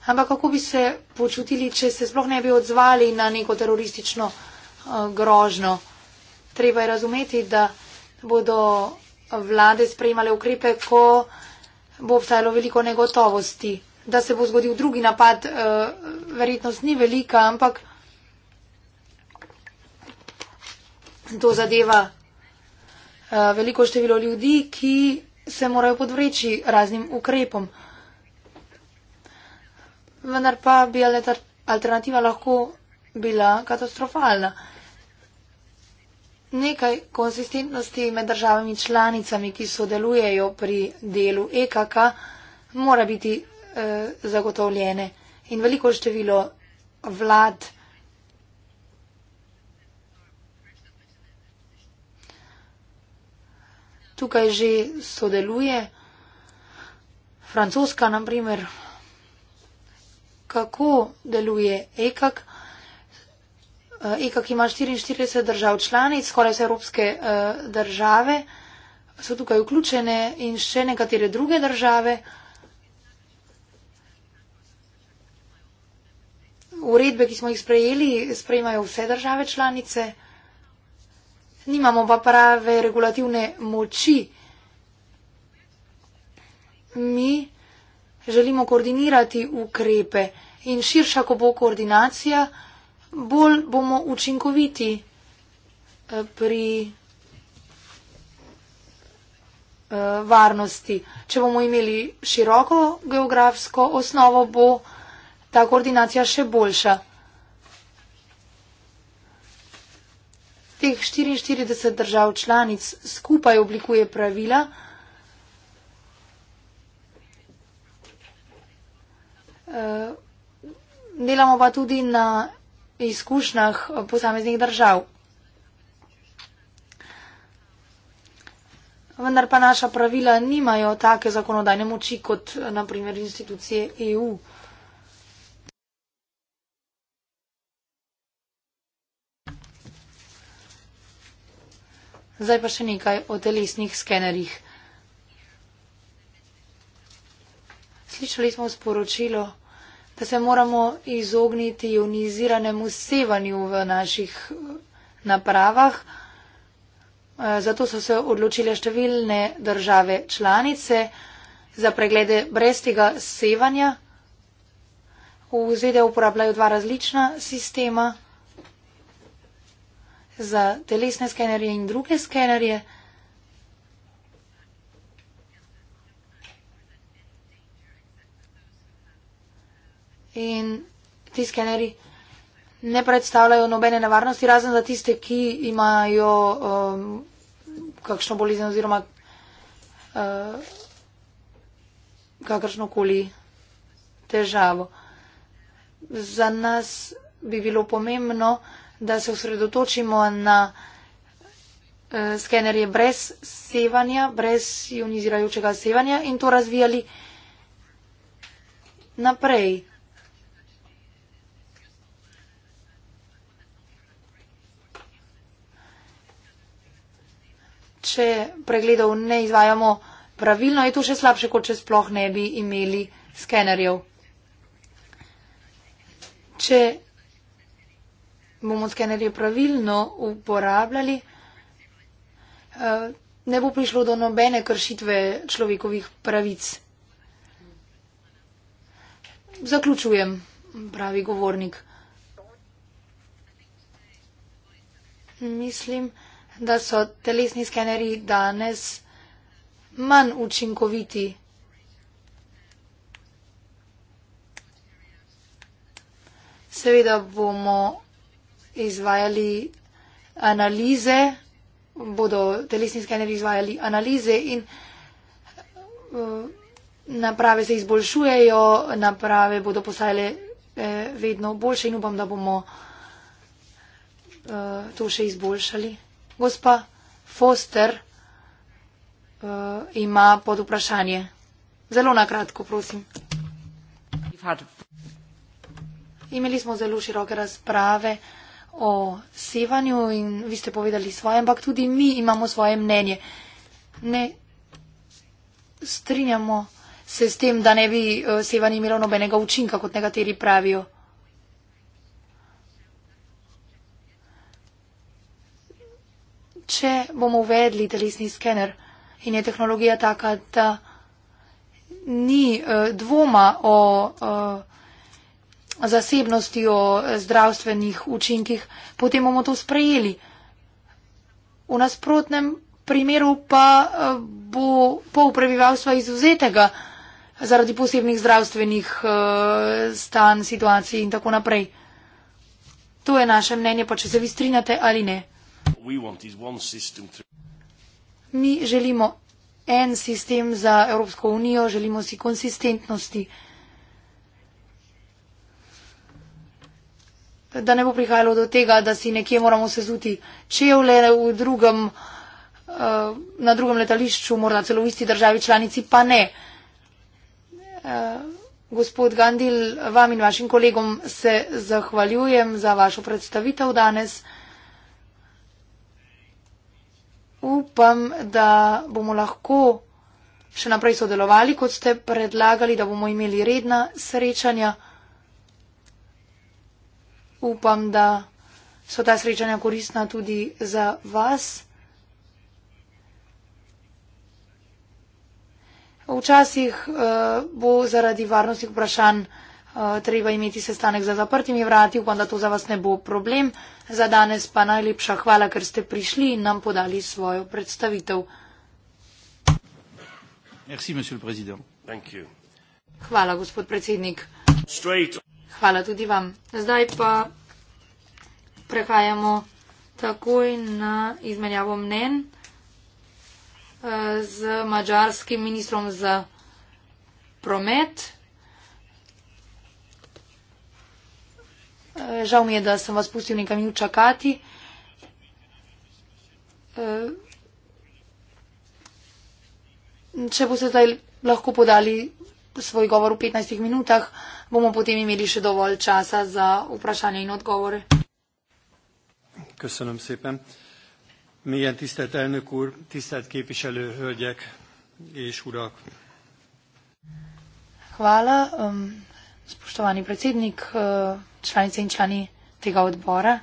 Ampak kako bi se počutili, če se sploh ne bi odzvali na neko teroristično uh, eh, grožno? Treba je razumeti, da bodo vlade sprejemale ukrepe, ko bo obstajalo veliko negotovosti. Da se bo zgodil drugi napad, uh, verjetnost ni velika, ampak to zadeva eh, veliko število ljudi, ki se morajo podvreči raznim ukrepom. Vendar pa bi alternativa lahko bila katastrofalna. Nekaj konsistentnosti med državami članicami, ki sodelujejo pri delu EKK, mora biti eh, zagotovljene. In veliko število vlad tukaj že sodeluje. Francoska, na primer, kako deluje EKAK. EKAK ima 44 držav članic, skoraj vse evropske eh, države so tukaj vključene in še nekatere druge države. Uredbe, ki smo jih sprejeli, sprejmajo vse države članice. Nimamo pa prave regulativne moči. Mi želimo koordinirati ukrepe in širša, ko bo koordinacija, bolj bomo učinkoviti eh, pri eh, varnosti. Če bomo imeli široko geografsko osnovo, bo ta koordinacija še boljša. teh 44 držav članic skupaj oblikuje pravila, eh, delamo pa tudi na izkušnjah posameznih držav. Vendar pa naša pravila nimajo take zakonodajne moči kot naprimer institucije EU. Zdaj pa še nekaj o telesnih skenerjih. Slišali smo sporočilo, da se moramo izogniti ioniziranemu sevanju v naših eh, napravah. Eh, zato so se odločile številne države članice za preglede brez tega sevanja. V ZDA uporabljajo dva različna sistema za telesne skenerje in druge skenerje. In ti skeneri ne predstavljajo nobene nevarnosti, razen za tiste, ki imajo um, kakšno bolezen oziroma uh, kakršno koli težavo. Za nas bi bilo pomembno, uh, da se osredotočimo na eh, skenerje brez sevanja, brez ionizirajočega sevanja in to razvijali naprej. Če pregledov ne izvajamo pravilno, je to še slabše, kot če sploh ne bi imeli skenerjev. Če bomo skenerje pravilno uporabljali, eh, ne bo prišlo do nobene kršitve človekovih pravic. Zaključujem, pravi govornik. Mislim, da so telesni skenerji danes manj učinkoviti. Seveda bomo izvajali analize, bodo telesni skeneri izvajali analize in eh, naprave se izboljšujejo, naprave bodo postajale eh, vedno boljše in upam, da bomo eh, to še izboljšali. Gospa Foster ima pod vprašanje. Zelo nakratko, prosim. Imeli smo zelo široke razprave o sevanju in vi ste povedali svoje, ampak tudi mi imamo svoje mnenje. Ne strinjamo se s tem, da ne bi eh, sevanje imelo nobenega učinka, kot nekateri pravijo. Če bomo uvedli telesni skener in je tehnologija taka, da ni eh, dvoma o. o eh, zasebnosti, o zdravstvenih učinkih, potem bomo to sprejeli. V nasprotnem primeru pa eh, bo pol prebivalstva izuzetega zaradi posebnih zdravstvenih eh, stanj, situacij in tako naprej. To je naše mnenje, pa če se vi strinjate ali ne. Mi želimo en sistem za Evropsko unijo, želimo si konsistentnosti. da ne bo prihajalo do tega, da si nekje moramo sezuti čevle v drugem, eh, na drugem letališču, morda celo v isti državi članici, pa ne. Eh, gospod Gandil, vam in vašim kolegom se zahvaljujem za vašo predstavitev danes. Upam, da bomo lahko še naprej sodelovali, kot ste predlagali, da bomo imeli redna srečanja upam, da so ta srečanja koristna tudi za vas. Včasih uh, bo zaradi varnostnih vprašanj uh, treba imeti sestanek za zaprtimi vrati, upam, da to za vas ne bo problem. Za danes pa najlepša hvala, ker ste prišli in nam podali svojo predstavitev. Merci, hvala, gospod predsednik. Straight. Hvala tudi vam. Zdaj pa prehajamo takoj na izmenjavo mnen eh, z mačarskim ministrom za promet. Eh, žal mi je, da sem vas pustil nekaj minut čakati. Eh, če boste zdaj lahko podali svoj govor v 15 minutah, bomo potem imeli še dovolj časa za vprašanje in odgovore. Köszönöm szépen. Milyen tisztelt elnök úr, tisztelt képviselő hölgyek és urak. Hvala, um, spoštovani predsednik, uh, članice in člani tega odbora.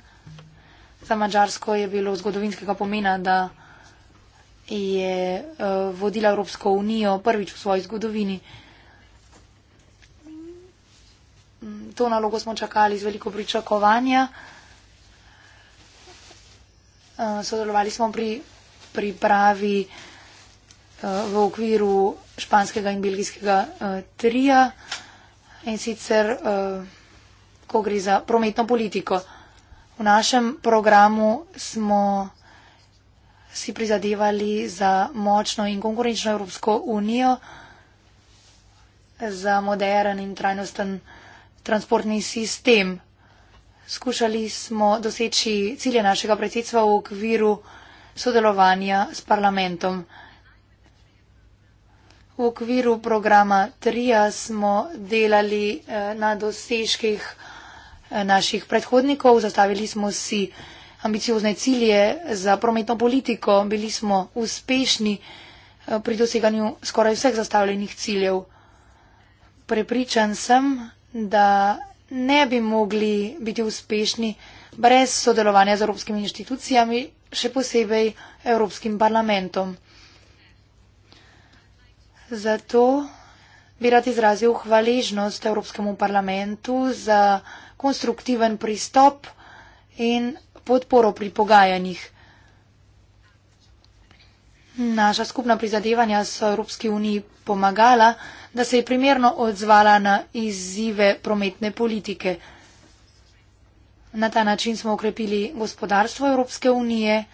Za Mačarsko je bilo zgodovinskega pomena, da je uh, vodila Evropsko unijo prvič v svoji zgodovini. Uh, to nalogo smo čakali z veliko pričakovanja. Eh, sodelovali smo pri pripravi eh, v okviru španskega in belgijskega eh, trija in sicer, ko gre za prometno politiko. V našem programu smo si prizadevali za močno in konkurenčno Evropsko unijo, za modern in trajnosten transportni sistem. Skušali smo doseči cilje našega predsedstva v okviru sodelovanja s parlamentom. V okviru programa TRIA smo delali eh, na dosežkih eh, naših predhodnikov, zastavili smo si ambiciozne cilje za prometno politiko, bili smo uspešni eh, pri doseganju skoraj vseh zastavljenih ciljev. Prepričan sem, da ne bi mogli biti uspešni brez sodelovanja z evropskimi inštitucijami, še posebej Evropskim parlamentom. Zato bi rad izrazil hvaležnost Evropskemu parlamentu za konstruktiven pristop in podporo pri pogajanjih. Naša skupna prizadevanja so Evropski uniji pomagala, da se je primerno odzvala na izzive prometne politike. Na ta način smo okrepili gospodarstvo Evropske unije,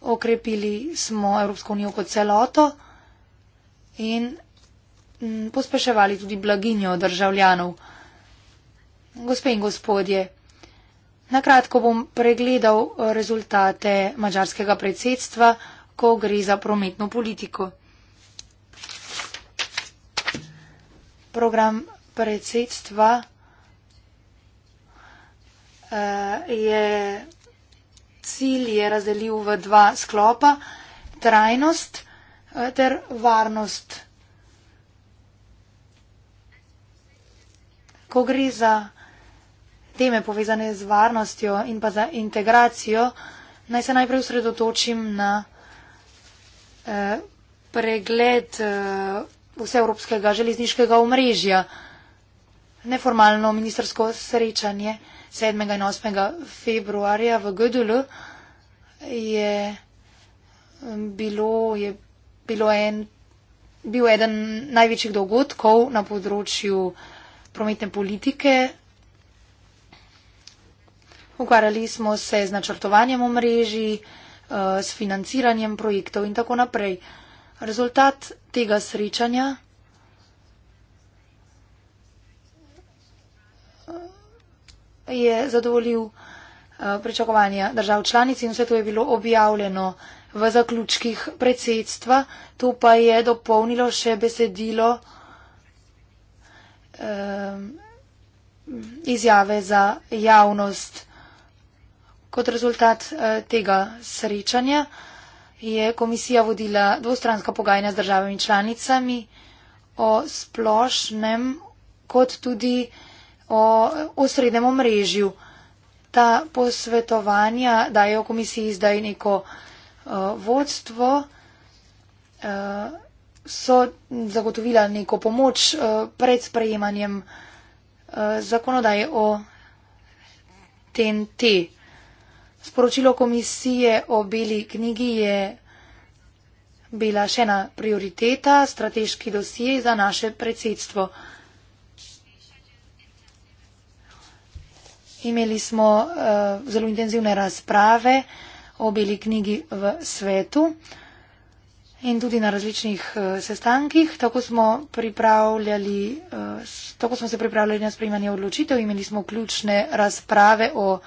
okrepili smo Evropsko unijo kot celoto in mm, pospeševali tudi blaginjo državljanov. Gospe in gospodje, nakratko bom pregledal rezultate mačarskega predsedstva ko gre za prometno politiko. Program predsedstva eh, je cilj je razdelil v dva sklopa, trajnost eh, ter varnost. Ko gre za teme povezane z varnostjo in pa za integracijo, naj se najprej usredotočim na pregled eh, vseevropskega železniškega omrežja, neformalno ministersko srečanje 7. in 8. februarja v Gödelu je mm, bilo, je bilo en, bil eden največjih dogodkov na področju prometne politike. Ukvarjali smo se z načrtovanjem omrežij, Eh, s financiranjem projektov in tako naprej. Rezultat tega srečanja eh, je zadovoljil eh, pričakovanja držav članic in vse to je bilo objavljeno v zaključkih predsedstva. To pa je dopolnilo še besedilo izjave za javnost. Kot rezultat eh, tega srečanja je komisija vodila dvostranska pogajanja z državami članicami o splošnem kot tudi o osrednjem omrežju. Ta posvetovanja dajo komisiji zdaj neko eh, vodstvo, eh, so zagotovila neko pomoč pred sprejemanjem zakonodaje o TNT. Sporočilo komisije o beli knjigi je bila še ena prioriteta, strateški dosije za naše predsedstvo. Imeli smo uh, zelo intenzivne razprave o beli knjigi v svetu in tudi na različnih uh, sestankih. Tako smo, pripravljali, uh, tako smo se pripravljali na sprejmanje odločitev, imeli smo ključne razprave o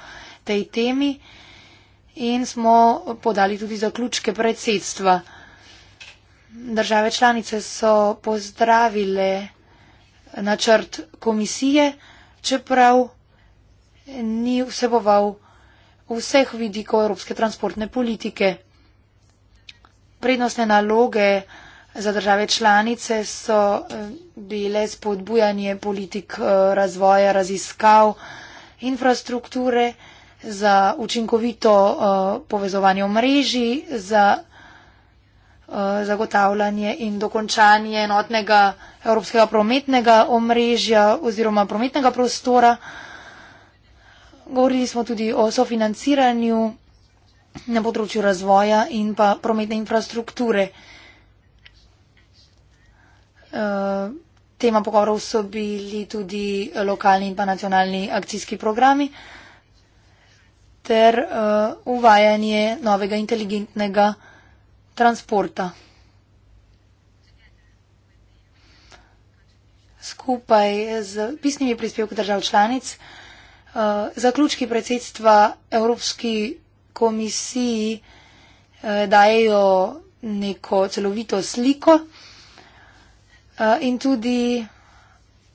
tej temi in smo podali tudi zaključke predsedstva. Države članice so pozdravile načrt komisije, čeprav ni vseboval vseh vidikov evropske transportne politike. Prednostne naloge za države članice so eh, bile spodbujanje politik eh, razvoja, raziskav, infrastrukture, za učinkovito uh, povezovanje v mreži, za uh, zagotavljanje in dokončanje enotnega evropskega prometnega omrežja oziroma prometnega prostora. Govorili smo tudi o sofinanciranju na področju razvoja in pa prometne infrastrukture. Uh, tema pogovorov so bili tudi lokalni in pa nacionalni akcijski programi. Uh, ter uh, uvajanje novega inteligentnega transporta. Skupaj z pisnimi prispevki držav članic, uh, zaključki predsedstva Evropski komisiji uh, dajejo neko celovito sliko uh, in tudi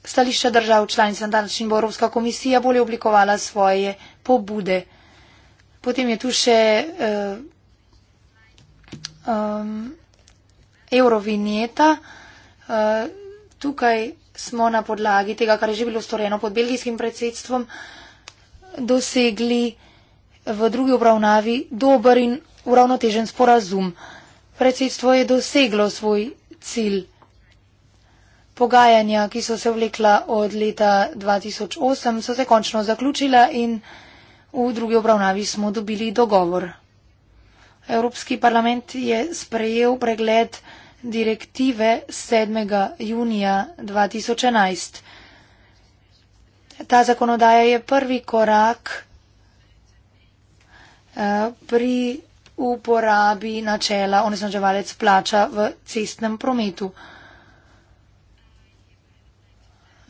stališča držav članic, na ta način bo Evropska komisija bolje oblikovala svoje pobude. Potem je tu še uh, um, eurovinjeta. Uh, tukaj smo na podlagi tega, kar je že bilo storjeno pod belgijskim predsedstvom, dosegli v drugi obravnavi dober in uravnotežen sporazum. Predsedstvo je doseglo svoj cilj. Pogajanja, ki so se vlekla od leta 2008, so se končno zaključila in V drugi obravnavi smo dobili dogovor. Evropski parlament je sprejel pregled direktive 7. junija 2011. Ta zakonodaja je prvi korak eh, pri uporabi načela onesnaževalec plača v cestnem prometu.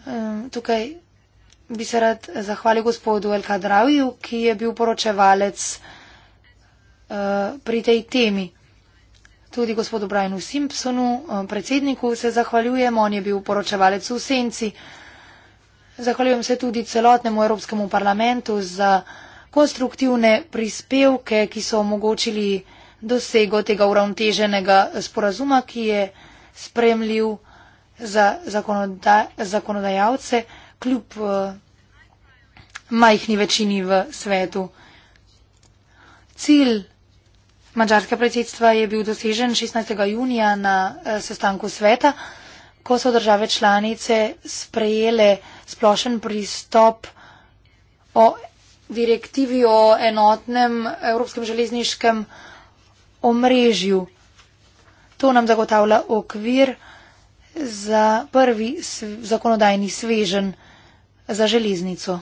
Eh, tukaj bi se rad zahvalil gospodu El Kadraviju, ki je bil poročevalec uh, pri tej temi. Tudi gospodu Brianu Simpsonu, eh, predsedniku, se zahvaljujem, on je bil poročevalec v senci. Zahvaljujem se tudi celotnemu Evropskemu parlamentu za konstruktivne prispevke, ki so omogočili dosego tega uravnoteženega sporazuma, ki je spremljiv za zakonodajalce, kljub eh, majhni večini v svetu. Cilj mađarske predsedstva je bil dosežen 16. junija na eh, sestanku sveta, ko so države članice sprejele splošen pristop o direktivi o enotnem evropskem železniškem omrežju. To nam zagotavlja okvir za prvi zakonodajni svežen za železnico.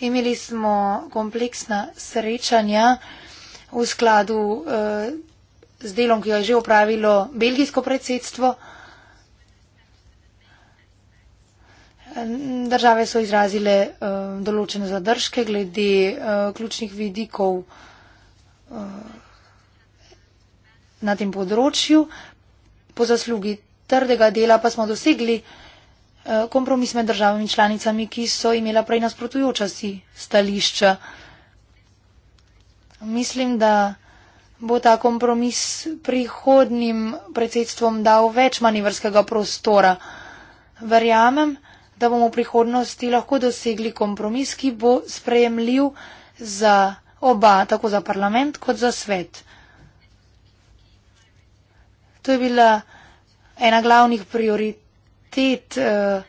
Imeli smo kompleksna srečanja v skladu eh, z delom, ki jo je že opravilo belgijsko predsedstvo. Države so izrazile eh, določene zadržke glede eh, ključnih vidikov na tem področju. Po zaslugi trdega dela pa smo dosegli Eh, kompromis med državami članicami, ki so imela prej nasprotujoča si stališča. Mislim, da bo ta kompromis prihodnim predsedstvom dal več manevrskega prostora. Verjamem, da bomo v prihodnosti lahko dosegli kompromis, ki bo sprejemljiv za oba, tako za parlament kot za svet. To je bila ena glavnih prioritet apetit uh,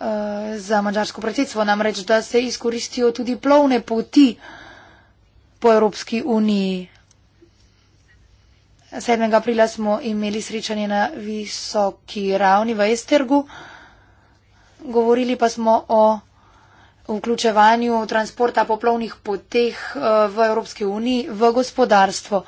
uh, za mađarsko predsedstvo, namreč da se izkoristijo tudi plovne poti po Evropski uniji. 7. aprila smo imeli srečanje na visoki ravni v Estergu, govorili pa smo o vključevanju transporta po plovnih poteh eh, v Evropski uniji v gospodarstvo.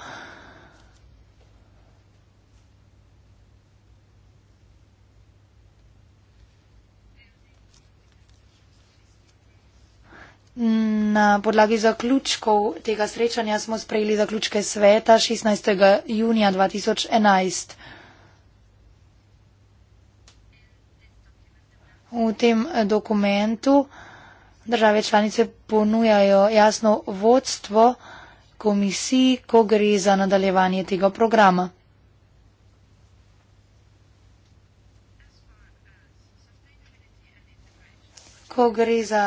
Na podlagi zaključkov tega srečanja smo sprejeli zaključke sveta 16. junija 2011. V tem eh, dokumentu države članice ponujajo jasno vodstvo komisiji, ko gre za nadaljevanje tega programa. Ko gre za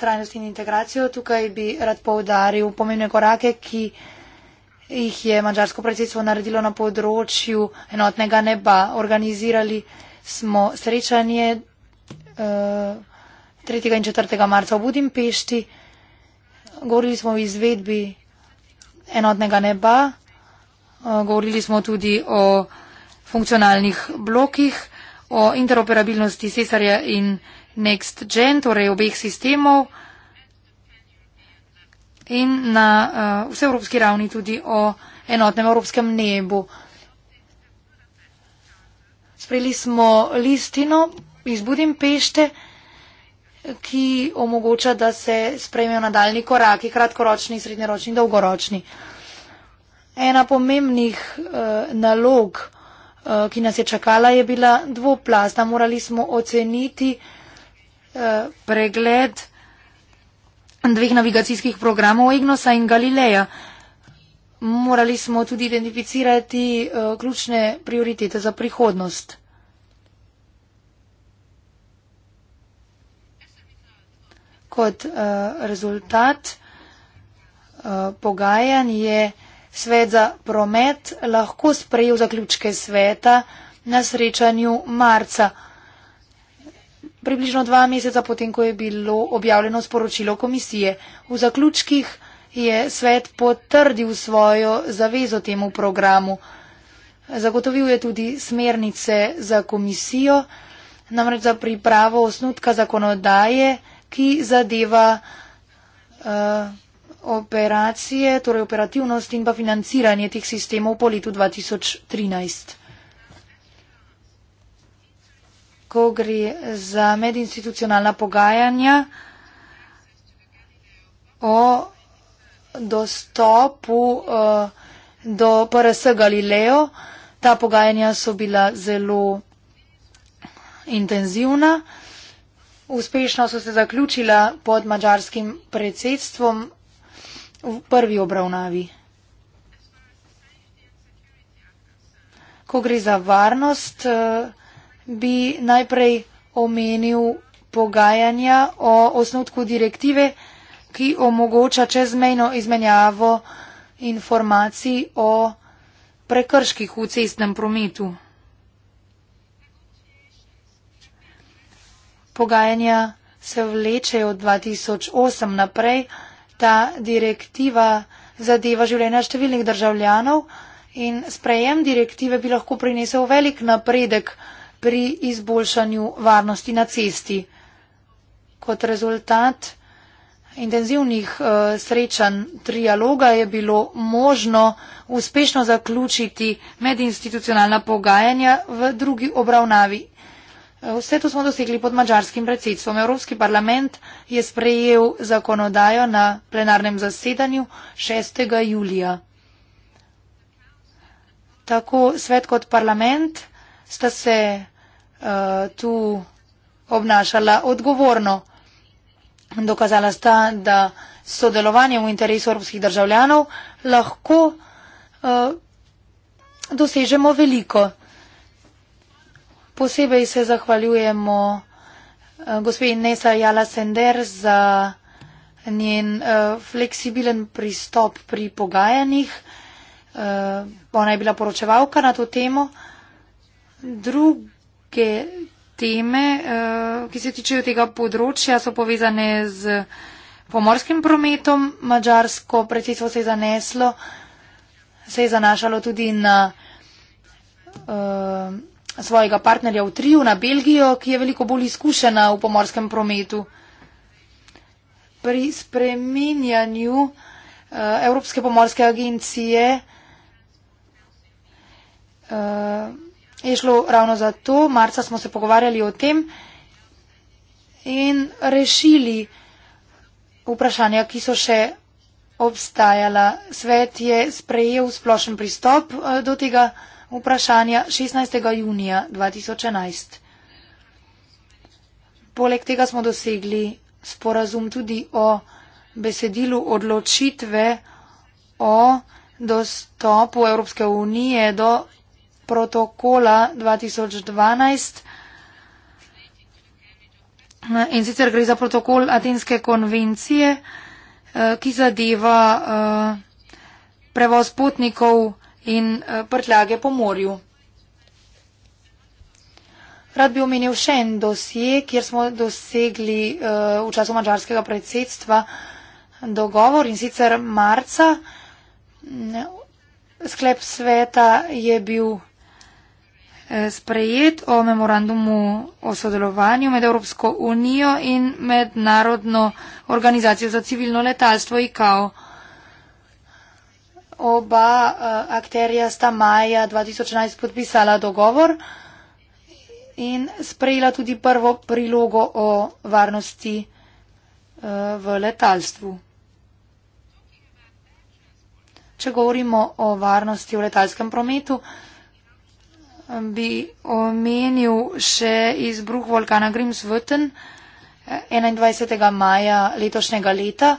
trajnost in integracijo. Tukaj bi rad povdaril pomembne korake, ki jih je mađarsko predsedstvo naredilo na področju enotnega neba. Organizirali smo srečanje uh, eh, 3. in 4. marca v Budimpešti. Govorili smo o izvedbi enotnega neba. Eh, govorili smo tudi o funkcionalnih blokih, o interoperabilnosti sesarja in Next Gen, torej obeh sistemov in na uh, vseevropski ravni tudi o enotnem evropskem nebu. Sprejeli smo listino iz Budimpešte, ki omogoča, da se sprejmejo nadaljni koraki, kratkoročni, srednjeročni, dolgoročni. Ena pomembnih uh, nalog, uh, ki nas je čakala, je bila dvoplasta. Morali smo oceniti, uh, Eh, pregled dveh navigacijskih programov Egnosa in Galileja. Morali smo tudi identificirati eh, ključne prioritete za prihodnost. Kot eh, rezultat pogajanj je svet za promet lahko sprejel zaključke sveta na srečanju marca. Približno dva meseca potem, ko je bilo objavljeno sporočilo komisije, v zaključkih je svet potrdil svojo zavezo temu programu. Zagotovil je tudi smernice za komisijo, namreč za pripravo osnutka zakonodaje, ki zadeva uh, operacije, torej operativnost in pa financiranje teh sistemov po letu 2013. ko gre za medinstitucionalna pogajanja o dostopu eh, do PRS Galileo. Ta pogajanja so bila zelo intenzivna. Uspešno so se zaključila pod mačarskim predsedstvom v prvi obravnavi. Ko gre za varnost, eh, bi najprej omenil pogajanja o osnutku direktive, ki omogoča čezmejno izmenjavo informacij o prekrških v cestnem prometu. Pogajanja se vlečejo od 2008 naprej. Ta direktiva zadeva življenja številnih državljanov in sprejem direktive bi lahko prinesel velik napredek pri izboljšanju varnosti na cesti. Kot rezultat intenzivnih uh, srečanj trialoga je bilo možno uspešno zaključiti medinstitucionalna pogajanja v drugi obravnavi. Eh, vse to smo dosegli pod mačarskim predsedstvom. Evropski parlament je sprejel zakonodajo na plenarnem zasedanju 6. julija. Tako svet kot parlament sta se uh, tu obnašala odgovorno. Dokazala sta, da sodelovanje v interesu evropskih državljanov lahko uh, dosežemo veliko. Posebej se zahvaljujemo uh, eh, gospodin Nesa Jala Sender za njen uh, fleksibilen pristop pri pogajanjih. Uh, ona je bila poročevalka na to temo. Drug, neke teme, eh, ki se tičejo tega področja, so povezane z pomorskim prometom. Mačarsko predsedstvo se je zaneslo, se je zanašalo tudi na eh, svojega partnerja v triju, na Belgijo, ki je veliko bolj izkušena v pomorskem prometu. Pri spreminjanju eh, Evropske pomorske agencije je šlo ravno za to. Marca smo se pogovarjali o tem in rešili vprašanja, ki so še obstajala. Svet je sprejel splošen pristop eh, do tega vprašanja 16. junija 2011. Poleg tega smo dosegli sporazum tudi o besedilu odločitve o dostopu Evropske unije do protokola 2012. In sicer gre za protokol Atenske konvencije, eh, ki zadeva eh, prevoz potnikov in eh, prtljage po morju. Rad bi omenil še en dosje, kjer smo dosegli v času mačarskega predsedstva dogovor in sicer marca. Sklep sveta je bil sprejet o memorandumu o sodelovanju med Evropsko unijo in mednarodno organizacijo za civilno letalstvo ICAO. Oba uh, akterja sta maja 2011 podpisala dogovor in sprejela tudi prvo prilogo o varnosti uh, v letalstvu. Če govorimo o varnosti v letalskem prometu, uh, bi omenil še izbruh vulkana Grimsvöten eh, 21. maja letošnjega leta.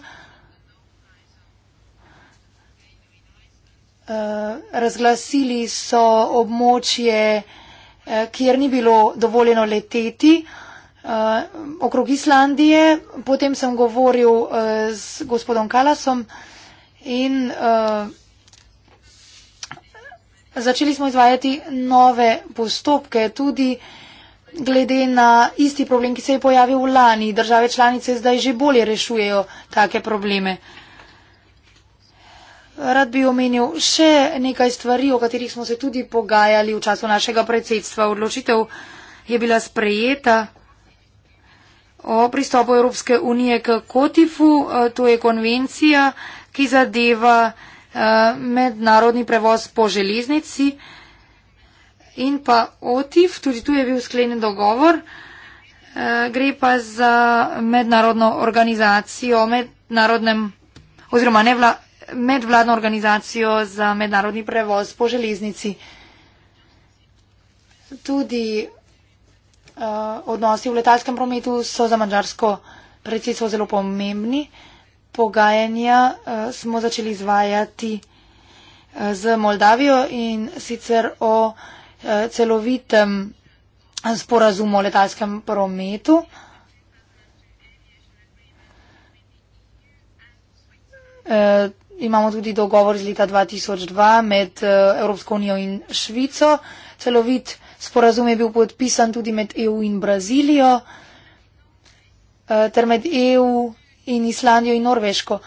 Eh, razglasili so območje, eh, kjer ni bilo dovoljeno leteti okrog Islandije. Potem sem govoril z gospodom Kalasom in Začeli smo izvajati nove postopke tudi glede na isti problem, ki se je pojavil lani. Države članice zdaj že bolje rešujejo take probleme. Rad bi omenil še nekaj stvari, o katerih smo se tudi pogajali v času našega predsedstva. Odločitev je bila sprejeta o pristopu Evropske unije k Kotifu. E, to je konvencija, ki zadeva Eh, mednarodni prevoz po železnici in pa OTIF, tudi tu je bil sklenjen dogovor. Eh, gre pa za mednarodno organizacijo, oziroma nevla, medvladno organizacijo za mednarodni prevoz po železnici. Tudi uh, odnosi v letalskem prometu so za mađarsko predsedstvo zelo pomembni. Uh, pogajanja uh, smo začeli izvajati uh, z Moldavijo in sicer o uh, celovitem sporazumu o letalskem prometu. Uh, imamo tudi dogovor iz leta 2002 med uh, Evropsko unijo in Švico. Celovit sporazum je bil podpisan tudi med EU in Brazilijo uh, ter med EU in Islandijo in Norveško.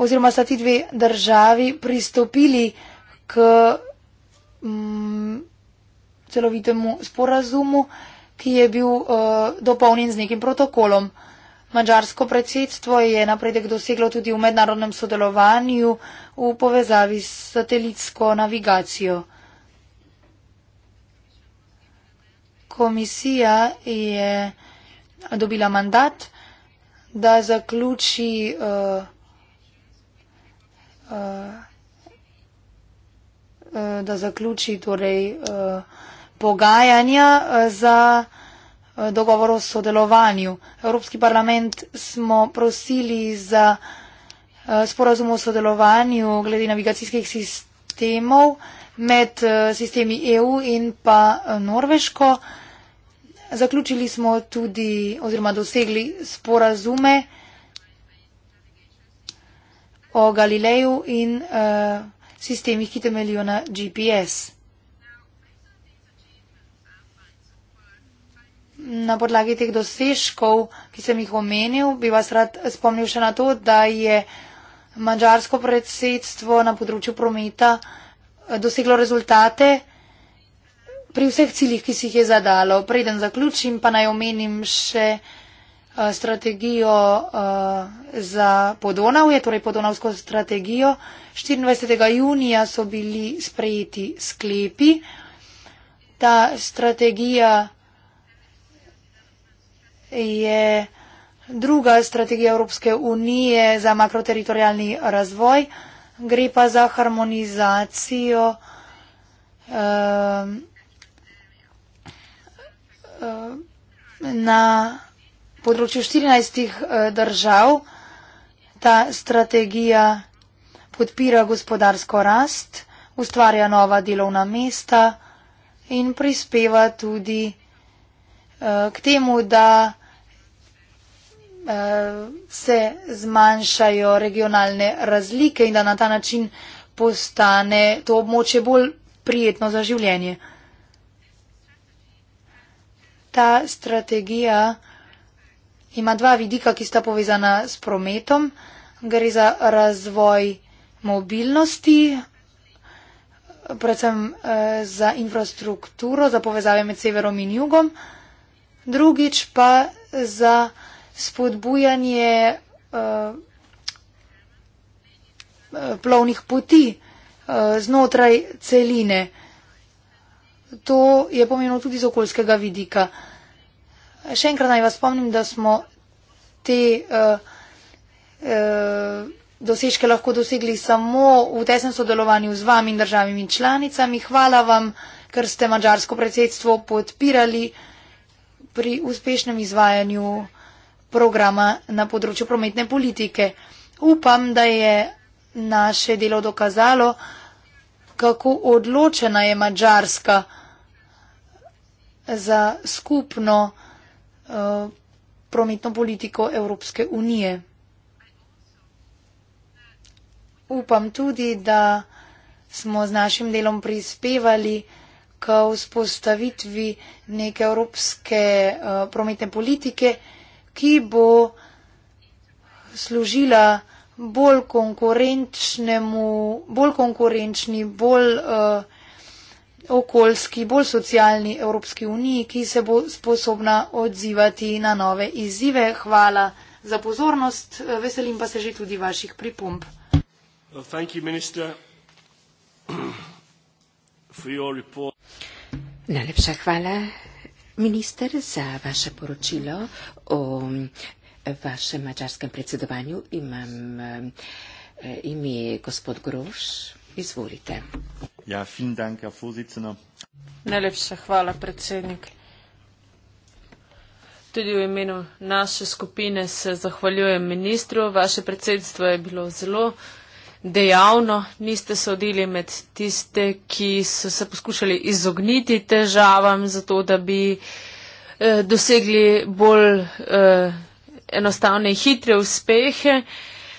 Oziroma sta ti dve državi pristopili k mm, celovitemu sporazumu, ki je bil uh, dopolnjen z nekim protokolom. Mačarsko predsedstvo je napredek doseglo tudi v mednarodnem sodelovanju v povezavi s satelitsko navigacijo. Komisija je dobila mandat, da zaključi uh, uh, uh, da zaključi torej uh, pogajanja uh, za uh, dogovor o sodelovanju. Evropski parlament smo prosili za uh, sporazum o sodelovanju glede navigacijskih sistemov med sistemi EU in pa Norveško. Zaključili smo tudi oziroma dosegli sporazume o Galileju in uh, sistemih, ki temeljijo na GPS. Na podlagi teh dosežkov, ki sem jih omenil, bi vas rad spomnil še na to, da je mađarsko predsedstvo na področju prometa eh, doseglo rezultate pri vseh ciljih, ki si jih je zadalo. Preden zaključim, pa naj omenim še uh, strategijo uh, za Podonav, je torej Podonavsko strategijo. 24. junija so bili sprejeti sklepi. Ta strategija je druga strategija Evropske unije za makroteritorijalni razvoj. Gre pa za harmonizacijo. Uh, Eh, na področju 14 eh, držav ta strategija podpira gospodarsko rast, ustvarja nova delovna mesta in prispeva tudi eh, k temu, da se zmanjšajo regionalne razlike in da na ta način postane to območje bolj prijetno za življenje ta strategija ima dva vidika, ki sta povezana s prometom. Gre za razvoj mobilnosti, predvsem eh, za infrastrukturo, za povezave med severom in jugom. Drugič pa za spodbujanje eh, eh plovnih poti eh, znotraj celine to je pomenilo tudi z okoljskega vidika. Še enkrat naj vas spomnim, da smo te uh, uh, dosežke lahko dosegli samo v tesnem sodelovanju z vami in državami in članicami. Hvala vam, ker ste mađarsko predsedstvo podpirali pri uspešnem izvajanju programa na področju prometne politike. Upam, da je naše delo dokazalo, kako odločena je mađarska predsedstvo za skupno uh, prometno politiko Evropske unije. Upam tudi, da smo z našim delom prispevali k vzpostavitvi neke evropske uh, prometne politike, ki bo služila bolj konkurenčnemu, bolj konkurenčni, bolj uh, okoljski, bolj socialni Evropski uniji, ki se bo sposobna odzivati na nove izzive. Hvala za pozornost, veselim pa se že tudi vaših pripomb. Najlepša hvala, minister, za vaše poročilo o vašem mačarskem predsedovanju. Imam eh, ime gospod Groš. Izvolite. Ja, fin dan, ker fuzicena. Najlepša hvala, predsednik. Tudi v imenu naše skupine se zahvaljujem ministru. Vaše predsedstvo je bilo zelo dejavno. Niste sodili med tiste, ki so se poskušali izogniti težavam, zato da bi eh, dosegli bolj eh, enostavne in hitre uspehe.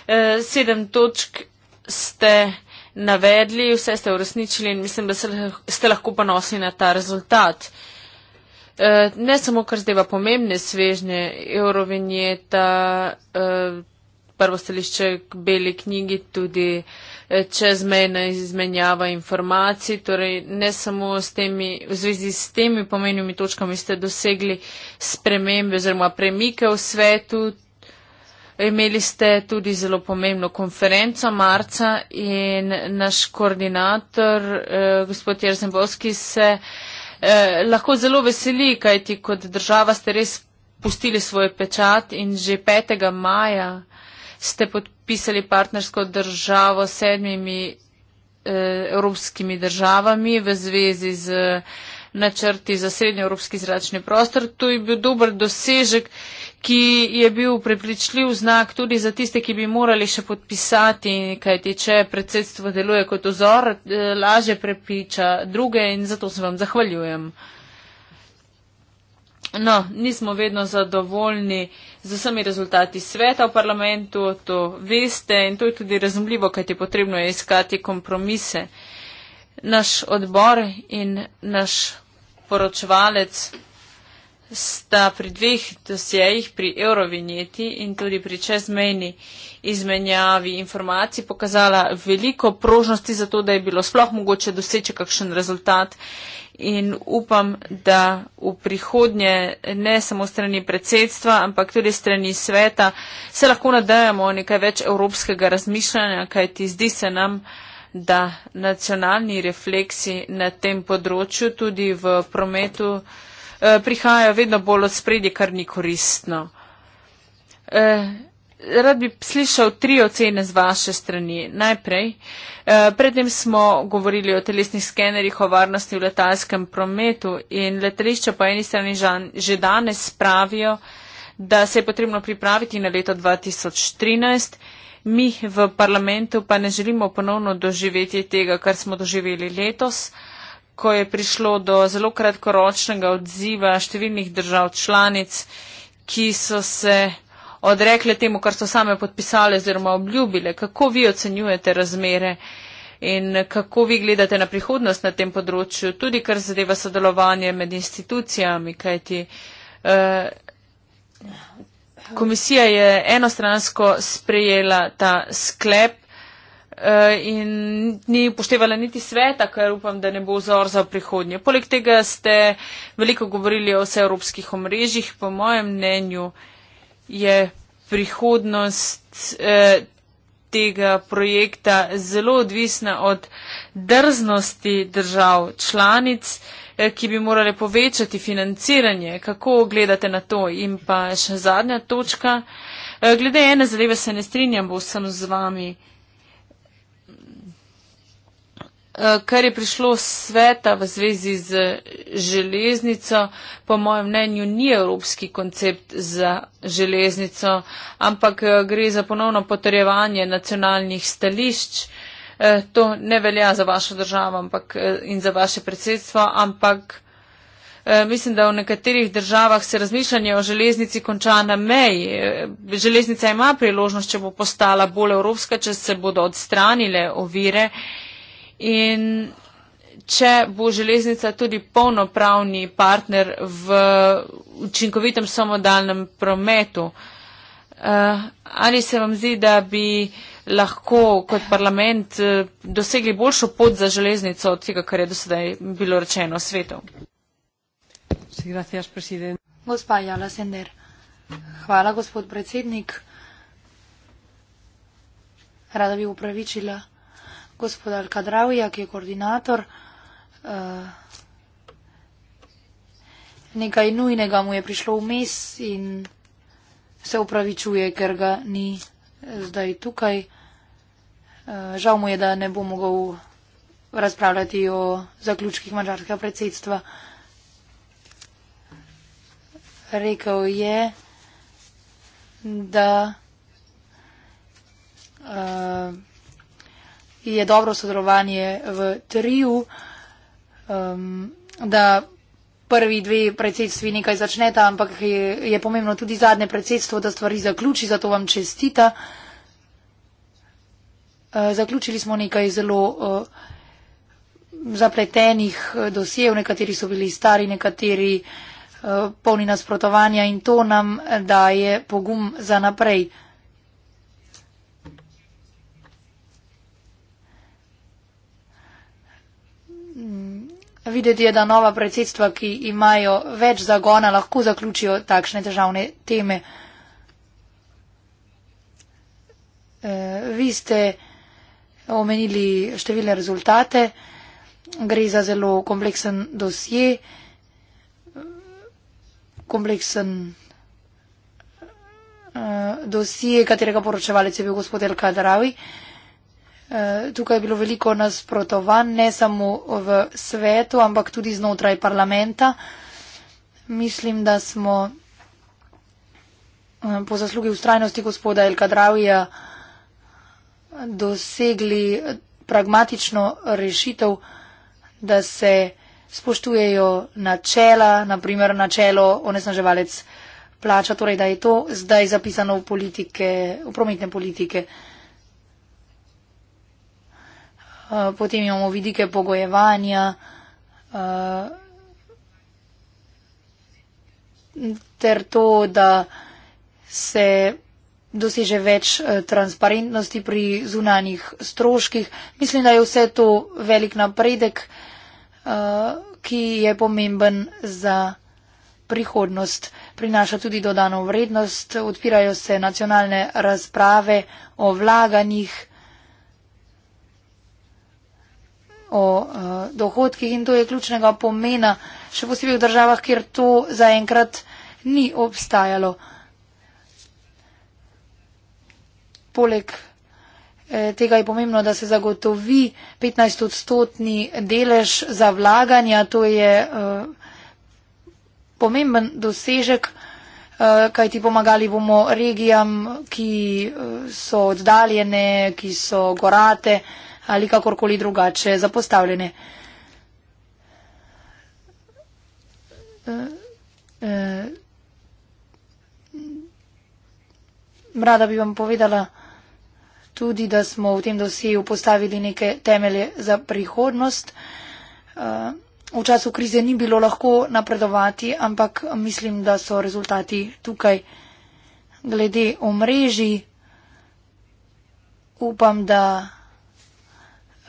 Eh, sedem točk ste navedli, vse ste uresničili in mislim, da ste lahko ponosni na ta rezultat. E, ne samo, kar zdaj pa pomembne svežnje, eurovinjeta, e, prvo stališče k beli knjigi, tudi e, čezmejna izmenjava informacij, torej ne samo s temi, v zvezi s temi pomenjimi točkami ste dosegli spremembe oziroma premike v svetu, Imeli ste tudi zelo pomembno konferenco marca in naš koordinator, eh, gospod Jerzenbovski, se eh, lahko zelo veseli, kajti kot država ste res pustili svoj pečat in že 5. maja ste podpisali partnersko državo s sedmimi eh, evropskimi državami v zvezi z eh, načrti za srednjo evropski zračni prostor. To je bil dober dosežek. Eh, ki je bil prepričljiv znak tudi za tiste, ki bi morali še podpisati, kajti če predsedstvo deluje kot ozor, eh, laže prepriča druge in zato se vam zahvaljujem. No, nismo vedno zadovoljni z vsemi rezultati sveta v parlamentu, to veste in to je tudi razumljivo, kajti potrebno je iskati kompromise. Naš odbor in naš poročevalec sta pri dveh dosjejih, pri eurovinjeti in tudi pri čezmejni izmenjavi informacij, pokazala veliko prožnosti za to, da je bilo sploh mogoče doseči kakšen rezultat. In upam, da v prihodnje ne samo strani predsedstva, ampak tudi strani sveta se lahko nadajamo nekaj več evropskega razmišljanja, kajti zdi se nam, da nacionalni refleksi na tem področju tudi v prometu. Eh, prihajajo vedno bolj od spredje, kar ni koristno. Eh, rad bi slišal tri ocene z vaše strani. Najprej, eh, predtem smo govorili o telesnih skenerjih, o varnosti v letalskem prometu in letališča po eni strani že danes pravijo, da se je potrebno pripraviti na leto 2013. Mi v parlamentu pa ne želimo ponovno doživeti tega, kar smo doživeli letos. Uh, ko je prišlo do zelo kratkoročnega odziva številnih držav članic, ki so se odrekle temu, kar so same podpisale oziroma obljubile. Kako vi ocenjujete razmere in kako vi gledate na prihodnost na tem področju, tudi kar zadeva sodelovanje med institucijami, kajti eh, komisija je enostransko sprejela ta sklep, Eh, in ni upoštevala niti sveta, kar upam, da ne bo vzor za prihodnje. Poleg tega ste veliko govorili o vseevropskih omrežjih. Po mojem mnenju je prihodnost eh, tega projekta zelo odvisna od drznosti držav članic eh, ki bi morali povečati financiranje. Kako gledate na to? In pa še zadnja točka. Glede ene zadeve se ne strinjam, bo sem z vami. Eh, kar je prišlo z sveta v zvezi z železnico, po mojem mnenju ni evropski koncept za železnico, ampak eh, gre za ponovno potrjevanje nacionalnih stališč. Eh, to ne velja za vašo državo ampak, in za vaše predsedstvo, ampak mislim, da v nekaterih državah se razmišljanje o železnici konča na meji. Železnica ima priložnost, če bo postala bolj evropska, če se bodo odstranile ovire In če bo železnica tudi polnopravni partner v učinkovitem samodalnem prometu, eh, ali se vam zdi, da bi lahko kot parlament eh, dosegli boljšo pot za železnico od tega, kar je do sedaj bilo rečeno svetu? Gospa Jala Sender. Hvala, gospod predsednik. Rada bi upravičila gospoda Alkadravija, ki je koordinator. Eh, nekaj nujnega mu je prišlo vmes in se upravičuje, ker ga ni eh, zdaj tukaj. Eh, žal mu je, da ne bo mogel razpravljati o zaključkih mačarskega predsedstva. Rekel je, da. Uh, je dobro sodelovanje v triju, um, da prvi dve predsedstvi nekaj začneta, ampak je, je pomembno tudi zadnje predsedstvo, da stvari zaključi, zato vam čestita. Uh, zaključili smo nekaj zelo uh, zapletenih uh, dosijev, nekateri so bili stari, nekateri uh, polni nasprotovanja in to nam daje pogum za naprej. Videti je, da nova predsedstva, ki imajo več zagona, lahko zaključijo takšne državne teme. Eh, vi ste omenili številne rezultate, gre za zelo kompleksen dosje, kompleksen eh, dosje, katerega poročevalec je bil gospod El Kadravi. Eh, tukaj je bilo veliko nasprotovanj, ne samo v svetu, ampak tudi znotraj parlamenta. Mislim, da smo eh, po zaslugi ustrajnosti gospoda El Kadravija dosegli pragmatično rešitev, da se spoštujejo načela, naprimer načelo onesnaževalec plača, torej da je to zdaj zapisano v, politike, v prometne politike. Eh, potem imamo vidike pogojevanja, eh, ter to, da se doseže več eh, transparentnosti pri zunanjih stroških. Mislim, da je vse to velik napredek, ki je pomemben za prihodnost. Prinaša tudi dodano vrednost, odpirajo se nacionalne razprave o vlaganjih. o uh, dohodkih in to je ključnega pomena, še posebej v državah, kjer to zaenkrat ni obstajalo. Poleg eh, tega je pomembno, da se zagotovi 15 odstotni delež za vlaganja, to je eh, pomemben dosežek, eh, kaj ti pomagali bomo regijam, ki eh, so oddaljene, ki so gorate. Eh, ali kakorkoli drugače zapostavljene. Eh, eh, rada bi vam povedala tudi, da smo v tem dosiju postavili neke temelje za prihodnost. Eh, v času krize ni bilo lahko napredovati, ampak mislim, da so rezultati tukaj. Glede omrežij, upam, da.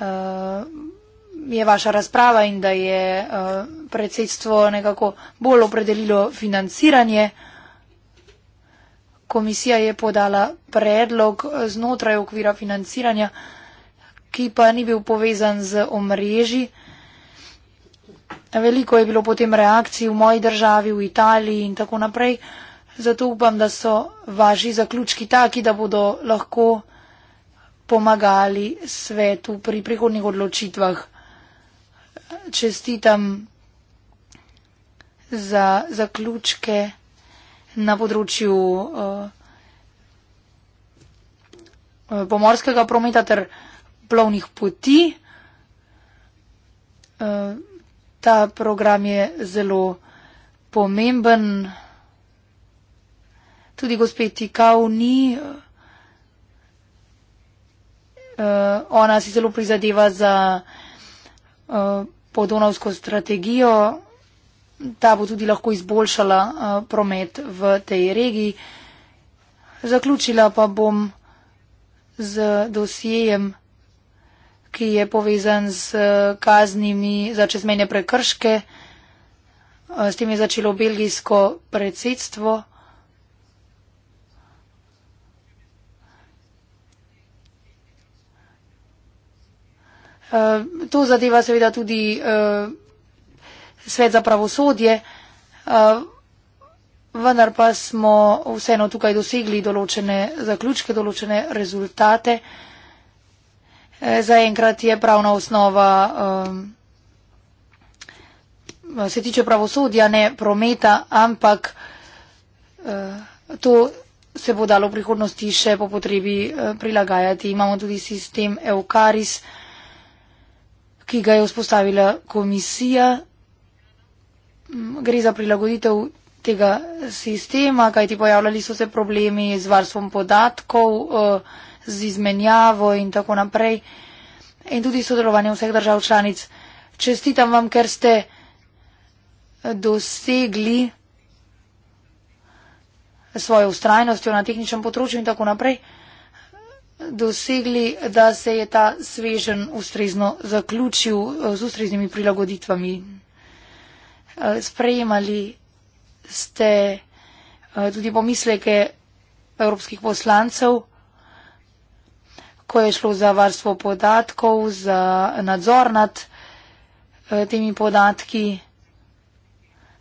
Eh, je vaša razprava in da je uh, predsedstvo nekako bolj opredelilo financiranje. Komisija je podala predlog znotraj okvira financiranja, ki pa ni bil povezan z omreži. Veliko je bilo potem reakcij v moji državi, v Italiji in tako naprej. Zato upam, da so vaši zaključki taki, da bodo lahko pomagali svetu pri prihodnih odločitvah. Čestitam za zaključke na področju uh, pomorskega prometa ter plovnih poti. Uh, ta program je zelo pomemben. Tudi gospe Tikau ni. Uh, uh, ona si zelo prizadeva za uh, eh, podonovsko strategijo, ta bo tudi lahko izboljšala uh, promet v tej regiji. Zaključila pa bom z dosijem, ki je povezan z kaznimi za čezmene prekrške. S tem je začelo belgijsko predsedstvo. Eh, to zadeva seveda tudi eh, svet za pravosodje, eh, vendar pa smo vseeno tukaj dosegli določene zaključke, določene rezultate. Zaenkrat je pravna osnova, se tiče pravosodja, ne prometa, ampak to se bo dalo v prihodnosti še po potrebi prilagajati. Imamo tudi sistem EUCARIS, ki ga je vzpostavila komisija. Gre za prilagoditev tega sistema, kajti pojavljali so se problemi z varstvom podatkov, eh, z izmenjavo in tako naprej. In tudi sodelovanje vseh držav članic. Čestitam vam, ker ste dosegli svojo ustrajnostjo na tehničnem področju in tako naprej dosegli, da se je ta svežen ustrezno zaključil eh, z ustreznimi prilagoditvami. Eh, sprejemali ste eh, tudi pomisleke evropskih poslancev, ko je šlo za varstvo podatkov, za nadzor nad temi podatki.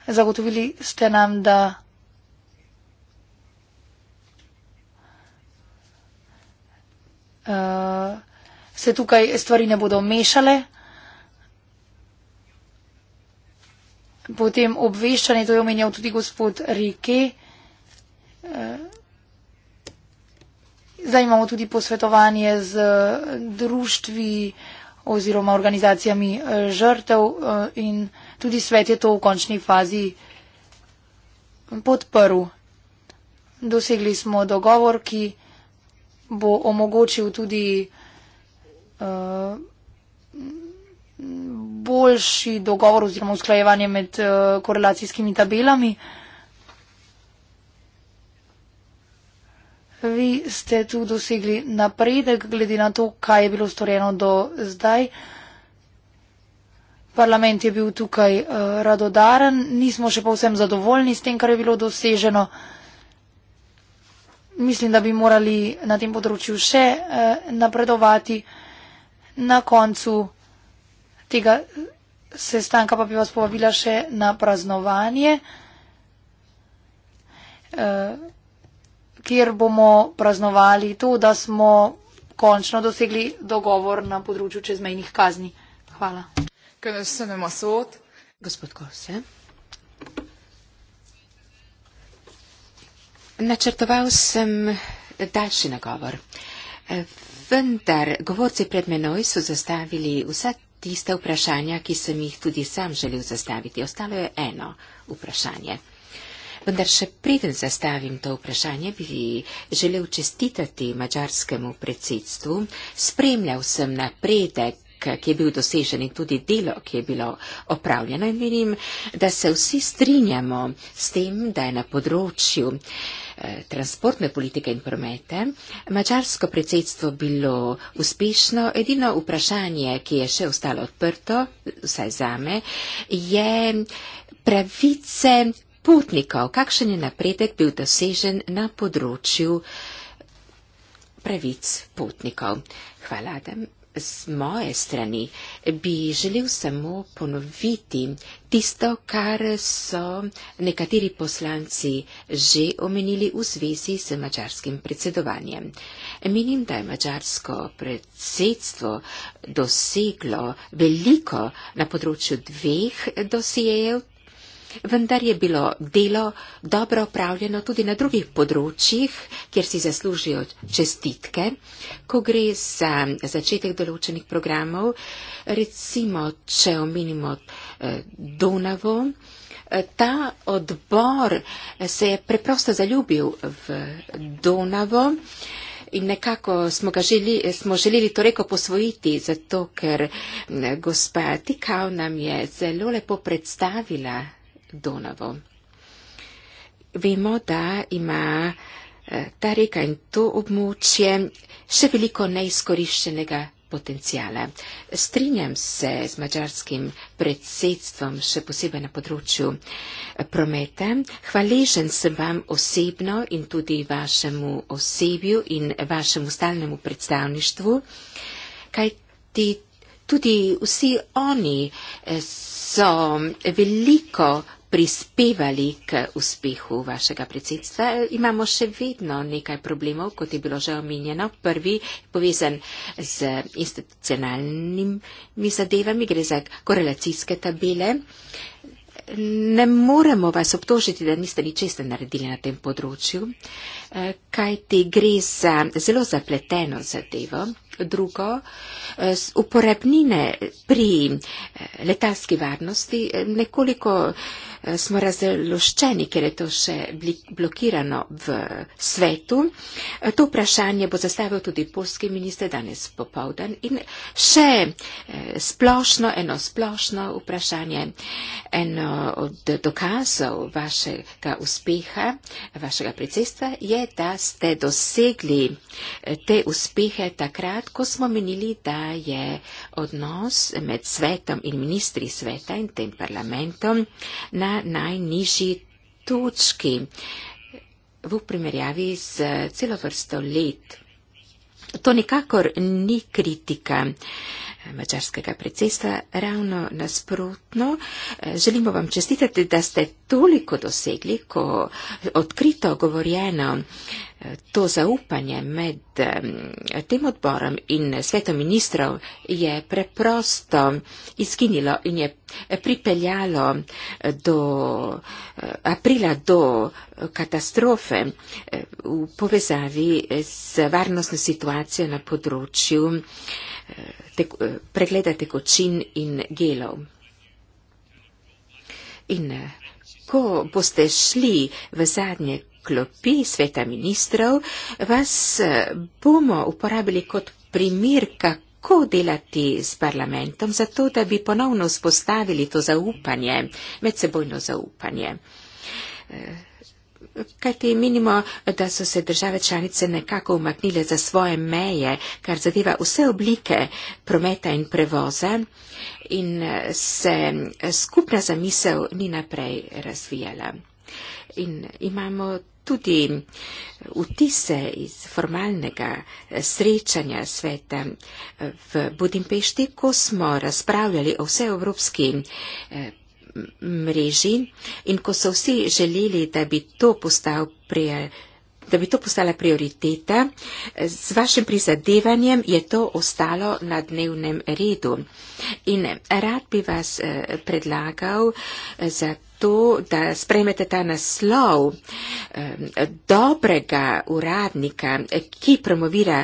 Zagotovili ste nam, da uh, se tukaj stvari ne bodo mešale. Potem obveščanje, to je omenjal tudi gospod Rike. Eh, zdaj imamo tudi posvetovanje z društvi oziroma organizacijami eh, žrtev in tudi svet je to v končni fazi podprl. Dosegli smo dogovor, ki bo omogočil tudi uh, boljši dogovor oziroma usklajevanje med uh, korelacijskimi tabelami. Vi ste tu dosegli napredek glede na to, kaj je bilo storjeno do zdaj. Parlament je bil tukaj uh, radodaren, nismo še povsem zadovoljni s tem, kar je bilo doseženo. Uh, mislim, da bi morali na tem področju še eh, napredovati. Na koncu tega sestanka pa bi vas povabila še na praznovanje, eh, kjer bomo praznovali to, da smo končno dosegli dogovor na področju čezmejnih kazni. Hvala. Gospod Kose. Načrtoval sem daljši nagovor. E, vendar govorci pred menoj so zastavili vsa tista vprašanja, ki sem jih tudi sam želel zastaviti. Ostalo je eno vprašanje. Vendar še preden zastavim to vprašanje, bi želel čestitati mađarskemu predsedstvu. Spremljal sem napredek napredek, ki je bil dosežen in tudi delo, ki je bilo opravljeno. In vidim, da se vsi strinjamo s tem, da je na področju eh, transportne politike in promete mačarsko predsedstvo bilo uspešno. Edino vprašanje, ki je še ostalo odprto, vsaj zame, je pravice potnikov. Kakšen je napredek bil dosežen na področju pravic potnikov. Hvala, Adam. Z moje strani bi želel samo ponoviti tisto, kar so nekateri poslanci že omenili v zvezi s mačarskim predsedovanjem. Menim, da je mačarsko predsedstvo doseglo veliko na področju dveh dosijejev, vendar je bilo delo dobro opravljeno tudi na drugih področjih, kjer si zaslužijo čestitke, ko gre za začetek določenih programov, recimo, če omenimo eh, Donavo. Eh, ta odbor se je preprosto zaljubil v Donavo in nekako smo ga želi, smo želeli to reko posvojiti, zato ker gospa Tikal nam je zelo lepo predstavila Donavo. Vemo, da ima eh, ta reka in to območje še veliko neizkoriščenega potencijala. Strinjam se z mađarskim predsedstvom, še posebej na področju eh, prometa. Hvaležen sem vam osebno in tudi vašemu osebju in vašemu stalnemu predstavništvu, kaj ti tudi vsi oni eh, so veliko prispevali k uspehu vašega predsedstva. Imamo še vedno nekaj problemov, kot je bilo že omenjeno. Prvi je povezan z institucionalnimi zadevami, gre za korelacijske tabele. Ne moremo vas obtožiti, da niste ničesar naredili na tem področju, eh, kajti gre za zelo zapleteno zadevo. Drugo, eh, uporabnine pri eh, letalski varnosti eh, nekoliko smo razloščeni, ker je to še blokirano v svetu. To vprašanje bo zastavil tudi polski minister danes popovdan in še splošno, eno splošno vprašanje, eno od dokazov vašega uspeha, vašega predsedstva je, da ste dosegli te uspehe takrat, takrat, ko smo menili, da je odnos med svetom in ministri sveta in tem parlamentom na najnižji točki v primerjavi z celo vrsto let. To nikakor ni kritika. Uh, mačarskega predsedstva. Ravno nasprotno, eh, želimo vam čestitati, da ste toliko dosegli, ko odkrito govorjeno eh, to zaupanje med tem odborom in svetom ministrov je preprosto izginilo in je eh, pripeljalo do aprila do katastrofe v povezavi z varnostno situacijo na področju teko, eh, pregleda tekočin in gelov. In eh, ko boste šli v zadnje klopi sveta ministrov, vas eh, bomo uporabili kot primer, kako delati s parlamentom, zato da bi ponovno vzpostavili to zaupanje, medsebojno zaupanje. Kaj ti menimo, da so se države članice nekako umaknile za svoje meje, kar zadeva vse oblike prometa in prevoza in eh, se eh, skupna zamisel ni naprej razvijala. In imamo tudi eh, vtise iz formalnega srečanja sveta v Budimpešti, ko smo razpravljali o vseevropski mreži in ko so vsi želeli, da bi to postal prijel da bi to postala prioriteta, z vašim prizadevanjem je to ostalo na dnevnem redu. In rad bi vas eh, predlagal eh, za to, da spremete ta naslov eh, dobrega uradnika, ki promovira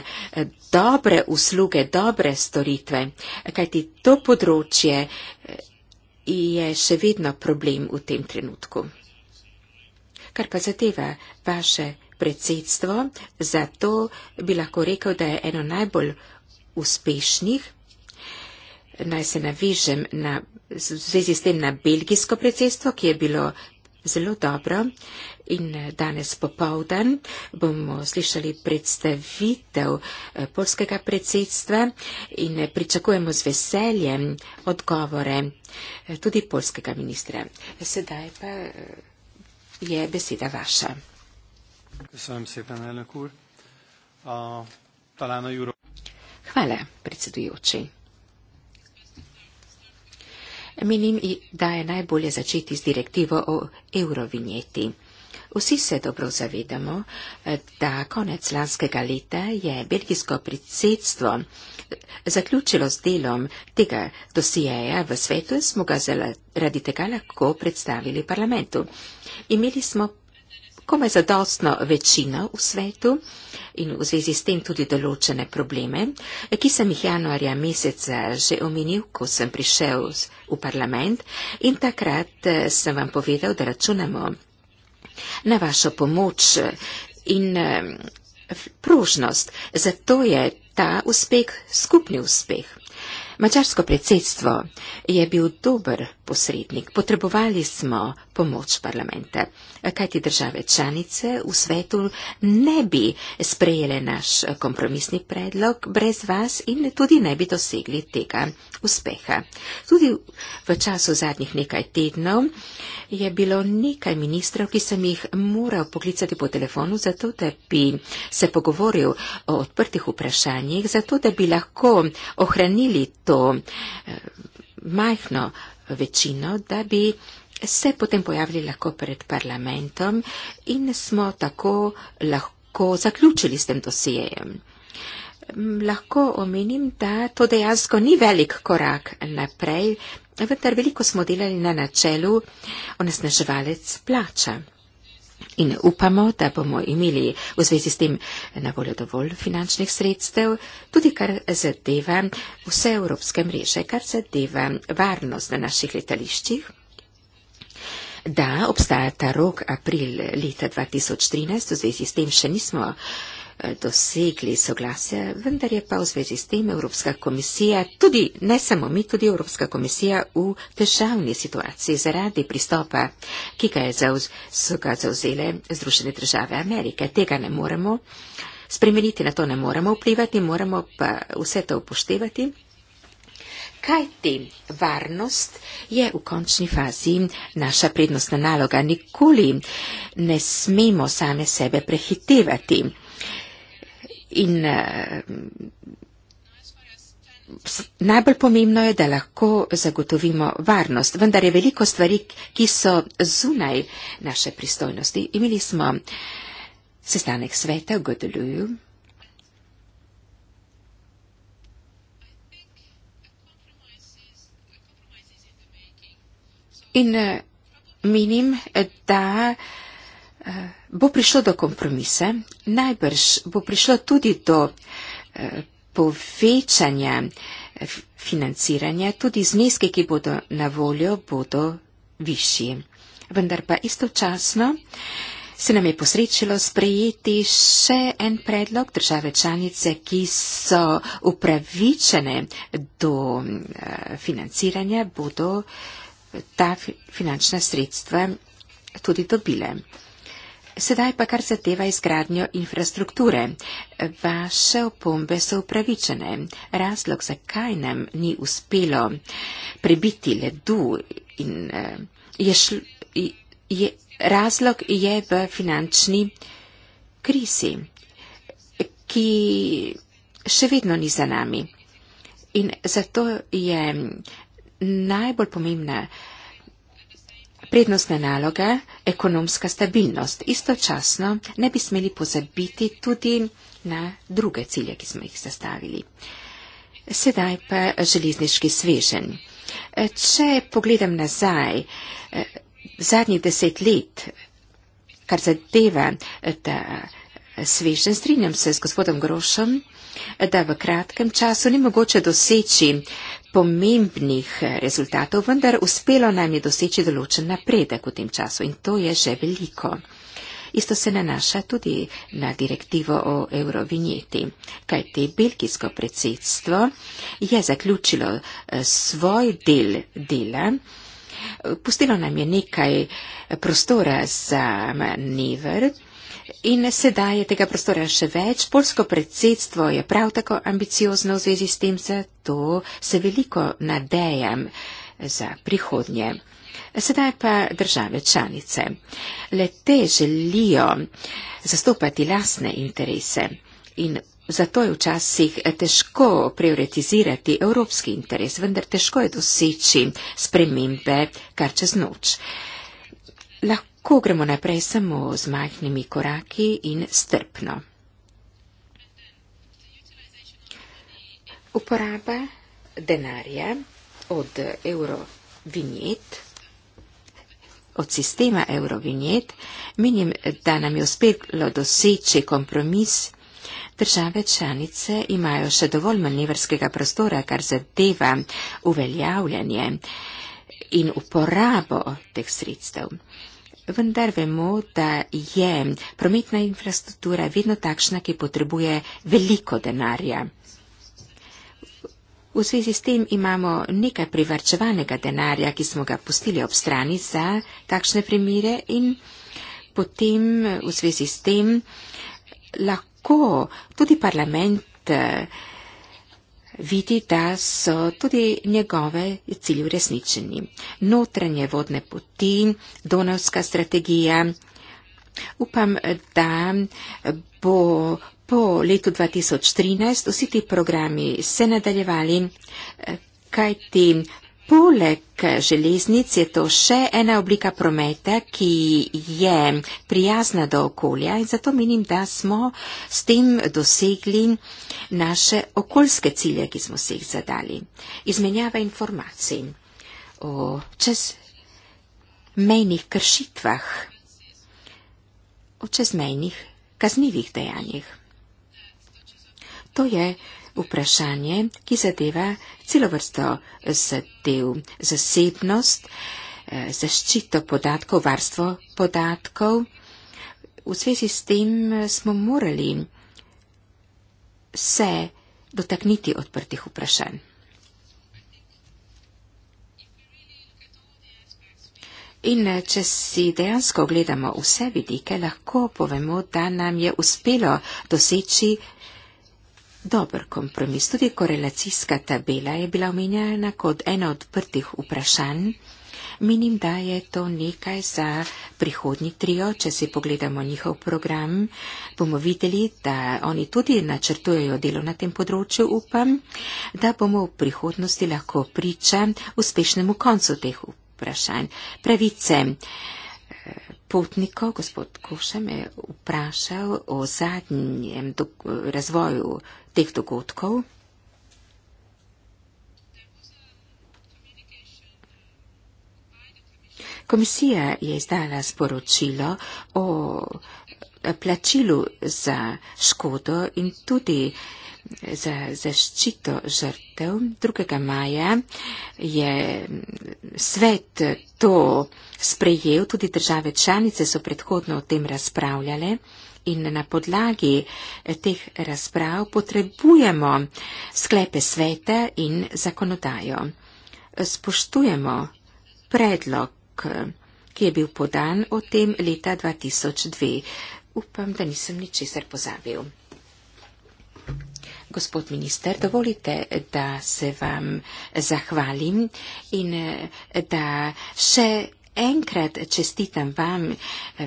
dobre usluge, dobre storitve, kajti to področje je še vedno problem v tem trenutku. Kar pa zadeva vaše predsedstvo, zato bi lahko rekel, da je eno najbolj uspešnih. Naj se navežem na, v zvezi s tem na belgijsko predsedstvo, ki je bilo zelo dobro. In danes popovdan bomo slišali predstavitev eh, polskega predsedstva in pričakujemo z veseljem odgovore eh, tudi polskega ministra. Sedaj pa eh, je beseda vaša. Hvala, predsedujoči. Menim, da je najbolje začeti z direktivo o eurovinjeti. Vsi se dobro zavedamo, da konec lanskega leta je belgijsko predsedstvo eh, zaključilo z delom tega dosijeja v svetu in smo ga zaradi tega lahko predstavili parlamentu. Imeli smo komaj zadostno večino v svetu in v zvezi s tem tudi določene probleme, ki sem jih januarja meseca že omenil, ko sem prišel v parlament in takrat eh, sem vam povedal, da računamo na vašo pomoč eh, in eh, prožnost. Zato je ta uspeh skupni uspeh. Mačarsko predsedstvo je bil dober posrednik. Potrebovali smo pomoč parlamenta, kajti države članice v svetu ne bi sprejele naš kompromisni predlog brez vas in tudi ne bi dosegli tega uspeha. Tudi v času zadnjih nekaj tednov je bilo nekaj ministrov, ki sem jih moral poklicati po telefonu, zato da bi se pogovoril o odprtih vprašanjih, zato da bi lahko ohranili to eh, majhno večino, da bi se potem pojavili lahko pred parlamentom in smo tako lahko zaključili s tem dosijejem. Lahko omenim, da to dejansko ni velik korak naprej, vendar veliko smo delali na načelu onesnaževalec plača in upamo, da bomo imeli v zvezi s tem na voljo dovolj finančnih sredstev, tudi kar zadeva vse evropske mreže, kar zadeva varnost na naših letališčih. Da obstaja ta rok april leta 2013, v zvezi s tem še nismo uh, Eh, dosegli soglasje, vendar je pa v zvezi s tem Evropska komisija, tudi ne samo mi, tudi Evropska komisija v težavni situaciji zaradi pristopa, ki ga zauz, so ga zauzele Združene države Amerike. Tega ne moremo spremeniti, na to ne moremo vplivati, moramo pa vse to upoštevati. Kaj ti varnost je v končni fazi naša prednostna naloga? Nikoli ne smemo same sebe prehitevati. In eh, najbolj pomembno je, da lahko zagotovimo varnost. Vendar je veliko stvari, ki so zunaj naše pristojnosti. Imeli smo sestanek sveta v Godoluju. In eh, menim, da Eh, bo prišlo do kompromise, najbrž bo prišlo tudi do eh, povečanja eh, financiranja, tudi zneske, ki bodo na voljo, bodo višji. Vendar pa istočasno se nam je posrečilo sprejeti še en predlog države članice, ki so upravičene do financiranja, bodo ta finančna sredstva tudi dobile. Sedaj pa kar zadeva izgradnjo infrastrukture. Vaše opombe so upravičene. Razlog, zakaj nam ni uspelo prebiti ledu, in, eh, je šl, je, razlog je v finančni krizi, ki še vedno ni za nami. In zato je najbolj pomembna Prednostne naloge, ekonomska stabilnost, istočasno ne bi smeli pozabiti tudi na druge cilje, ki smo jih zastavili. Sedaj pa železniški svežen. Če pogledam nazaj, eh, zadnjih deset let, kar zadeva eh, ta eh, svežen, strinjam se z gospodom Grošom, da v kratkem času ni mogoče doseči pomembnih eh, rezultatov, vendar uspelo nam je doseči določen napredek v tem času in to je že veliko. Isto se nanaša tudi na direktivo o eurovinjeti, kaj te belgijsko predsedstvo je zaključilo eh, svoj del dela, pustilo nam je nekaj eh, prostora za manevr, In sedaj je tega prostora še več. Polsko predsedstvo je prav tako ambiciozno v zvezi s tem, zato se veliko nadejam za prihodnje. Sedaj pa države članice. Le te želijo zastopati lasne interese in zato je včasih težko prioritizirati evropski interes, vendar težko je doseči spremembe kar čez noč. Lahko Lahko gremo naprej samo z majhnimi koraki in strpno. Uporaba denarja od eurovinjet, od sistema eurovinjet, menim, da nam je uspelo doseči kompromis. Države članice imajo še dovolj manevrskega prostora, kar zadeva uveljavljanje in uporabo teh sredstev vendar vemo, da je prometna infrastruktura vedno takšna, ki potrebuje veliko denarja. V zvezi s tem imamo nekaj privrčevanega denarja, ki smo ga pustili ob strani za takšne primere in potem v zvezi s tem lahko tudi parlament. Eh, vidi, da so tudi njegove cilje uresničeni. Notranje vodne poti, donovska strategija. Upam, da bo po letu 2013 vsi ti programi se nadaljevali, kajti Poleg železnic je to še ena oblika prometa, ki je prijazna do okolja in zato menim, da smo s tem dosegli naše okoljske cilje, ki smo si jih zadali. Izmenjava informacij o čezmejnih kršitvah, o čezmejnih kaznivih dejanjih. To je vprašanje, ki zadeva celo vrsto zadev. Zasebnost, eh, zaščito podatkov, varstvo podatkov. V svezi s tem eh, smo morali se dotakniti odprtih vprašanj. In eh, če si dejansko gledamo vse vidike, lahko povemo, da nam je uspelo doseči dober kompromis. Tudi korelacijska tabela je bila omenjena kot eno od prtih vprašanj. Menim, da je to nekaj za prihodnji trio. Če si pogledamo njihov program, bomo videli, da oni tudi načrtujejo delo na tem področju. Upam, da bomo v prihodnosti lahko priča uspešnemu koncu teh vprašanj. Pravice. Eh, Potniko, gospod Koša, me je vprašal o zadnjem razvoju teh dogodkov? Komisija je izdala sporočilo o plačilu za škodo in tudi za zaščito žrtev. 2. maja je svet to sprejel, tudi države članice so predhodno o tem razpravljale in na podlagi eh, teh razprav potrebujemo sklepe sveta in zakonodajo. Spoštujemo predlog, eh, ki je bil podan o tem leta 2002. Upam, da nisem ničesar pozabil. Gospod minister, dovolite, da se vam zahvalim in eh, da še enkrat čestitam vam,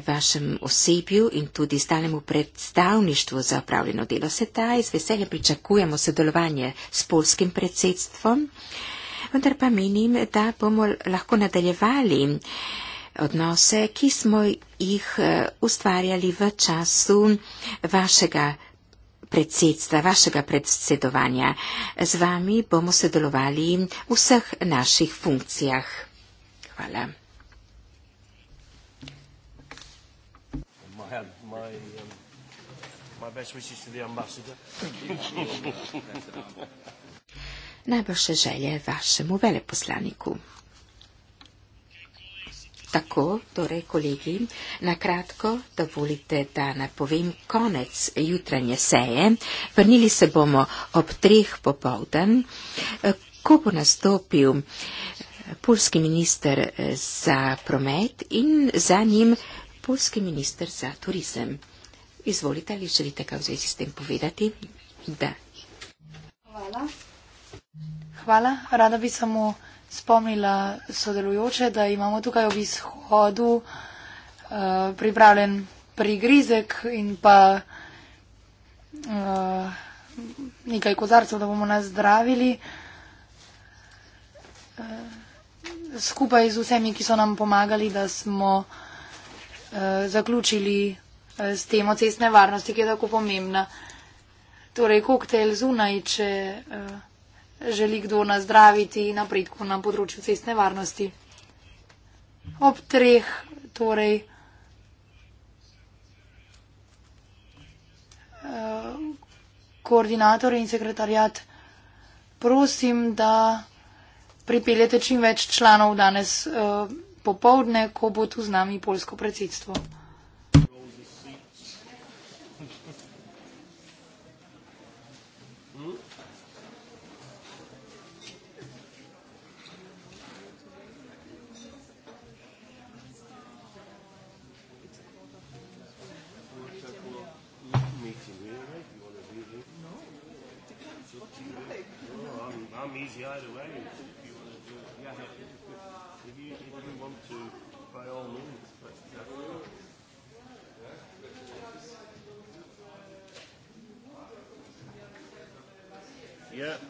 vašem osebju in tudi stalnemu predstavništvu za upravljeno delo Setaj. Z veseljem pričakujemo sodelovanje s polskim predsedstvom, vendar pa menim, da bomo lahko nadaljevali odnose, ki smo jih eh, ustvarjali v času vašega predsedstva, vašega predsedovanja. Z vami bomo sodelovali v vseh naših funkcijah. Hvala. our best wishes to the ambassador. Najboljše želje vašemu veleposlaniku. Tako, torej, kolegi, na kratko dovolite, da napovem konec jutranje seje. Vrnili se bomo ob treh popovdan, ko bo nastopil eh, polski minister eh, za promet in za njim polski minister za turizem. Izvolite, ali želite kaj v zvezi s tem povedati? Da. Hvala. Hvala. Rada bi samo spomnila sodelujoče, da imamo tukaj v izhodu uh, pripravljen prigrizek in pa uh, nekaj kozarcev, da bomo nas zdravili. Eh, skupaj z vsemi, ki so nam pomagali, da smo uh, zaključili s temo cestne varnosti, ki je tako pomembna. Torej, koktejl zunaj, če eh, želi kdo nazdraviti napredku na področju cestne varnosti. Ob treh, torej, eh, koordinator in sekretarjat, prosim, da pripeljete čim več članov danes eh, popovdne, ko bo tu z nami polsko predsedstvo. easy either way. If you want to do it, yeah. If, if, if, you, if you want to, by all means. But yeah. yeah.